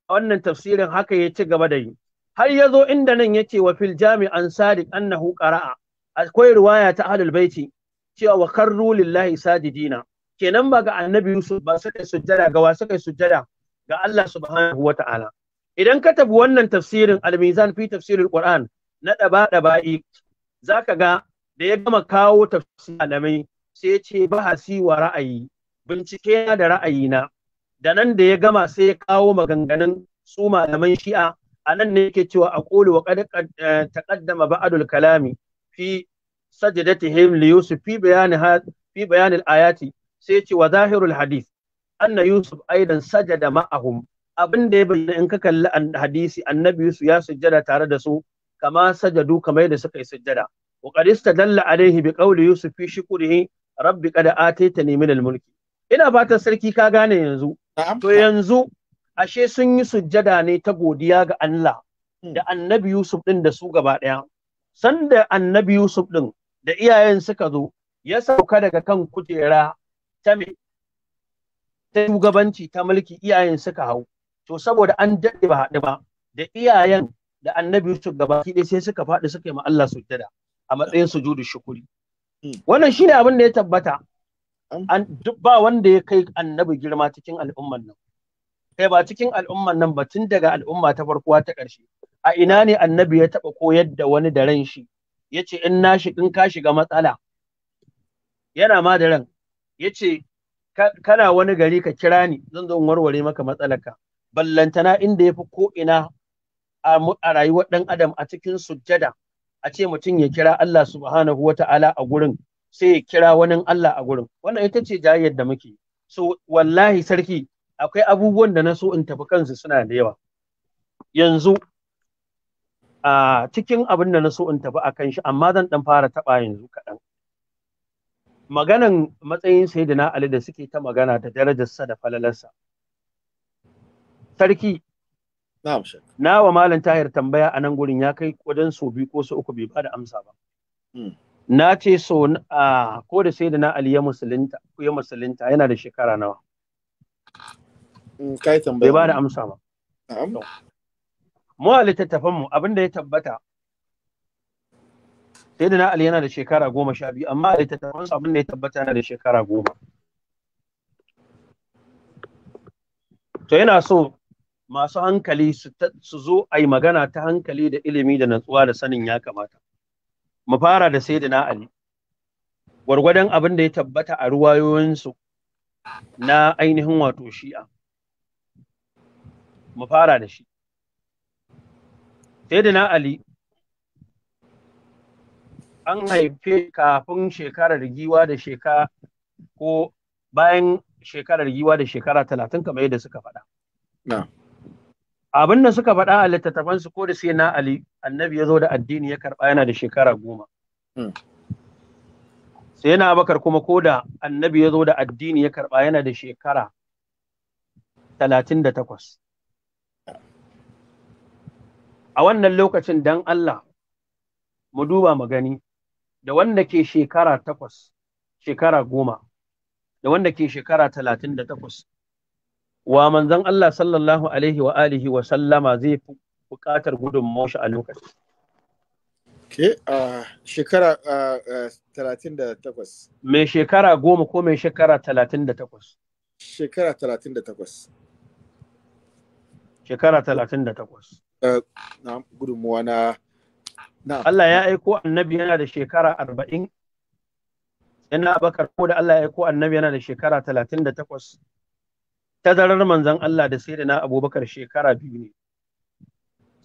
a wannan tafsirin haka ya ci gaba da yi har ya zo inda nan ya ce wa fil jami'an sadiq annahu qara'a akwai riwaya ta ahlul baiti cewa wa karru lillahi sajidina kenan ba ga annabi Yusuf ba suka yi sujjada ga wasu suka sujjada ga Allah subhanahu wa ta'ala idan ka tafi wannan tafsirin al-mizan fi tafsirin qur'an na daba daba'i zaka ga da ya gama kawo tafsirin alamai sai ya ce bahasi wa ra'ayi bincike na da ra'ayina da nan da ya gama sai ya kawo maganganun su malaman shi'a a nan ne yake cewa a ƙoli wa eh, taƙaddama ba'adul kalami fi him li yusuf fi bayani fi bayanil ayati sai ce wa zahirul hadith anna yusuf aidan sajada ma'ahum abin da ya bayyana in ka kalli hadisi annabi yusuf ya sujjada tare da su kama sajadu kamar yadda suka yi sujjada wa qad istadalla alaihi bi qawli yusuf fi shukrihi rabbi kada ataitani min al-mulki ina fatan sarki ka gane yanzu to yanzu ashe sun yi sujjada ne ta godiya ga Allah hmm. da annabi Yusuf din da su gaba daya sanda annabi Yusuf din da iyayen suka zo ya sauka daga kan kujera ta me ta shugabanci ta mulki iyayen suka hau to saboda an daɗe ba haɗu ba da iyayen da annabi Yusuf gaba ɗaya sai suka faɗi suka yi ma Allah sujjada a matsayin sujudu shukuri Wannan shine abin da ya tabbata. An duk ba wanda ya kai annabi girma cikin al'umman nan. Kai ba cikin al'umman nan ba tun daga al'umma ta farko ta ƙarshe. A ina ne annabi ya taɓa koyar da wani da ran shi. Ya ce in na shi in ka shiga matsala. Yana ma da ran. Ya ce kana wani gari ka kira ni zan zo in warware maka matsalarka. Ballantana inda ya fi ko ina a rayuwar ɗan adam a cikin sujjada a ce mutum ya kira Allah subhanahu wa ta'ala a gurin sai ya kira wani Allah a gurin wannan ita ce jayyar da muke so wallahi sarki akwai abubuwan da na so in tafi kansu suna da yawa yanzu a cikin abin da na so in tafi akan shi amma zan dan fara taba yanzu kaɗan maganan matsayin sayyidina Ali da suke ta magana da darajarsa da falalarsa sarki na wa malam tahir tambaya a nan gurin ya kai wajen so biyu ko so uku bai ba da amsa ba hmm. na ce so a ko da sai da na ali ya musulunta ya musulunta yana da shekara nawa kai tambaya bai ba da amsa ba mu a littattafan abin abinda ya tabbata sai da na ali yana da shekara goma sha biyu amma a littattafan abin da ya tabbata yana da shekara goma to yana so masu hankali su zo a yi magana ta hankali da ilimi da natsuwa da sanin ya kamata. Mu fara da sai na Ali, gwargwadon abin da ya tabbata a ruwayoyinsu na ainihin wato shi'a. Mu fara da shi. Sai na Ali, an haife kafin shekarar giwa da shekara ko bayan shekarar giwa da shekara talatin kamar yadda suka faɗa. abin da suka faɗa a littattafan su ko da sai na Ali annabi ya zo da addini ya karɓa yana da shekara goma hmm. sai na Abakar kuma ko da annabi ya zo da addini ya karɓa yana da shekara talatin da takwas a wannan lokacin dan Allah mu duba mu gani da wanda ke shekara takwas shekara goma da wanda ke shekara talatin da takwas wa manzon Allah sallallahu alaihi wa alihi wa sallama zai fi buƙatar gudunmawar shi a lokaci ke a shekara mai shekara goma ko mai shekara 38 shekara takwas? shekara 38 na gudunmuwa na Allah ya aiko annabi yana da shekara arba'in yana bakar ko da Allah ya aiko annabi yana da shekara takwas. tazarar manzon Allah da na Abubakar shekara biyu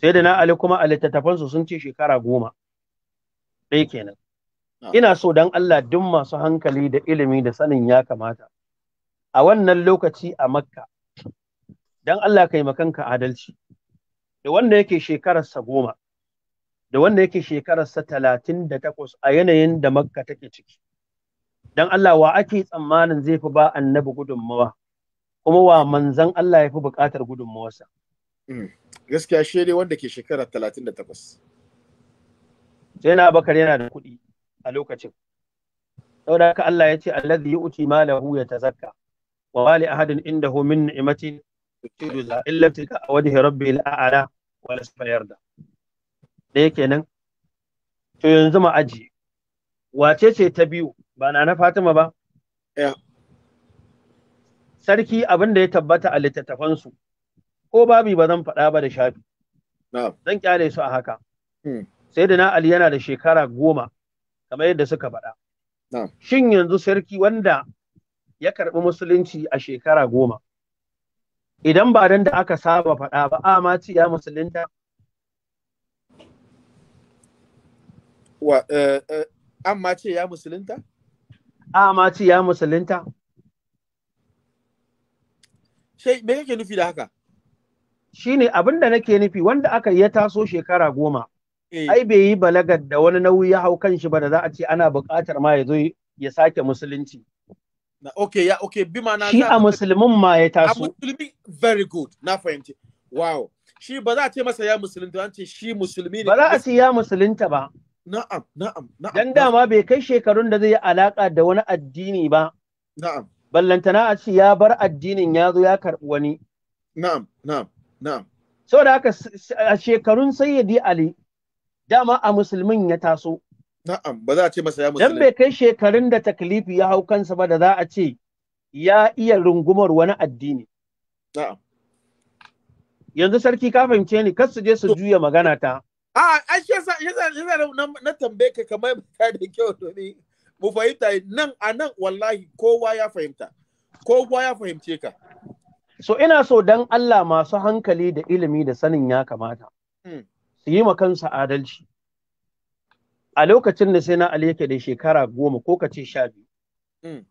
ne da na Ali kuma a littattafansu sun ce shekara goma ɗaya kenan ah. ina so dan Allah duk masu hankali da ilimi da sanin ya kamata a wannan lokaci a makka dan Allah kai makanka adalci da wanda yake shekararsa goma da wanda yake shekararsa talatin da takwas a yanayin da makka take ciki don Allah wa ake tsammanin zai fi ba annabi gudunmawa kuma wa manzan Allah ya fi buƙatar gudunmawarsa. Hmm. Gaskiya shi ne wanda ke shekara talatin da takwas. Sai na bakar yana da kuɗi a lokacin. Saboda haka Allah ya ce Allah alladhi yu'ti malahu yatazakka wa mali ahadin indahu min ni'matin tusidu za illa a wajhi rabbil a'la wa la yarda. Da yake nan to yanzu ma aji wace ce ta biyu ba na na Fatima ba? sarki abin da ya tabbata a littattafansu ko babi ba zan faɗa ba da shafi zan kyale su a haka hmm. sai da na Ali yana da shekara goma kamar yadda suka faɗa shin yanzu sarki wanda ya karɓi musulunci a shekara goma idan ba dan da aka saba faɗa ba a ma ya musulunta wa eh, eh, an ma ce ya musulunta a ma ce ya musulunta me kake nufi da haka shine abin da nake nufi wanda aka ya taso shekara goma eh. ai bai yi balagar da wani nauyi ya hau kan shi ba da za a ce ana buƙatar ma ya zo ya sake musulunci Na, okay ya okay bi ma na shi a musulmin ma ya taso a musulmi very good na fahimci wow shi ba za a ce masa ya musulunta an ce shi musulmi ne ba za a ce ya musulunta ba na'am na'am na'am dan dama bai kai shekarun da zai yi alaka da wani addini ba na'am ballantana a ce ya bar addinin ya zo ya karɓi wani na'am na'am na'am saboda haka a shekarun sayyidi ali dama a musulmin ya taso na'am ba za a ce masa ya musulmi dan bai kai shekarun da taklifi ya hau kansa ba da za a ce ya iya rungumar wani addini na'am yanzu sarki ka fahimce ni kar su je su juya magana ta a a shi yasa na tambaye ka kamar ka da kyau ne. mu fahimta nan a nan wallahi kowa ya fahimta kowa ya fahimce ka so ina so dan Allah masu hankali da ilimi da sanin ya kamata hmm. su yi kansa adalci a lokacin da sai na Ali yake da shekara goma ko ka ce sha biyu hmm.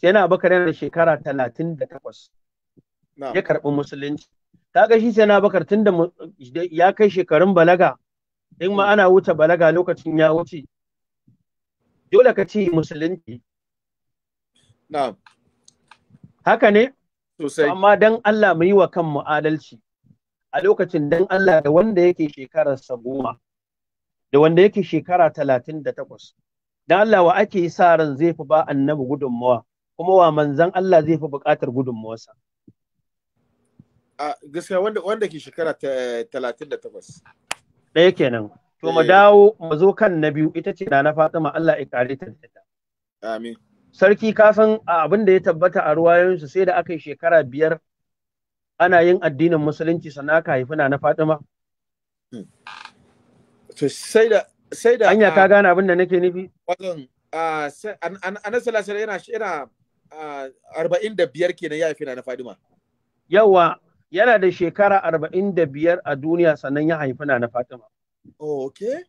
sai na Abubakar yana da shekara talatin da takwas ya karɓi musulunci ga shi sai na Abubakar tun da ya kai shekarun balaga in ma hmm. ana wuce balaga lokacin ya wuce dole ka ci musulunci na'am haka ne sosai amma dan Allah mu yi wa kanmu adalci a lokacin dan Allah da wanda yake shekararsa goma da wanda yake shekara talatin da takwas. Dan Allah wa ake sa ran zai fi ba annabi gudunmawa, kuma wa manzan Allah zai fi buƙatar gudunmawarsa. A gaskiya wanda, wanda ke shekara eh, talatin da takwas. Ɗaya kenan. to mu eh. dawo mu zo kan na biyu ita ce da na Fatima Allah ya kare ta amin sarki ka san abin da ya tabbata a ruwayoyinsu sai da aka yi shekara biyar ana yin addinin musulunci sannan aka haifi na Fatima hmm. to sai da sai da anya ka gane abin da nake nufi wajen anan salasala yana yana arba'in da kenan ya haifi na Fatima yawa yana da shekara arba'in da biyar a duniya sannan ya haifi na Fatima Okay.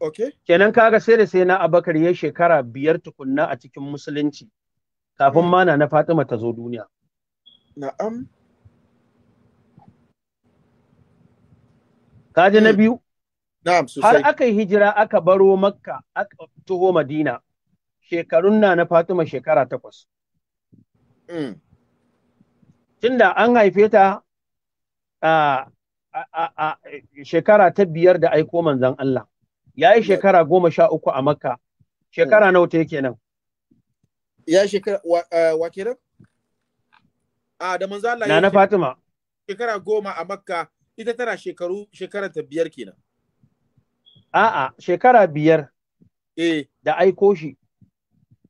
Okay. Kenan kaga sai da sai na Abakar ya shekara biyar tukunna a cikin musulunci kafin ma na Fatima ta zo duniya. Na'am. Kaji na hmm. biyu? Na'am sosai. Har aka yi hijira aka baro Makka aka taho Madina. Shekarun na na Fatima shekara takwas. Mm. Tunda an haife ta a ah, a shekara ta biyar da aiko manzan Allah ya yi shekara goma sha uku a makka shekara nawa ta kenan ya yi shekara wa kenan a da manzan Allah na Fatima shekara goma a makka ita tana shekaru shekara ta biyar kenan a'a shekara biyar eh. da aiko shi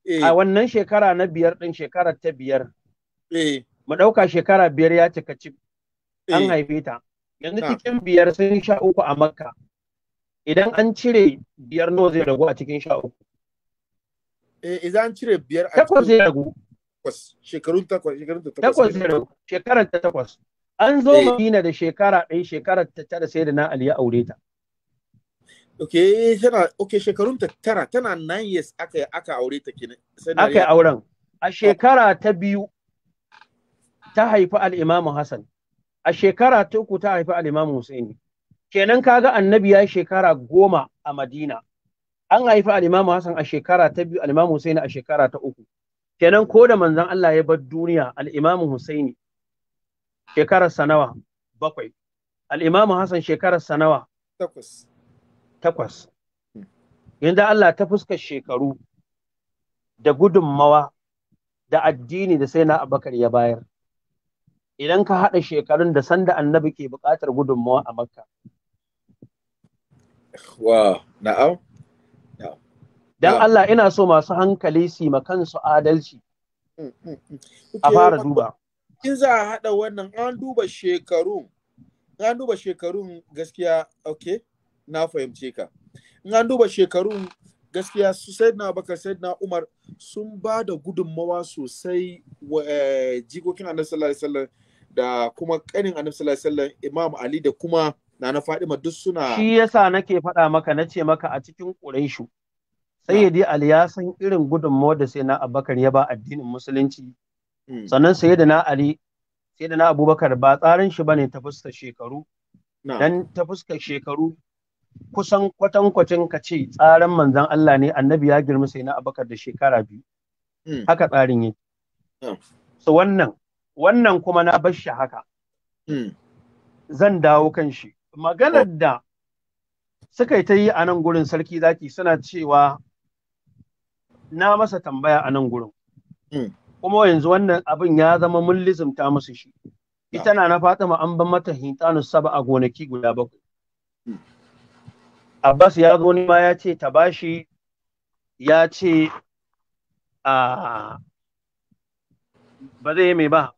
eh. a wannan shekara na biyar din shekara ta biyar eh. mu ɗauka shekara biyar ya cika cik an haife ta yanzu cikin biyar sun sha uku a makka idan an cire biyar nawa zai ragu a cikin sha uku eh idan an cire biyar a takwas zai ragu shekarun takwas shekarun takwas takwas zai ragu shekarar ta takwas an zo eh. madina da shekara ɗaya shekarar ta tara sai da na ali ya aure ta Okay, tana okay shekarun ta tara tana nine years aka aka aure ta kenan. Aka auren. A shekara ta biyu ta haifi al'imamu Hassan. a shekara ta uku ta haifi al Husaini kenan kaga annabi ya shekara goma a Madina an haifi al Hassan a shekara ta biyu al Husaini a shekara ta uku kenan ko da manzon Allah ya bar duniya al Husaini shekarar sanawa bakwai al Hassan shekarar sanawa takwas takwas yanda Allah ta fuskar shekaru da gudunmawa da addini da sai na abakar ya bayar idan ka haɗa shekarun da sanda annabi ke buƙatar gudunmawa a makka wa na'am dan Allah ina so masu hankali su makan su adalci mm, mm, mm. a fara duba in za a haɗa wannan an duba shekaru an duba shekarun gaskiya okay na fahimce ka in an duba shekarun gaskiya su baka said na umar sun ba da gudunmawa sosai wa eh, jikokin annabi sallallahu alaihi wasallam da kuma kanin annabi sallallahu alaihi wasallam imam ali da kuma nana fadima duk suna shi yasa nake faɗa maka nace maka a cikin quraishu sayyidi ali ya san irin gudunmawa da sai na Abubakar ya ba addinin musulunci hmm. sannan sayyidina ali sayyidina abubakar ba tsarin shi bane ta fuskar shekaru dan ta fuskar shekaru kusan kwatankwacin ka ce tsarin manzan Allah ne annabi ya girma sai na abakar da shekara biyu hmm. haka tsarin yake hmm. so wannan wannan kuma na bar shi haka hmm. zan dawo kan shi maganar oh. da suka yi ta yi a nan gurin sarki zaki suna cewa na masa tambaya a nan gurin kuma yanzu wannan abin ya zama mun ta musu shi ita na na fatima an ban mata hitanu saba a gonaki guda bakwai Abbas ya zo ni ma ya ce ta bashi ya ce a ah, ba zai yi mai ba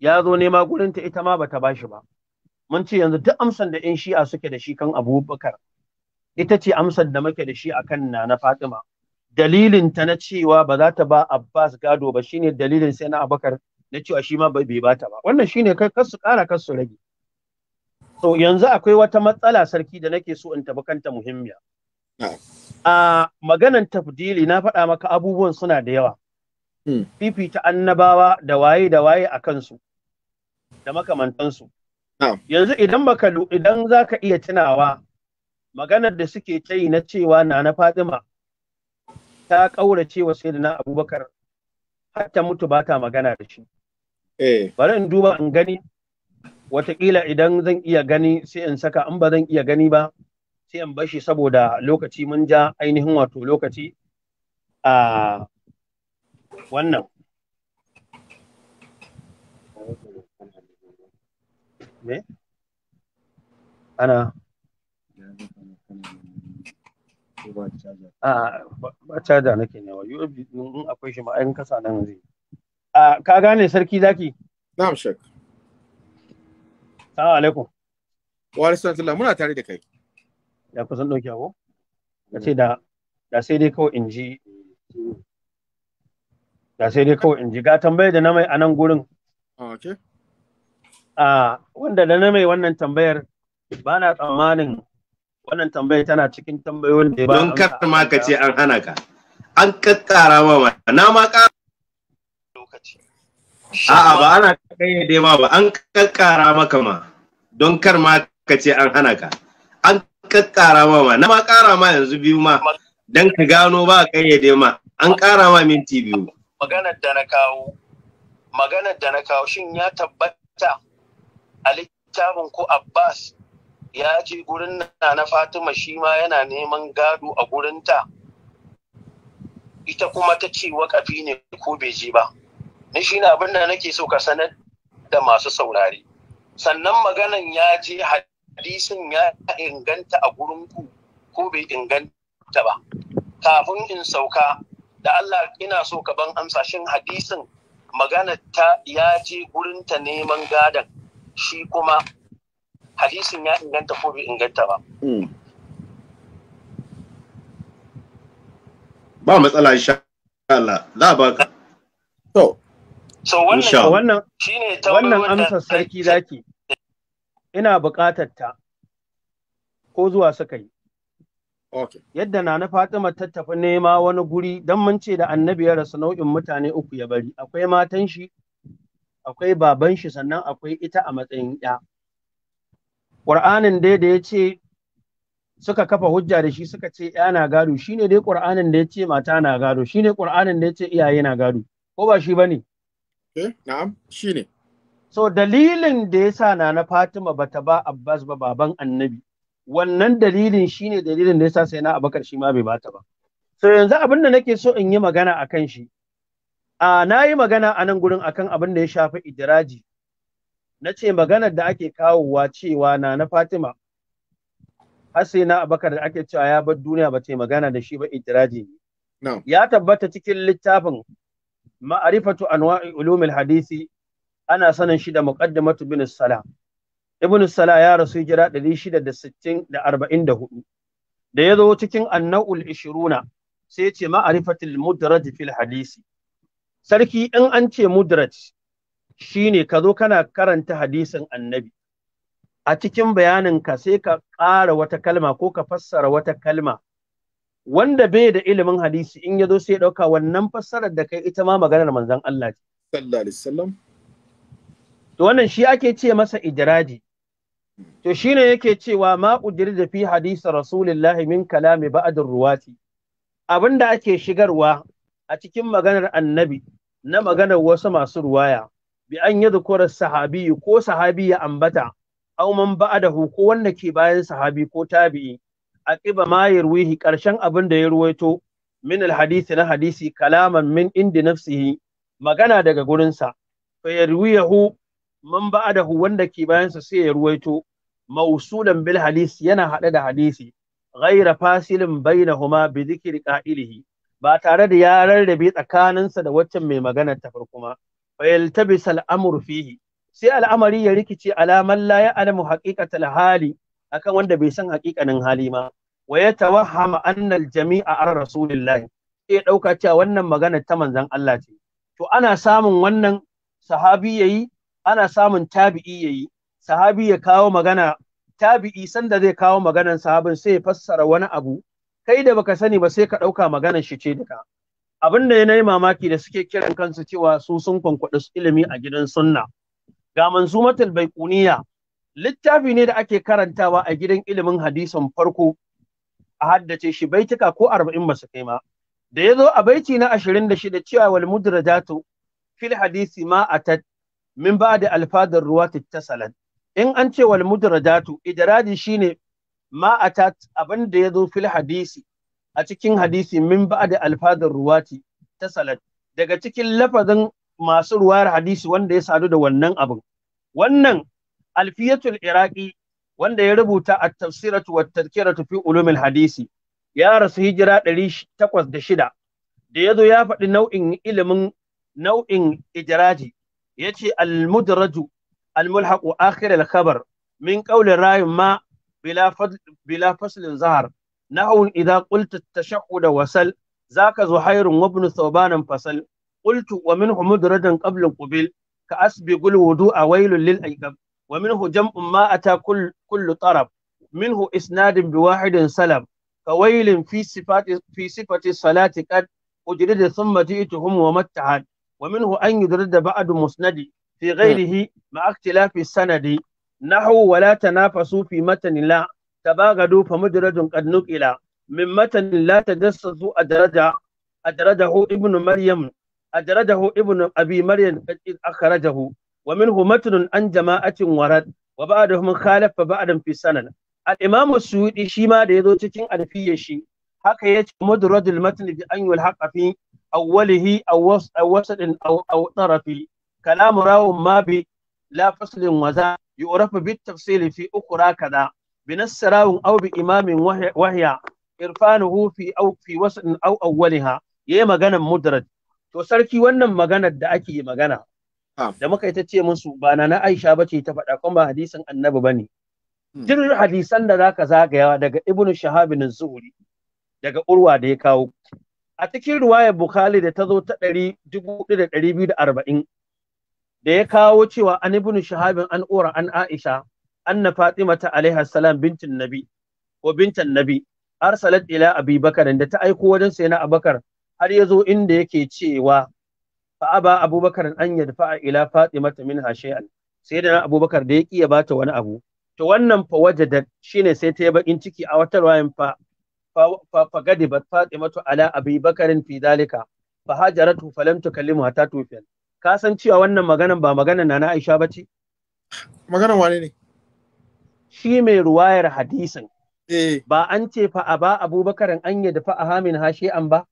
ya zo nema gurinta ita ma ba ta bashi ba mun ce yanzu duk amsan da yan shi'a suke da shi kan abubakar ita ce amsar da muke da shi a kan na, na fatima dalilin ta na cewa ba za ta ba abbas gado ba shine dalilin sai na abubakar na cewa shi ma bai bata ba wannan shine kai kar su kara kar su rage So yanzu akwai wata matsala sarki da nake so in tafi kanta muhimmiya. Ah. A maganan tafdili na faɗa maka abubuwan suna da yawa. Hmm. Fifita annabawa da waye da waye a kansu da makamantansu. Ah. Yanzu idan baka idan za ka iya tunawa maganar da suke ta na cewa na na Fatima ta ƙaurace wa Sayyidina Abubakar ta mutu ba ta magana da shi. Eh. Bari in duba in gani watakila idan zan iya gani sai in saka in ba zan iya gani ba sai in bashi saboda lokaci mun ja ainihin wato lokaci a wannan me ana a ba caja nake ne wa USB in akwai shi ma ayin kasa nan zai a ka gane sarki zaki na'am shek Assalamu alaikum. Wa alaikum muna tare da kai. Ya kusan ɗauki abu? Ka ce hmm. da da sai dai kawai in ji da sai dai kawai in ji ga tambayar da na mai a nan gurin. Ah, okay. wanda da na mai wannan tambayar ba na tsammanin wannan tambayar tana cikin tambayoyin da ba. Don kar ma ka ce an hana ka. An kakkara ma na ma A'a ba ana kayyade ma ba an kakkara maka ma don kar ma ka ce an hana ka. An kakkara ma ma na ma kara ma yanzu biyu ma don ka gano ba kayyade ma an kara ma minti biyu. Maganar da na kawo maganar da na kawo shin ya tabbata a littafin ko Abbas ya je gurin na na Fatima shi ma yana neman gado a gurinta ita kuma ta ce wakafi ne ko bai je ba. ni shi ne abin da nake so ka sanar da masu saurari. sannan maganan ya je hadisin ya inganta a gurin ku ko bai inganta ba kafin in sauka da Allah ina so ka ban amsa shin hadisin magana ta ya je gurin ta neman gadon, shi kuma hadisin ya inganta ko bai inganta ba hmm. ba matsala insha Allah za ba ka to wannan shine wannan amsar sarki zaki ina buƙatar ta ko zuwa suka yi. Yadda na na Fatima ta nema wani guri don mun ce da annabi ya rasu nau'in mutane uku ya bari akwai matan shi akwai baban shi sannan akwai ita a matsayin ya. Ƙur'anin dai da ya ce suka kafa hujja da shi suka ce ya na gado shine dai ƙur'anin da ya ce mata na gado shine ƙur'anin da ya ce iyaye na gado ko ba shi bane Eh, na'am, shine. So dalilin da yasa na na Fatima bata ba Abbas ba baban Annabi. Wannan dalilin shine dalilin da yasa sai na Abakar shi ma bai bata ba. So yanzu abin da nake so in yi magana akan shi. A na yi magana a nan gurin akan abin da ya shafi idiraji. Na ce maganar da ake kawowa cewa na na Fatima har sai na Abakar da ake cewa ya bar duniya ba ce magana da shi ba idiraji ne. Ya tabbata cikin littafin ma'arifatu anwa'i ulumil hadisi ana sanin shi da muqaddimatu bin salam ibn salah ya rasu hijira 644 da ya zo cikin anna'ul ishiruna sai ce ma'arifatul mudraj fil hadisi sarki in an ce mudraj shine ka zo kana karanta hadisin annabi a cikin bayaninka sai ka ƙara wata kalma ko ka fassara wata kalma wanda bai da ilimin hadisi in ya zo sai ɗauka wannan fassarar da kai ita ma maganar manzon Allah ce. To wannan shi ake ce masa ijradi. To shine yake cewa ma da fi hadisi Rasulullahi min kalami ba'adir ruwati. Abinda ake shigarwa a cikin maganar annabi na maganar wasu masu ruwaya bi an yi zukurar sahabi ko sahabi ya ambata auman ba'adahu ko wanda ke bayan sahabi ko tabi'i aqiba ma yarwihi ƙarshen abin da ya ruwaito min alhadisi na hadisi kalaman min indi nafsihi magana daga gurinsa fa yarwiyahu man ba'adahu wanda ke bayansa sai ya ruwaito mausulan bil hadisi yana haɗa da hadisi ghaira fasilin bainahuma bi dhikri qa'ilihi ba tare da ya rarrabe tsakaninsa da waccan mai maganar ta farko ma fa yaltabis al'amru fihi sai al'amari ya rikice alaman la ya'lamu haqiqatal hali akan wanda bai san haƙiƙanin hali ma wa ya tawahhama anna al-jami'a ar rasulillahi sai dauka cewa wannan magana ta manzan Allah ce to ana samun wannan sahabi yayi ana samun tabi'i yayi sahabi ya kawo magana tabi'i sanda zai kawo maganar sahabin sai ya fassara wani abu kai da baka sani ba sai ka ɗauka maganar shi ce duka abin da ya yi mamaki da suke kiran kansu cewa su sun kwankwaɗi ilimi a gidan sunna ga manzumatul baiquniya littafi ne da ake karantawa a gidan ilimin hadisan farko a haddace shi baitika ko arba'in ba su kai ma da ya zo a baiti na ashirin da shida cewa wal mudrajatu fil hadisi ma atat min ba da alfadar ruwa tattasalan in an ce wal mudrajatu idradi shine ma atat abin da ya zo fil hadisi a cikin hadisi min ba da alfadar ruwa tattasalan daga cikin lafazin masu ruwayar hadisi wanda ya sadu da wannan abin wannan alfiyatul Iraki, wanda ya rubuta a tafsiratu wat-tadhkiratu fi ulumil hadisi ya rasu hijira takwas da yazo ya faɗi nau'in ilimin nau'in ijraji ya ce almudraju al-mulhaqu akhir al min qawli rayin ma bila bila faslin zahar nahwun idha qulta at-tashahhud wasal zaka zuhairun wa ibn thawban fasal qultu wa minhu mudrajan qabla qubil ka asbiqul wudu'a waylun lil ومنه جمع ما أتى كل كل طرف منه إسناد بواحد سلم كويل في صفات في صفة الصلاة قد أجرد ثم جئتهم ومتعا ومنه أن يدرد بعد مسند في غيره مع اختلاف السند نحو ولا تنافسوا في متن لا تباغدوا فمدرج قد نقل من متن لا تجسسوا أدرج أدرجه ابن مريم أدرجه ابن أبي مريم قد أخرجه wa minhu matnun an jama'atin warad wa ba'dahum khalafa ba'dan fi sanad al-imam as-suyuti shi ma da yazo cikin alfiyar shi haka yace mudradul matn bi an yulhaqa fi awwalihi aw wasadin aw aw tarafi كلام راو ما بي لا فصل وذا يعرف بالتفصيل في أخرى كذا بنص راو أو بإمام وهي إرفانه في أو في وسط أو أولها يا مجانا to sarki wannan maganar da ake magana da muka yi ta ce musu ba na na Aisha bace ta faɗa kuma ba hadisin annabi bane ne. Hmm. hadisan da zaka zagayawa daga Ibn bin Zuhri daga Urwa da ya kawo. A cikin ruwayar Bukhari da ta zo ta ɗari da ya kawo cewa an Ibn Shahabin an Ura an Aisha anna Fatima ta alaiha salam bintin Nabi ko bintan Nabi arsalat ila Abi Bakar da ta aiko wajen na Abubakar har ya zo inda yake cewa fa aba abubakar an yadfa ila fatimata min shay'an sai da abubakar da ya ki ya bata wani abu to wannan fa wajada shine sai ta yi bakin ciki a wata ruwayan fa fa gadibat fatimatu ala abi bakarin fi dalika fa hajaratu lam tukallimu hatta tufiyal ka san cewa wannan maganan ba maganan Nana Aisha bace maganan wane ne shi mai ruwayar hadisin eh. ba an ce fa a ba an yadda fa a hamin hashe an ba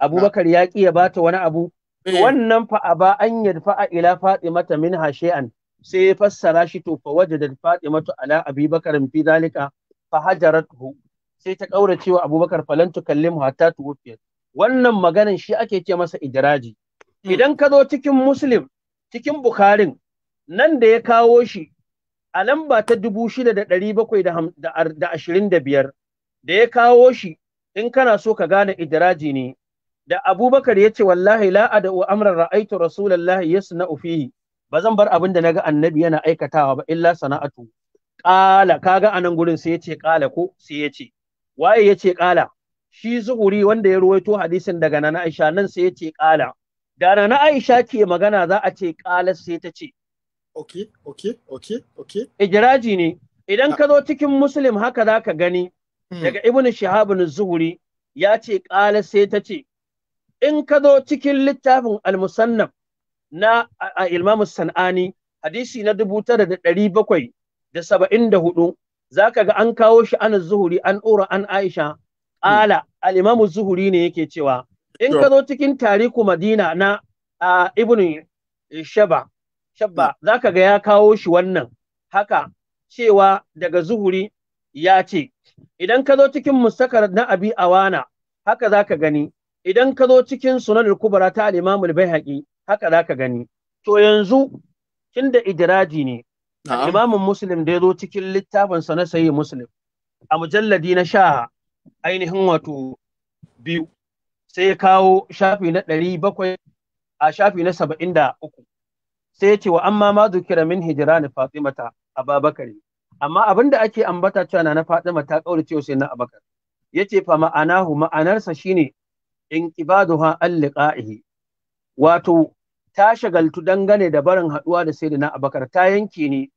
abubakar ya ƙi ya bata wani abu Eh. wannan fa ba an yadfa ila fatimata min hashi'an sai ya fassara shi to fa wajadat fatimatu ala abubakar fi zalika fa hajaratuhu sai ta kaurace cewa abubakar falan kallimu hatta tuwfiya wannan maganan shi ake ce masa idraji hmm. idan ka zo cikin muslim cikin bukharin nan da ya kawo shi a lamba ta dubu shida da ɗari bakwai da ashirin da biyar da ya kawo shi in kana so ka gane idiraji ne da abubakar ya ce wallahi la ada'u amran ra'aitu rasulullahi yasna'u fihi ba zan bar abin da naga annabi yana aikatawa ba illa sana'atu qala kaga anan gurin sai yace qala ko sai yace waye yace qala shi zuhuri wanda ya ruwaito hadisin daga nana Aisha nan sai yace qala da nana Aisha ke magana za a ce qala sai ta ce okay okay okay okay ijraji ne idan ka zo cikin muslim haka zaka gani hmm. daga ibnu shihabun zuhuri yace ce qala sai ta ce in ka zo cikin littafin al-musannaf na Imam Sanani hadisi na dubu tara da ɗari bakwai da saba'in da hudu za ka ga an kawo shi an zuhuri an ɗora an aisha ƙala imam zuhuri ne yake cewa in ka zo cikin tariku madina na ibn shaba shabba hmm. za ka ga ya kawo shi wannan haka cewa daga zuhuri ya ce idan ka zo cikin mustakar na abi awana haka za ka gani idan ka zo cikin sunan kubra ta al-imam al bayhaqi haka zaka gani to yanzu tunda idraji ne Limamin muslim da ya zo cikin littafin sa na sahih muslim a mujalladi na sha ainihin wato biyu sai ya kawo shafi na ɗari bakwai a shafi na saba'in da uku sai ya ce wa amma ma zukira min hijira na fatimata a babakari amma abin da ake ambata cewa na fatima ta kaurace cewa sai na abakar ya ce fa ma'anahu ma'anarsa shine In inqibaduha alliqa'ihi wato ta shagaltu dangane da barin haduwa da sayyidina Abakar ta yanke ne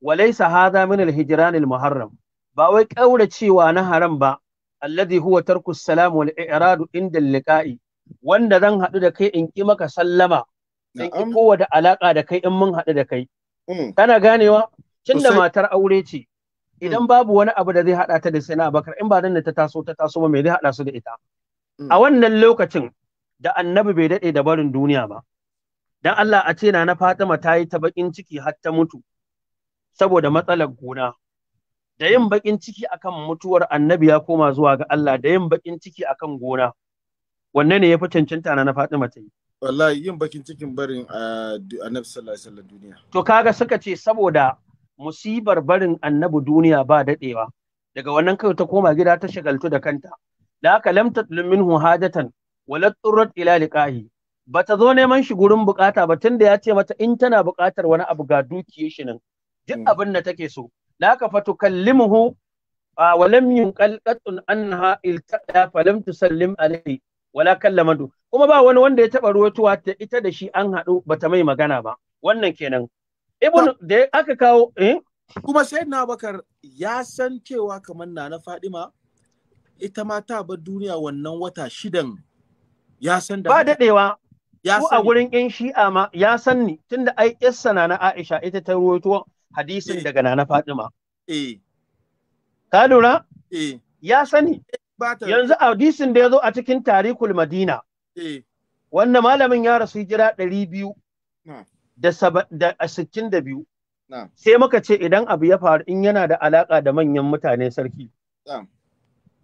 walaysa hadha min alhijran almuharram ba wai cewa na haram ba alladhi huwa tarku salam wal i'radu inda liqa'i wanda zan haɗu da kai in ki maka sallama in ki kowa da alaka da kai in mun haɗu da kai mm. kana ganewa tunda matar aure ce mm. idan babu wani abu da zai haɗa ta da na bakar in ba nan ta taso ta taso ba me zai haɗa su da ita Mm. a wannan lokacin da annabi bai daɗe da barin duniya ba dan Allah a ce na na Fatima ta yi ta bakin ciki har ta mutu saboda matsalar gona da yin bakin ciki akan mutuwar annabi ya koma zuwa ga Allah da yin bakin ciki akan gona wanne ne ya fi cancanta na na Fatima ta yi wallahi yin bakin cikin barin annabi sallallahu alaihi wasallam duniya to kaga suka ce saboda musibar barin annabi duniya ba dadewa daga wannan kai ta koma gida ta shagaltu da kanta da haka lam min minhu hajatan wala turrat ila liqahi bata zo neman shi gurin bukata ba tunda ya ce mata in tana bukatar wani abu ga dukiya shi nan duk hmm. abin da take so da haka hu. tukallimuhu wa lam yunqal qatun anha iltada fa lam tusallim alayhi wala kallamadu kuma ba wani wanda ya taba ruwatuwa ta ita da shi an haɗu bata mai magana ba wannan kenan ibn da aka kawo eh kuma sayyidina bakar ya san cewa kamar na na fadima ita ma ta bar duniya wannan wata shidan ya san da ba dadewa ko a gurin yan shi'a ma ya san ni tunda ai yassa na na Aisha ita ta ruwaito hadisin eh. daga Nana Fatima eh ka lura eh ya sani eh, yanzu hadisin da ya zo a cikin tarikul Madina eh wannan malamin ya rasu hijira ɗari biyu da da biyu sai muka ce idan abu ya faru in yana da alaƙa da manyan mutane sarki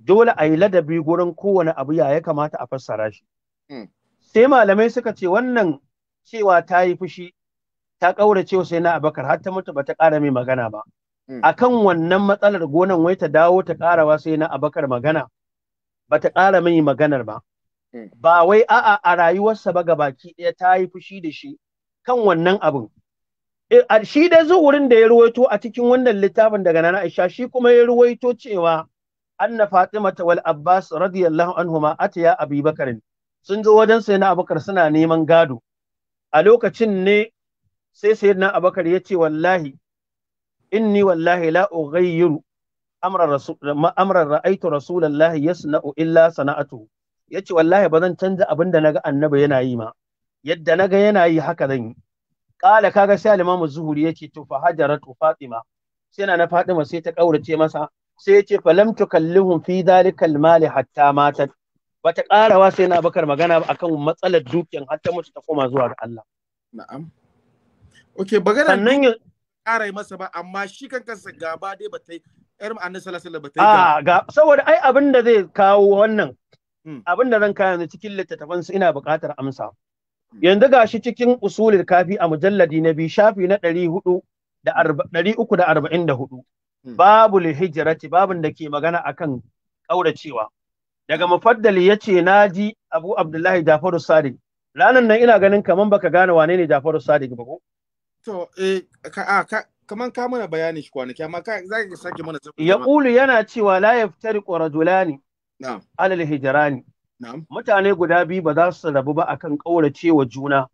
dole a yi ladabi gurin kowane abu ya ya kamata a fassara shi. Hmm. Sai malamai suka ce wannan cewa ta yi fushi ta ƙaura cewa sai na abakar har ta mutu bata ƙara mai magana ba. Hmm. Akan wannan matsalar gonan wai ta dawo ta ƙarawa sai na abakar magana ba ta ƙara mai maganar ba. Hmm. Ba wai a'a a rayuwarsa ba gabaki ɗaya ta yi fushi da shi kan wannan abin. E, shi dai zuwurin da ya ruwaito a cikin wannan littafin daga nana Aisha shi kuma ya ruwaito cewa anna Fatima wal Abbas radiyallahu anhuma ataya Abi Bakar sun zo wajen Sayyidina Abubakar suna neman gado a lokacin ne sai Sayyidina Abubakar ya ce wallahi inni wallahi la ughayyiru amra ra'aytu rasulullahi yasna'u illa sana'atu yace wallahi ba zan canza abin da naga annabi yana yi ma yadda naga yana yi haka zan yi kala kaga sai al-imamu zuhuri yace to fa hajaratu fatima sai na fatima sai ta kaurace masa sai ce falam tukallihum fi dalikal mali hatta matat bata karawa sai na bakar magana akan matsalar dukiyar hatta mutu ta koma zuwa ga Allah na'am okay bagana sannan ya kara masa ba amma shi kan kansa gaba dai ba ta yar annabi sallallahu alaihi wasallam ba ta ah, ga saboda ai abin da zai kawo wannan hmm. abin da zan kawo cikin littattafan su ina buƙatar amsa hmm. yanzu ga shi cikin usulul kafi a mujalladi na bi shafi na ɗari da ɗari uku da arba'in da hudu Hmm. Babu hijrati babun da ke magana akan kauracewa daga mufaddali yace naji Abu Abdullahi Jafaru Sadiq ranan nan ina ganin kaman baka gane wane ne Jafaru Sadiq ba ko to eh ka, a, ah, ka kaman ka mana bayani shi kwanaki amma ka za ka sake mana ya kulu yana cewa la yaftari qurajulani na'am alal hijrani na'am mutane guda biyu ba za su rabu ba akan kauracewa juna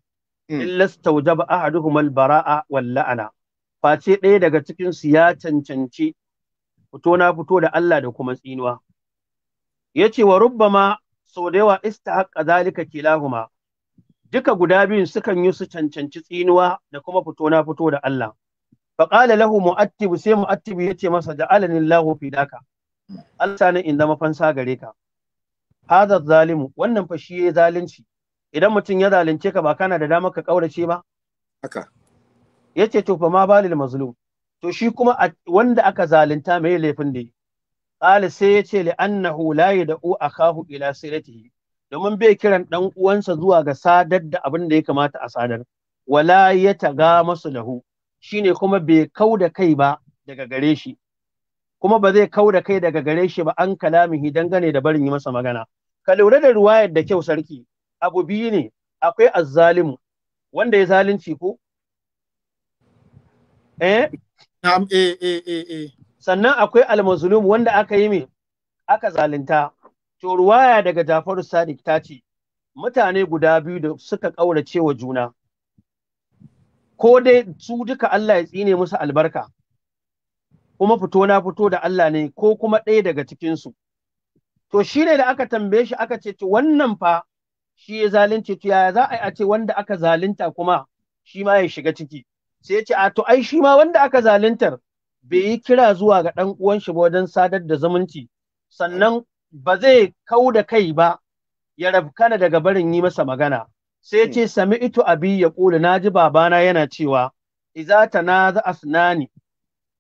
hmm. illa stawjaba ahaduhum albara'a wal la'ana face ɗaya daga cikinsu ya cancanci fito na fito da Allah da kuma tsinuwa. Ya ce wa rubbama sau da yawa istahaqqa zalika kilahuma duka guda biyun sukan yi su cancanci tsinuwa da kuma fito na fito da Allah. Faƙala lahu mu'attibu sai mu'attibu ya ce masa ja'alani lahu fidaka. Allah ne in zama fansa gare ka. Hadha zalimu wannan fa shi ya zalunci. Idan mutum ya zalunce ka ba kana da damar ka ƙaurace ba? Haka. yace to fa ma balil mazlum to shi kuma wanda aka zalunta mai laifin ne qala sai yace li annahu la yad'u akahu ila siratihi domin bai kiran dan uwansa zuwa ga sadar da abin da ya kamata a sadar wala ya taga masu lahu shine kuma bai kau da kai ba daga gare shi kuma ba zai kau da kai daga gare shi ba an kalamihi dangane da barin yi masa magana ka lura da ruwayar da kyau sarki abu biyu ne akwai azzalimu wanda ya zalunci ko Eh? Eh, eh, sannan akwai almazulum wanda aka yi mai aka zalunta to ruwaya daga Jafaru Sadiq ta ce mutane guda biyu da suka ƙaurace wa juna ko dai su duka Allah ya tsine musu albarka kuma fito na fito da Allah ne ko kuma ɗaya daga cikinsu. To shi ne da aka tambaye shi aka ce wannan fa shi ya zalunce to yaya za a yi a ce wanda aka zalunta kuma shi ma ya shiga ciki. sai ya ce a to ai shi ma wanda aka zaluntar bai yi kira zuwa ga ɗan uwan shi wajen sadar da zumunci sannan ba zai kau da kai ba ya rabkana daga barin yi masa magana sai ce sami ito abi ya ƙuli na ji babana yana cewa iza ta na za asnani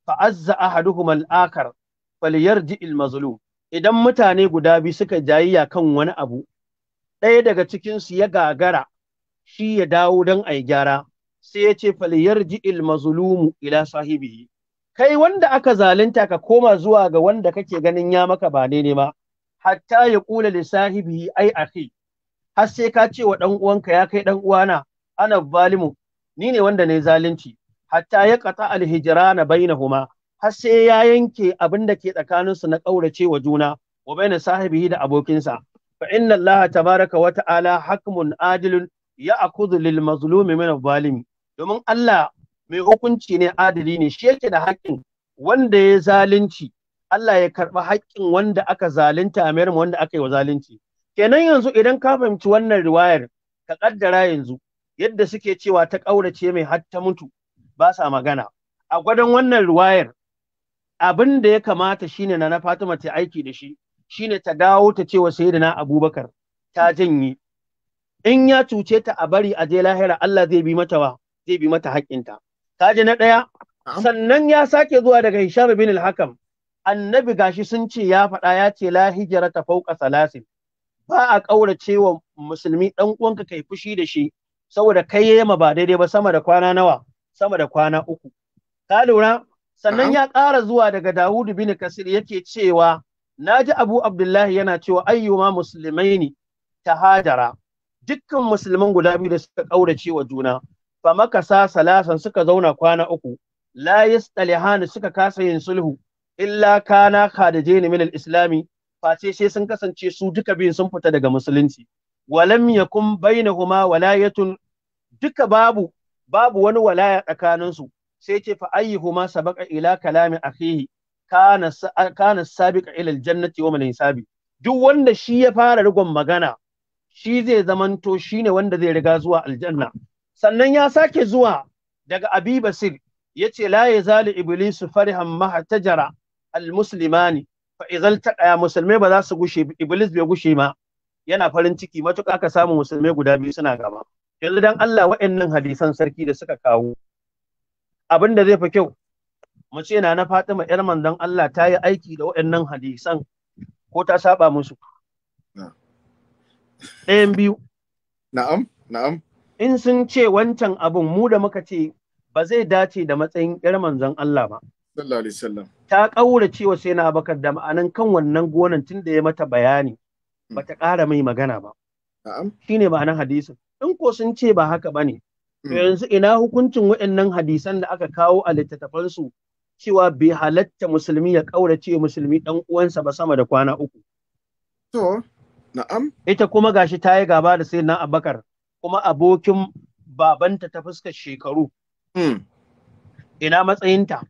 fa azza ahaduhum al-akar falyarji al-mazlum idan mutane guda biyu suka jayayya kan wani abu ɗaya daga cikinsu ya gagara shi ya dawo don a yi gyara sai ya ce faliyar il ilmazulumu ila sahibihi kai wanda aka zalunta ka koma zuwa ga wanda kake ganin ya maka ba ne ma hatta ya kula li sahibihi ai akhi har sai ka ce wa dan uwanka ya kai dan uwana ana zalimu ni ne wanda ne zalunci hatta ya qata al hijrana bainahuma har sai ya yanke abinda da ke su na kaurace wa juna wa baina sahibihi da abokinsa fa inna allaha tabaraka wa ta'ala hakmun adilun ya lil mazlumi min zalimi domin Allah mai hukunci ne adali ne shi yake da haƙƙin wanda ya zalunci Allah ya karɓi haƙƙin wanda aka zalunta a mayar wanda aka yi wa zalunci kenan yanzu idan ka fahimci wannan riwayar ka kaddara yanzu yadda suke cewa ta ƙaurace mai har ta mutu ba sa magana a gwadon wannan riwayar abin da ya kamata shine na na Fatima ta aiki da shi shine ta dawo ta ce wa sayyidina Abubakar ta janye in ya cuce ta a bari a je lahira Allah zai bi mata wa zai bi mata haƙƙinta na ɗaya sannan ya sake zuwa daga Hisham bin al-Hakam annabi gashi sun ce ya faɗa ya ce la ta fawqa salasin ba a ƙauracewa cewa musulmi ɗan uwanka kai fushi da shi saboda kai ya yama ba daidai ba sama da kwana nawa sama da kwana uku ka lura sannan ya ƙara zuwa daga Dawud bin Kasir yake cewa na ji Abu Abdullahi yana cewa ayyuma musulmai ne ta hajara dukkan musulman guda biyu da suka ƙaurace wa juna fa makasa salasan suka zauna kwana uku la yastalihan suka kasa yin sulhu illa kana khadajaini min islami face sai sun kasance su duka biyun sun fita daga musulunci walam yakun bainahuma walayatun duka babu babu wani walaya tsakanin su sai ce fa ayyuhuma sabaqa ila kalami akhihi kana kana sabiqa ila aljannati jannati wa man sabi duk wanda shi ya fara rigon magana shi zai zamanto shine wanda zai riga zuwa aljanna sannan ya sake zuwa daga abi basir ya ce la ya zali iblisu farihan mahatajara almuslimani fa izal taqaya musulmai ba za su gushe iblis bai gushe ma yana farin ciki matuƙa ka samu musulmai guda biyu suna gaba yanzu dan Allah wa'annan hadisan sarki da suka kawo abin da zai fi kyau mu ce na na Fatima yar manzon Allah ta yi aiki da wa'annan hadisan ko ta saba musu ɗayan na'am na'am in sun ce wancan abun mu da muka ce ba zai dace da matsayin ƴar manzon Allah ba ta ƙaura cewa sai na bakar da ma'anan kan wannan gonan tun da ya mata bayani hmm. ba ta ƙara mai magana ba Shi ne ma'anan hadisin in ko sun ce ba haka ba ne. Hmm. yanzu ina hukuncin waɗannan hadisan da aka kawo a littattafansu cewa bai halatta musulmi ya ƙaura ƙaurace musulmi ɗan uwansa ba sama da kwana uku. To, na'am. Ita kuma gashi ta yi gaba da sai na abakar. kuma abokin babanta ta fuskar shekaru. Hmm. Ina matsayinta.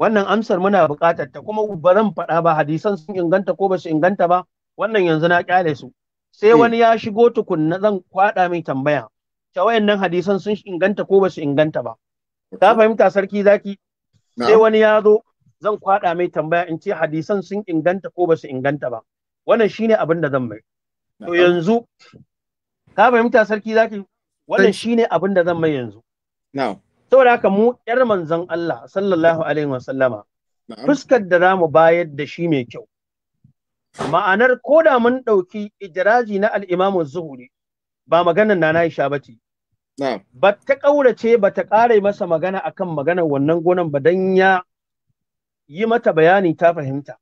Wannan amsar muna buƙatar ta kuma ba zan faɗa ba hadisan sun inganta ko ba su inganta ba wannan yanzu na ƙyale su. Sai hmm. wani ya shigo tukunna zan kwaɗa mai tambaya. Ta wayannan hadisan sun inganta ko ba su inganta ba. Ta fahimta sarki zaki. Sai wani ya zo zan kwaɗa mai tambaya in ce hadisan sun inganta ko ba su inganta ba. Wannan shine abin da zan mai. To yanzu ka fahimta sarki zaki wannan shine abin da zan mai yanzu na'am saboda haka mu yar manzon Allah sallallahu alaihi wasallama fuskar da zamu bayar da shi mai kyau ma'anar ko da mun ɗauki ijiraji na al'imamun zuhuri ba maganar na na isha bace ba ta ƙaurace ba ta ƙare masa magana akan maganar wannan gonan ba dan ya yi mata bayani ta fahimta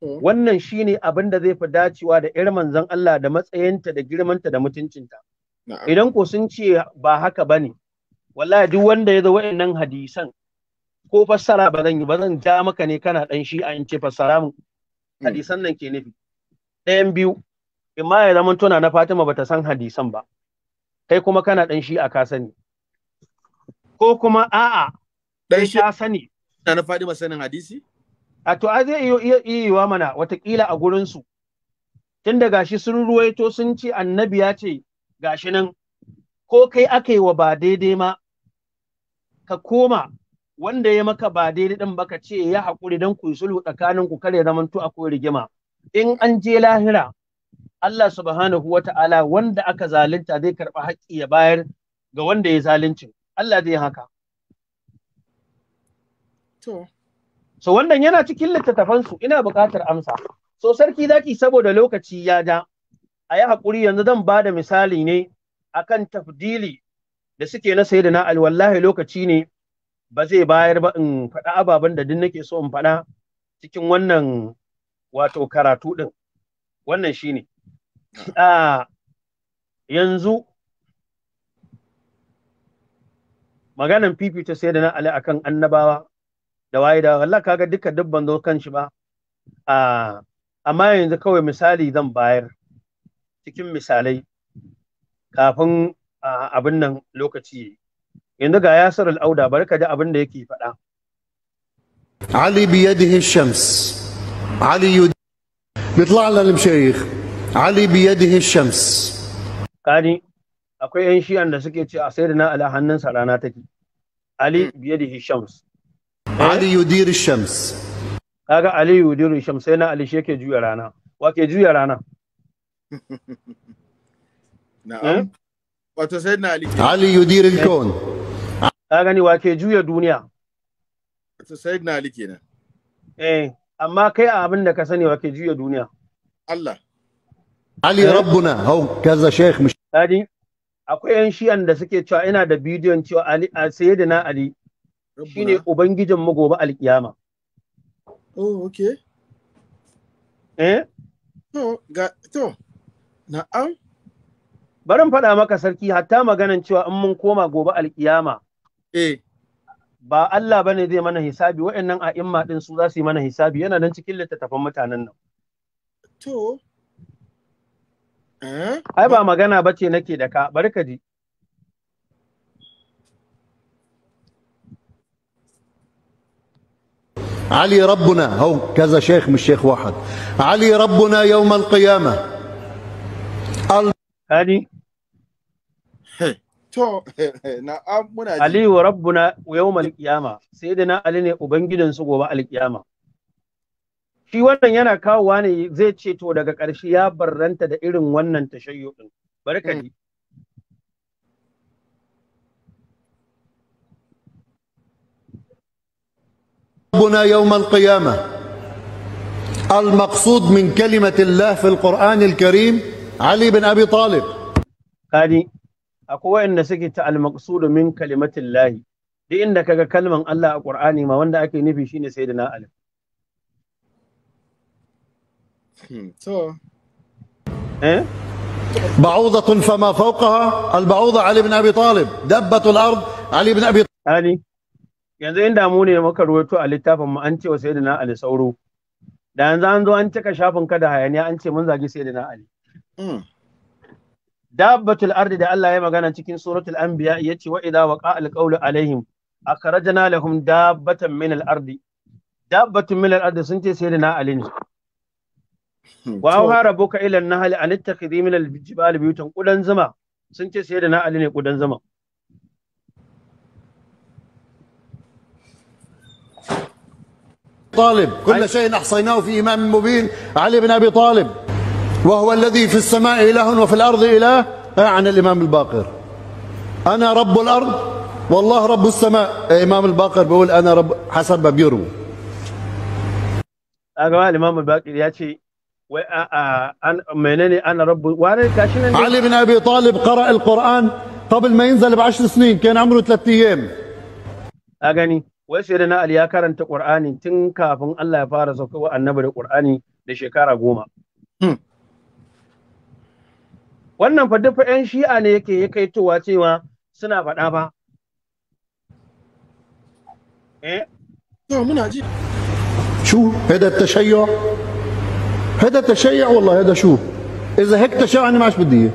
wannan shine abin da zai fi dacewa da irin manzon Allah da matsayinta da girmanta da mutuncinta idan ko sun ce ba haka bane wallahi duk wanda ya zo wa'annan hadisan ko fassara ba zan yi ba zan ja maka ne kana ɗan shi a ce fassara mu hmm. hadisan nan ke nufi ɗayan biyu imma ya zama tuna na Fatima bata san hadisan ba kai kuma kana ɗan shi a ka sani ko kuma a'a ɗan shi a sani na Fatima sanin hadisi a to a zai iya iya mana watakila a gurinsu tun da gashi sun ruwaito sun ce annabi ya ce gashi nan ko kai aka yi wa ba daidai ma ka koma wanda ya maka ba daidai din baka ce ya haƙuri don ku yi sulhu tsakanin ku kare tu akwai rigima in an je lahira Allah subhanahu wa ta'ala wanda aka zalunta zai karɓi haƙƙi ya bayar ga wanda ya zalunci Allah zai haka. To, so wannan yana cikin littattafansu ina buƙatar amsa so sarki zaki saboda lokaci ya ja a yi haƙuri yanzu zan ba da misali ne akan tafdili da suke na sayi da na alwallahi lokaci ne ba zai bayar ba in faɗa ababen da duk nake so in faɗa cikin wannan wato karatu ɗin wannan shi ne ah, yanzu maganan fifita sai da na ali akan annabawa da waye da wallahi kaga duka duk ban zo kan shi ba a amma yanzu kawai misali zan bayar cikin misalai kafin abin nan lokaci yanzu ga Yasir al-Auda barka da abin da yake faɗa علي بيده الشمس علي يد... بيطلع لنا المشايخ علي بيده الشمس قالي akwai 'yan shi'an da suke ce a sai da na ala hannunsa rana take ali hmm. biye da shams Eh? Ali yudir shams. Kaga Ali yudir shams sai na Ali shi yake juya rana. Wa ke juya rana? Na'am. Eh? Wato sai na Ali. Ali yudiru eh? kawn. Kaga gani wa ke juya duniya? Wato sai na Ali kenan. Eh, amma kai a abin da ka sani wa ke juya duniya? Allah. Ali rabbuna hau kaza sheikh mishi. Kaji akwai yan shi'an da suke cewa ina da bidiyon cewa Ali a sayyidina Ali shine ubangijin mu gobe alkiyama oh okay eh to ga to na'am barin faɗa maka sarki hatta maganan cewa in mun koma gobe alkiyama eh ba Allah bane zai mana hisabi wa'annan a'imma din su za su yi mana hisabi yana nan cikin littattafan mutanen nan to eh? ai ba magana ba bace nake da ka bari ka ji علي ربنا هو كذا شيخ مش شيخ واحد علي ربنا يوم القيامة علي نعم، علي ربنا يوم القيامة سيدنا علي وبنجدن سوى القيامة shi wannan yana kawo wani zai ce to daga ƙarshe ya barranta da irin wannan tashayyu din barkati mm. ربنا يوم القيامة المقصود من كلمة الله في القرآن الكريم علي بن أبي طالب هذه أقوى إن سكت المقصود من كلمة الله لأنك كلمة الله القرآن ما وانا أكي نفي شين سيدنا تو hmm. إيه؟ بعوضة فما فوقها البعوضة علي بن أبي طالب دبة الأرض علي بن أبي طالب yanzu inda mu ne muka ruwaito a littafin mu an ce wa sayyidina Ali sauro da yanzu an zo an cika shafin ka da hayaniya an ce mun zagi sayyidina Ali hmm. dabbatul ardi da Allah ya magana cikin suratul anbiya yace wa idza waqa al qawlu alaihim akhrajna lahum dabbatan min al ardi dabbatun min al ardi sun ce sayyidina Ali ne hmm, wa huwa rabbuka ila an-nahli an tattakhidhi min al jibali buyutan qudan zama sun ce sayyidina Ali ne qudan zama طالب كل شيء احصيناه في امام مبين علي بن ابي طالب وهو الذي في السماء اله وفي الارض اله عن الامام الباقر انا رب الارض والله رب السماء إيه، امام الباقر بيقول انا رب حسب ما بيروي aga الامام الباقر ياتي ya ce wai a menene ana rabbu wani gashi nan قبل ما ينزل ب 10 سنين كان عمره ثلاث ايام اغاني wai sai na Ali ya karanta Qur'ani tun kafin Allah ya fara saukarwa annabi da Qur'ani da shekara goma. Wannan fa duk ƴan shi'a ne yake ya kai towa cewa suna fada ba. Eh? To muna ji. شو هذا التشيع هذا التشيع والله هذا شو اذا هيك تشيع انا ما عادش بدي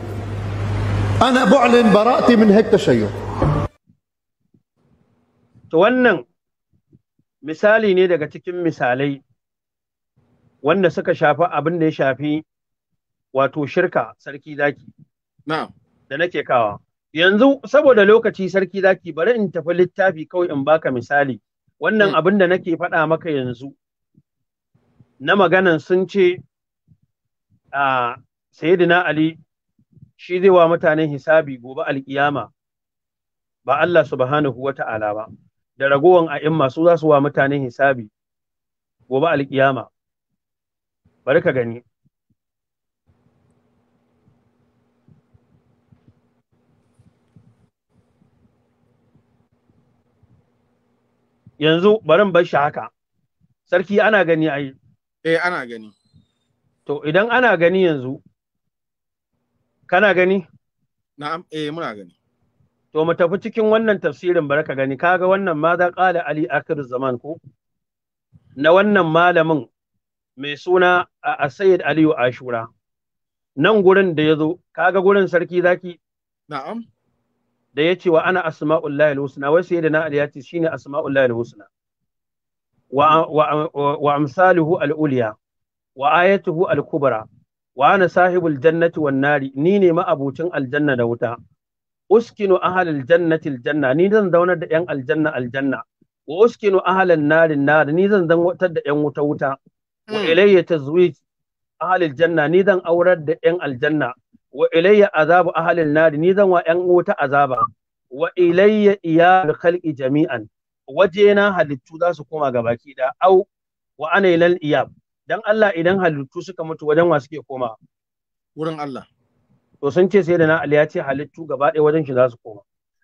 انا بعلن براءتي من هيك تشيع to wannan misali ne daga cikin misalai wanda suka shafi abin da ya shafi wato shirka sarki zaki da nake kawa yanzu saboda lokaci sarki zaki bari in tafi littafi kawai in baka misali wannan hmm. abin da nake faɗa maka yanzu na maganan sun ce a sayyidina ali shi zai wa mutanen hisabi gobe alkiyama ba Allah subhanahu wa ta'ala ba da ragowan a'imma su za su wa mutane hisabi gobe alkiyama bari ka gani yanzu barin bar shi haka sarki ana gani ai eh ana gani to idan ana gani yanzu kana gani na'am eh muna gani to mu tafi cikin wannan tafsirin baraka gani kaga wannan ma da qala ali akhir zaman ko na wannan malamin mai suna a sayyid aliyu ashura nan gurin da ya zo kaga gurin sarki zaki na'am da ya ce wa ana Asma'ul al-husna wai sai na ali ya ce shine Asma'ul al-husna wa wa wa amsaluhu al-ulya wa ayatuhu al-kubra wa ana sahibul jannati wan nari ni ne ma ma'abucin aljanna da wuta uskinu ahlal jannati aljanna ni zan zaunar da yan aljanna aljanna wa uskinu ahlan narin Nari ni zan zanwatar da yan wuta wuta wa hmm. ilayya tazwij ahlil janna ni zan aurar da yan aljanna wa ilayya azabu ahlil Nari ni zan wa yan wuta azaba wa ilayya iyal khalqi jami'an wajena halittu za su koma ga baki da au wa ana ilal iyab dan Allah idan halittu suka mutu wajen wa suke koma wurin Allah to sun ce sai da na Ali ya ce halittu gaba ɗaya wajen shi za su koma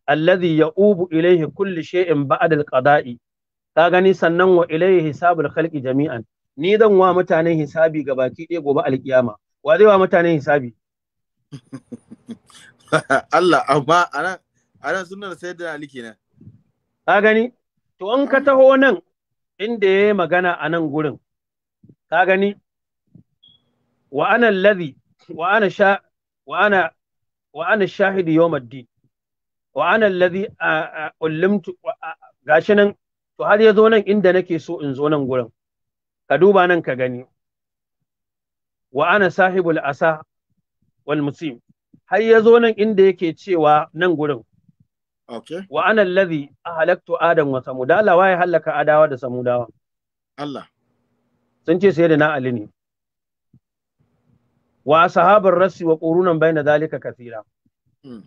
alladhi ya'ubu ilaihi kulli shay'in ba'da al-qada'i ka gani sannan wa ilaihi hisabul khalqi jami'an ni zan wa mutanen hisabi gabaki ɗaya gobe alkiyama wa zai wa mutanen hisabi Allah amma anan anan sunnar sayyidina Ali kenan ka gani to an ka taho nan inda yayi magana a nan gurin ka gani wa ana alladhi wa ana sha wa ana wa ana shahidu yawmaddin wa ana alladhi ullimtu gashi nan to har ya zo nan inda nake so in zo nan gurin ka duba nan ka gani wa ana sahibul asa wal musim har ya zo nan inda yake cewa nan gurin okay wa ana alladhi ahlaktu adam wa samud Allah waye halaka adawa da samudawa Allah sun ce sai da na ali ne wa sahabar rasi wa qurunan baina zalika kathira hmm.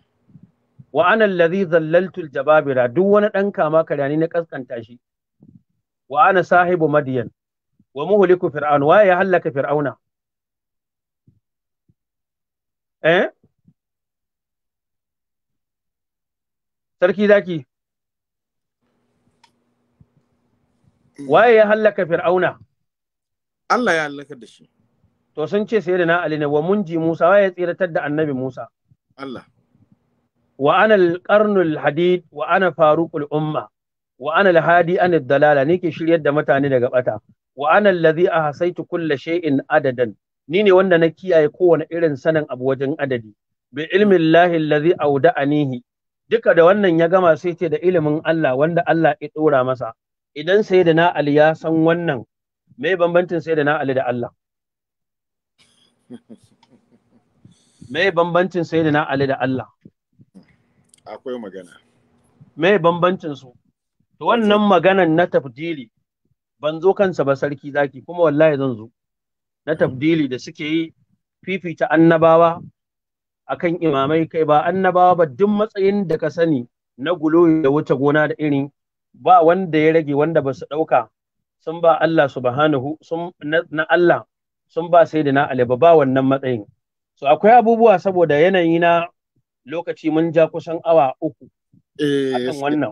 wa ana alladhi zallaltu duk wani dan kama karya na kaskanta shi wa ana madiyan wa muhliku fir'aun wa ya halaka fir'auna eh? sarki zaki eh. waye ya fir'auna Allah ya da shi to sun ce sai da na Ali ne wa munji Musa wa ya tsiratar da annabi Musa Allah wa ana al-qarnul hadid wa ana faruqul umma wa ana al-hadi an dalala ni ke shiryar da mutane daga bata wa ana allazi ahsaitu kulli shay'in adadan ni ne wanda na kiyaye kowane irin sanin abu wajen adadi bi ilmi llahi allazi awda'anihi duka da wannan ya gama sai ce da ilimin Allah wanda Allah ya dora masa idan sayyidina Ali ya san wannan me bambancin sayyidina Ali da Allah me bambancin na Ali da Allah akwai magana me bambancin su to wannan maganan na tafdili ban zo kansa ba sarki zaki kuma wallahi zan zo na tafdili da suke yi fifita annabawa akan imamai kai ba annabawa ba duk matsayin da ka sani na gulo da wuce gona da irin ba wanda ya rage wanda ba su ɗauka sun ba Allah subhanahu sun na Allah sun ba sai da na Ali ba wannan matsayin so akwai abubuwa saboda yanayi na lokaci mun ja kusan awa uku Eh, wannan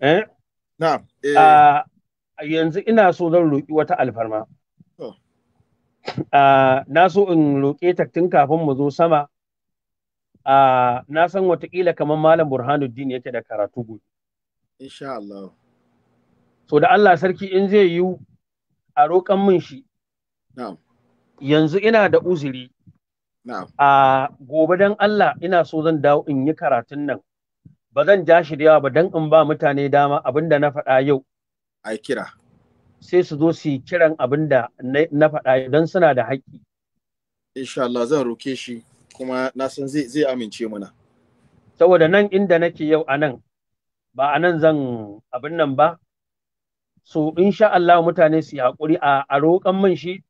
eh na'am eh. yanzu ina so zan roƙi wata alfarma na so in roƙe taktin tun kafin mu zo sama na san watakila kamar malam burhanuddin yake da karatu gobe insha Allah so da Allah sarki in zai yiwu a roƙan min shi yanzu ina da uzuri a gobe don Allah ina so zan dawo in yi karatun nan ba zan ja shi da yawa ba don in ba mutane dama abinda na faɗa yau ai kira sai su zo su yi kiran abinda na faɗa don suna da haƙƙi insha Allah zan roke shi kuma na san zai amince mana saboda nan inda nake yau a nan ba a nan zan abin nan ba so insha Allah mutane su yi haƙuri a roƙan man shi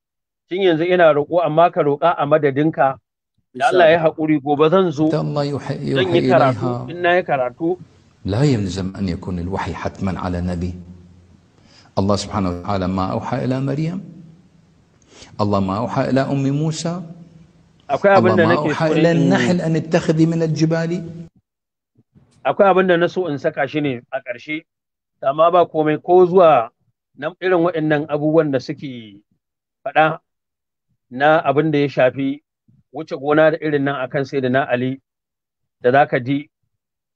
shin yanzu ina roƙo amma ka roƙa a madadinka da Allah ya hakuri gobe zan zo dan zan yi karatu in na yi karatu لا يلزم أن يكون الوحي حتما على نبي الله سبحانه وتعالى ما أوحى إلى مريم الله ما أوحى إلى أم موسى الله ما أوحى إلى النحل أن اتخذي من الجبال akwai abin da na so in saka shi ne a ƙarshe amma ba komai ko zuwa nan irin waɗannan abubuwan da suke faɗa na abin da ya shafi wuce gona da irin nan akan sai da na Ali da zaka ji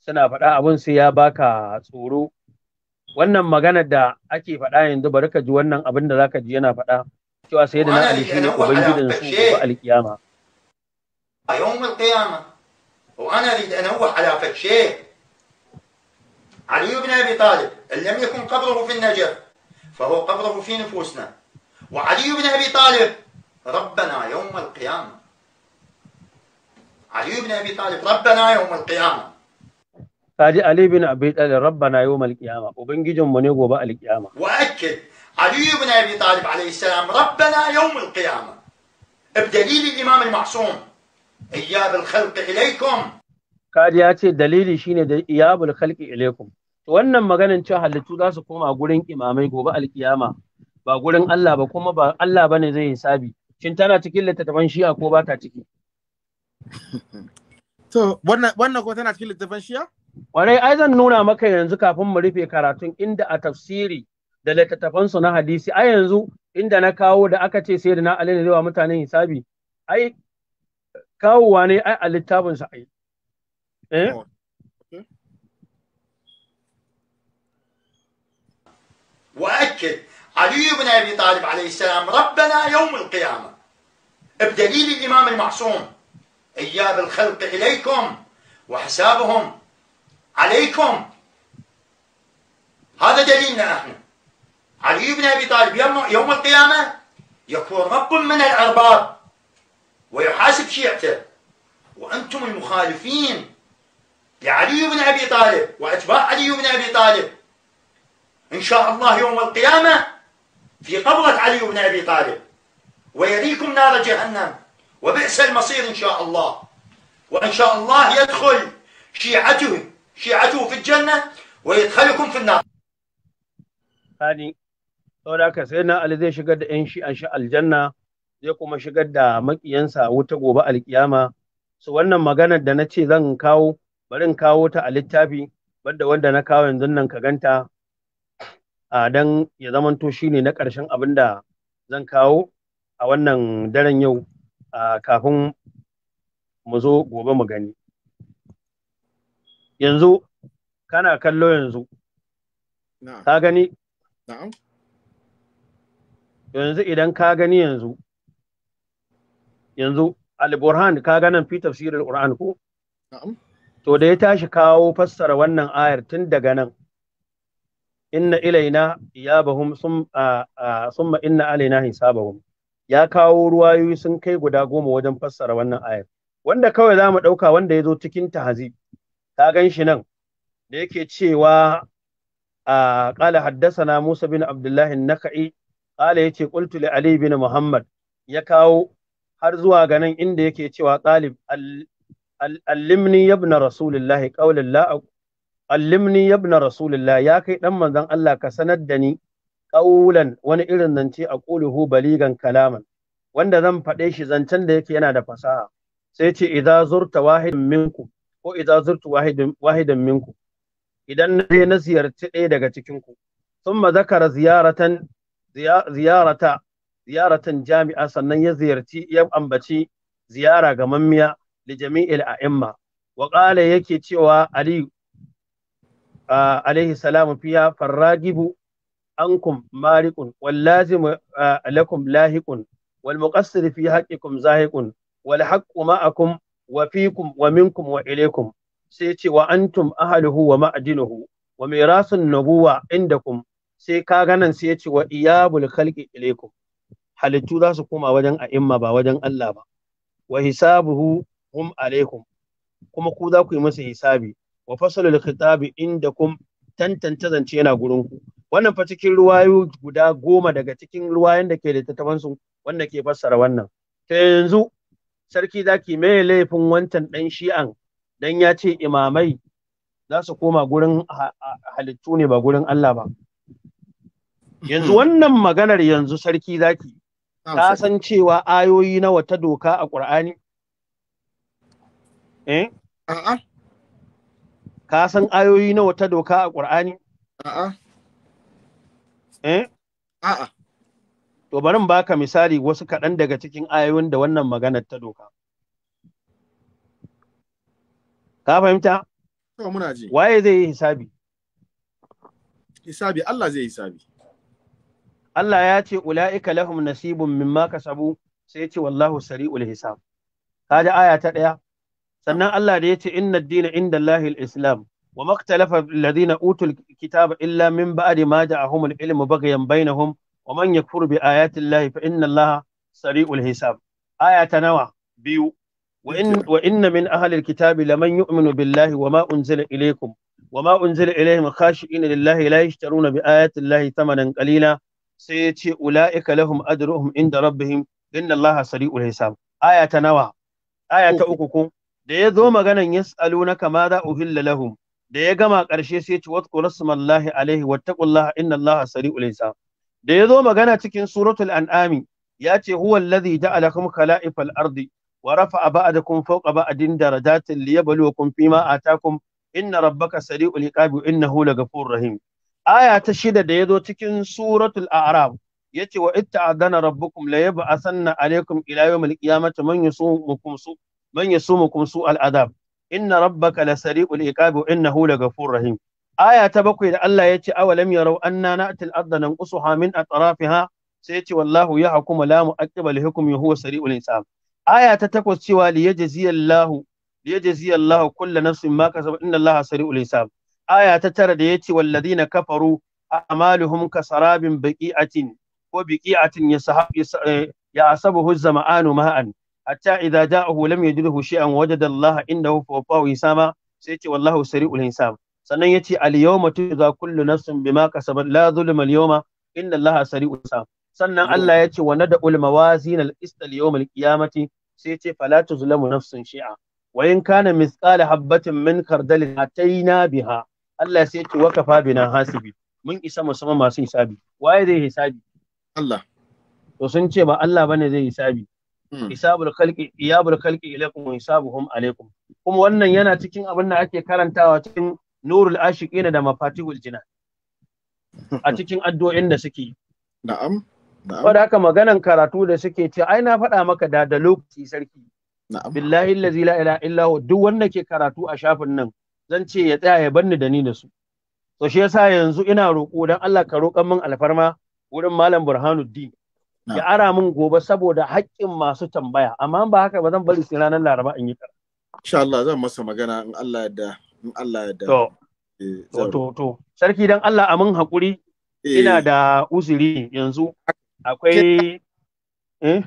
suna faɗa abin sai ya baka tsoro wannan magana da ake faɗa yanzu bari ka ji wannan abin da zaka ji yana faɗa cewa sai da na Ali shi ne ubangijin su ba alkiyama a yawon qiyama wa ana li tanawwa ala fakshe علي بن ابي طالب ان لم يكن قبره في النجف فهو قبره في نفوسنا وعلي بن ابي طالب ربنا يوم القيامة علي بن أبي طالب ربنا يوم القيامة kaji Ali bin Abi Talib rabbana yawmal qiyama ubangijin mu ne gobe alqiyama wa akid Ali ibn Abi Talib alayhi salam rabbana yawmal qiyama بدليل الامام المعصوم اياب الخلق اليكم kaji ya ce dalili shine da iyabul khalqi ilaikum wannan maganin cewa halittu za su koma gurin imamai gobe alkiyama ba gurin Allah ba kuma ba Allah bane zai hisabi shin tana cikin littattafan shi'a ko ba ta ciki to wannan wannan ko tana cikin littattafan shi'a Kwarai ai zan nuna maka yanzu kafin mu rufe karatun inda a tafsiri da littattafansu na hadisi ai yanzu inda na kawo da aka ce sai da na alina zuwa mutanen hisabi ai kawowa ne ai a littafinsa ai eh وأكد oh, علي بن أبي طالب عليه السلام ربنا يوم القيامة بدليل الإمام المعصوم إياب الخلق إليكم وحسابهم عليكم هذا دليلنا احنا علي بن ابي طالب يوم القيامه يكون رب من الارباب ويحاسب شيعته وانتم المخالفين لعلي بن ابي طالب واتباع علي بن ابي طالب ان شاء الله يوم القيامه في قبضة علي بن أبي طالب ويريكم نار جهنم وبئس المصير إن شاء الله وإن شاء الله يدخل شيعته شيعته في الجنة ويدخلكم في النار هذه ولكن سيدنا علي زي شقد إن شاء إن الجنة يقوم شقد مك ينسى وتقو بقى القيامة سواء ما جانا دنا شيء ذن كاو بدن كاو تا على التابي بدو ودنا كاو إن كجنتا Ah, don ya zamanto shine na ƙarshen abin da zan kawo a wannan daren yau ah, kafin mu zo gobe mu gani yanzu kana kallo yanzu ka gani yanzu idan ka gani yanzu yanzu al-burhan ka ganin fi tafsirin qur'an ko to da ya tashi kawo fassara wannan ayar tun daga nan inna ilaina iyabahum summa inna alaina hisabahum ya kawo ruwayoyi sun kai guda goma wajen fassara wannan ayar wanda kawai za mu ɗauka wanda ya zo cikin tahazi ta gan shi nan da yake cewa a ƙala haddasana Musa bin Abdullahi Naka'i ƙala ya ce ƙultu li Ali bin Muhammad ya kawo har zuwa ga nan inda yake cewa al allimni yabna rasulillahi qawlan allimni yabna rasulillah ya kai ɗan manzon Allah ka sanar da ni ƙaulan wani irin zance a ƙulihu baligan kalaman wanda zan faɗe shi zancen da yake yana da fasaha sai ce idza zurta wahidin minku ko idza zurtu wahidin idan na je na ziyarci ɗaya daga cikin ku thumma zakara ziyaratan ziyarata ziyaratan jami'a sannan ya ziyarci ya ambaci ziyara ga mammiya li jami'il a'imma wa qala yake cewa Aliyu. alaihi salamu fiya farragibu ankum mariqun wallazimu lakum lahiqun wal muqassir fi haqqikum zahiqun wal haqqu ma'akum wa fikum wa minkum wa ilaykum sai ce wa antum ahluhu wa ma'dinuhu wa mirasun nubuwa indakum sai ka ganan sai ya ce wa iyabul khalqi ilaykum halittu za su koma wajen a'imma ba wajen Allah ba wa hisabuhu hum alaikum kuma ku za ku yi musu hisabi wa fasalul khitabi kum tantance zance yana gurin ku wannan fa cikin ruwayu guda goma daga cikin ruwayan da ke tattaban su wanda ke fassara wannan ta yanzu sarki zaki mai laifin wancan dan shi'an dan ya ce imamai za su koma gurin halittu ne ba gurin Allah ba yanzu wannan maganar yanzu sarki zaki ta san cewa ayoyi nawa ta doka a Qur'ani eh a'a ka san ayoyi nawa ta doka a ƙur'ani? A'a. Eh? A'a. To barin baka misali wasu kaɗan daga cikin ayoyin da wannan maganar ta doka. Ka fahimta? To muna ji. Waye zai yi hisabi? Hisabi Allah zai hisabi. Allah ya ce ula'ika lahum nasibun mimma kasabu sai ya ce wallahu sari'ul hisab. Ka aya ta ɗaya? sannan Allah da ya ce inna dina inda Allahil Islam wa maktalafa alladhina utul kitaba illa min ba'di ma ja'ahum al-ilmu baghyan bainahum wa man yakfur bi ayati Allah fa inna Allah sari'ul hisab aya ta nawa biyu wa in wa inna min ahli al-kitabi laman yu'minu billahi wa ma unzila ilaykum wa ma unzila ilayhim khashi'ina lillahi la yashtaruna bi ayati Allah thamanan qalila sai ya ce ula'ika lahum ajruhum inda rabbihim inna Allah sari'ul hisab aya ta nawa aya ta uku ko da ya zo maganan na kama za uhilla lahum da ya gama ƙarshe sai ci wasu rasmallahi alaihi wattaqullaha inna allaha sari'ul hisab da ya zo magana cikin suratul an'ami ya ce huwa alladhi ja'alakum khala'ifal ardi wa rafa'a ba'dakum fawqa ba'din darajatin liyabluwakum fima atakum inna rabbaka sari'ul iqabi innahu lagafurur rahim aya ta shida da ya zo cikin suratul arab yace wa itta'adana rabbukum la yab'asanna alaykum ila yawmil qiyamati man yusumukum su man yasumukum su al'adab inna rabbaka lasari'ul iqabi wa innahu laghafurur rahim aya ta bakwai da Allah ya ce awalam yarau anna na'til arda nanqusuha min atrafiha sai ce wallahu ya hukuma la mu'aqqiba li hukmi huwa sari'ul hisab aya ta takwas cewa li yajziyallahu li yajziyallahu kullu nafsin ma kasabat inna Allaha sari'ul hisab aya ta tara da yace walladina kafaru a'maluhum kasarabin baqi'atin ko biqi'atin yasahabu ya eh, asabuhu zama'anu ma'an hatta idza ja'ahu lam yajidhu shay'an wajada Allah indahu fawfahu hisaba sai yace wallahu sari'ul hisab sannan yace al yawma tujza kullu nafsin bima kasabat la zulma al yawma inna Allah sari'ul hisab sannan Allah yace wa nad'ul mawazin al qist al yawm al qiyamati sai ce fala tuzlamu nafsun shay'a wa in kana mithqala habatin min kardalin ataina biha Allah sai yace wa kafa bina hasibi mun isa mu sama masu hisabi waye zai hisabi Allah to sun ce ba Allah bane zai hisabi Hmm. hisabul khalqi iyabul khalqi ilaikum wa hisabuhum alaikum kuma wannan yana cikin abin da ake karantawa cikin nurul ashiqina da mafatihul jinan a cikin addu'o'in da suke na'am na'am haka maganan karatu da suke ce ai na faɗa maka da da lokaci sarki na'am billahi allazi la ilaha illa duk wanda ke karatu a shafin nan zan ce ya tsaya ya banni da ni da su to shi yasa yanzu ina roƙo dan Allah ka roƙan min alfarma wurin malam Burhanuddin ya ara min gobe saboda haƙƙin masu tambaya amma ba haka ba zan bari sai ranar laraba in yi kara insha Allah zan masa magana in Allah ya da in Allah ya da to eh, to to sarki dan Allah amin hakuri eh. ina da uzuri yanzu akwai eh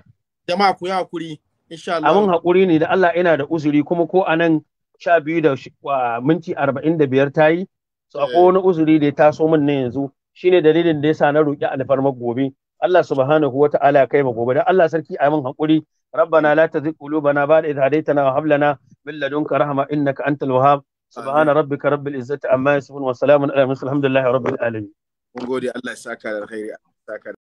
jama'a ku yi hakuri insha Allah amin hakuri ne da Allah ina da uzuri kuma ko anan sha biyu da minti arba'in da biyar ta yi so akwai eh. wani uzuri da ya taso min ne yanzu shine dalilin da ya sa na roƙi alfarmar gobe Allah subhanahu wata'ala kai mu gobe dan Allah sarki ayi mun hakuri rabbana la tazigh qulubana ba'da idh hadaytana wa hab lana min ladunka rahma innaka antal wahhab subhana rabbika rabbil izzati amma yasifun wa salamun ala mursalin alhamdulillahi rabbil alamin mun gode Allah ya saka da alkhairi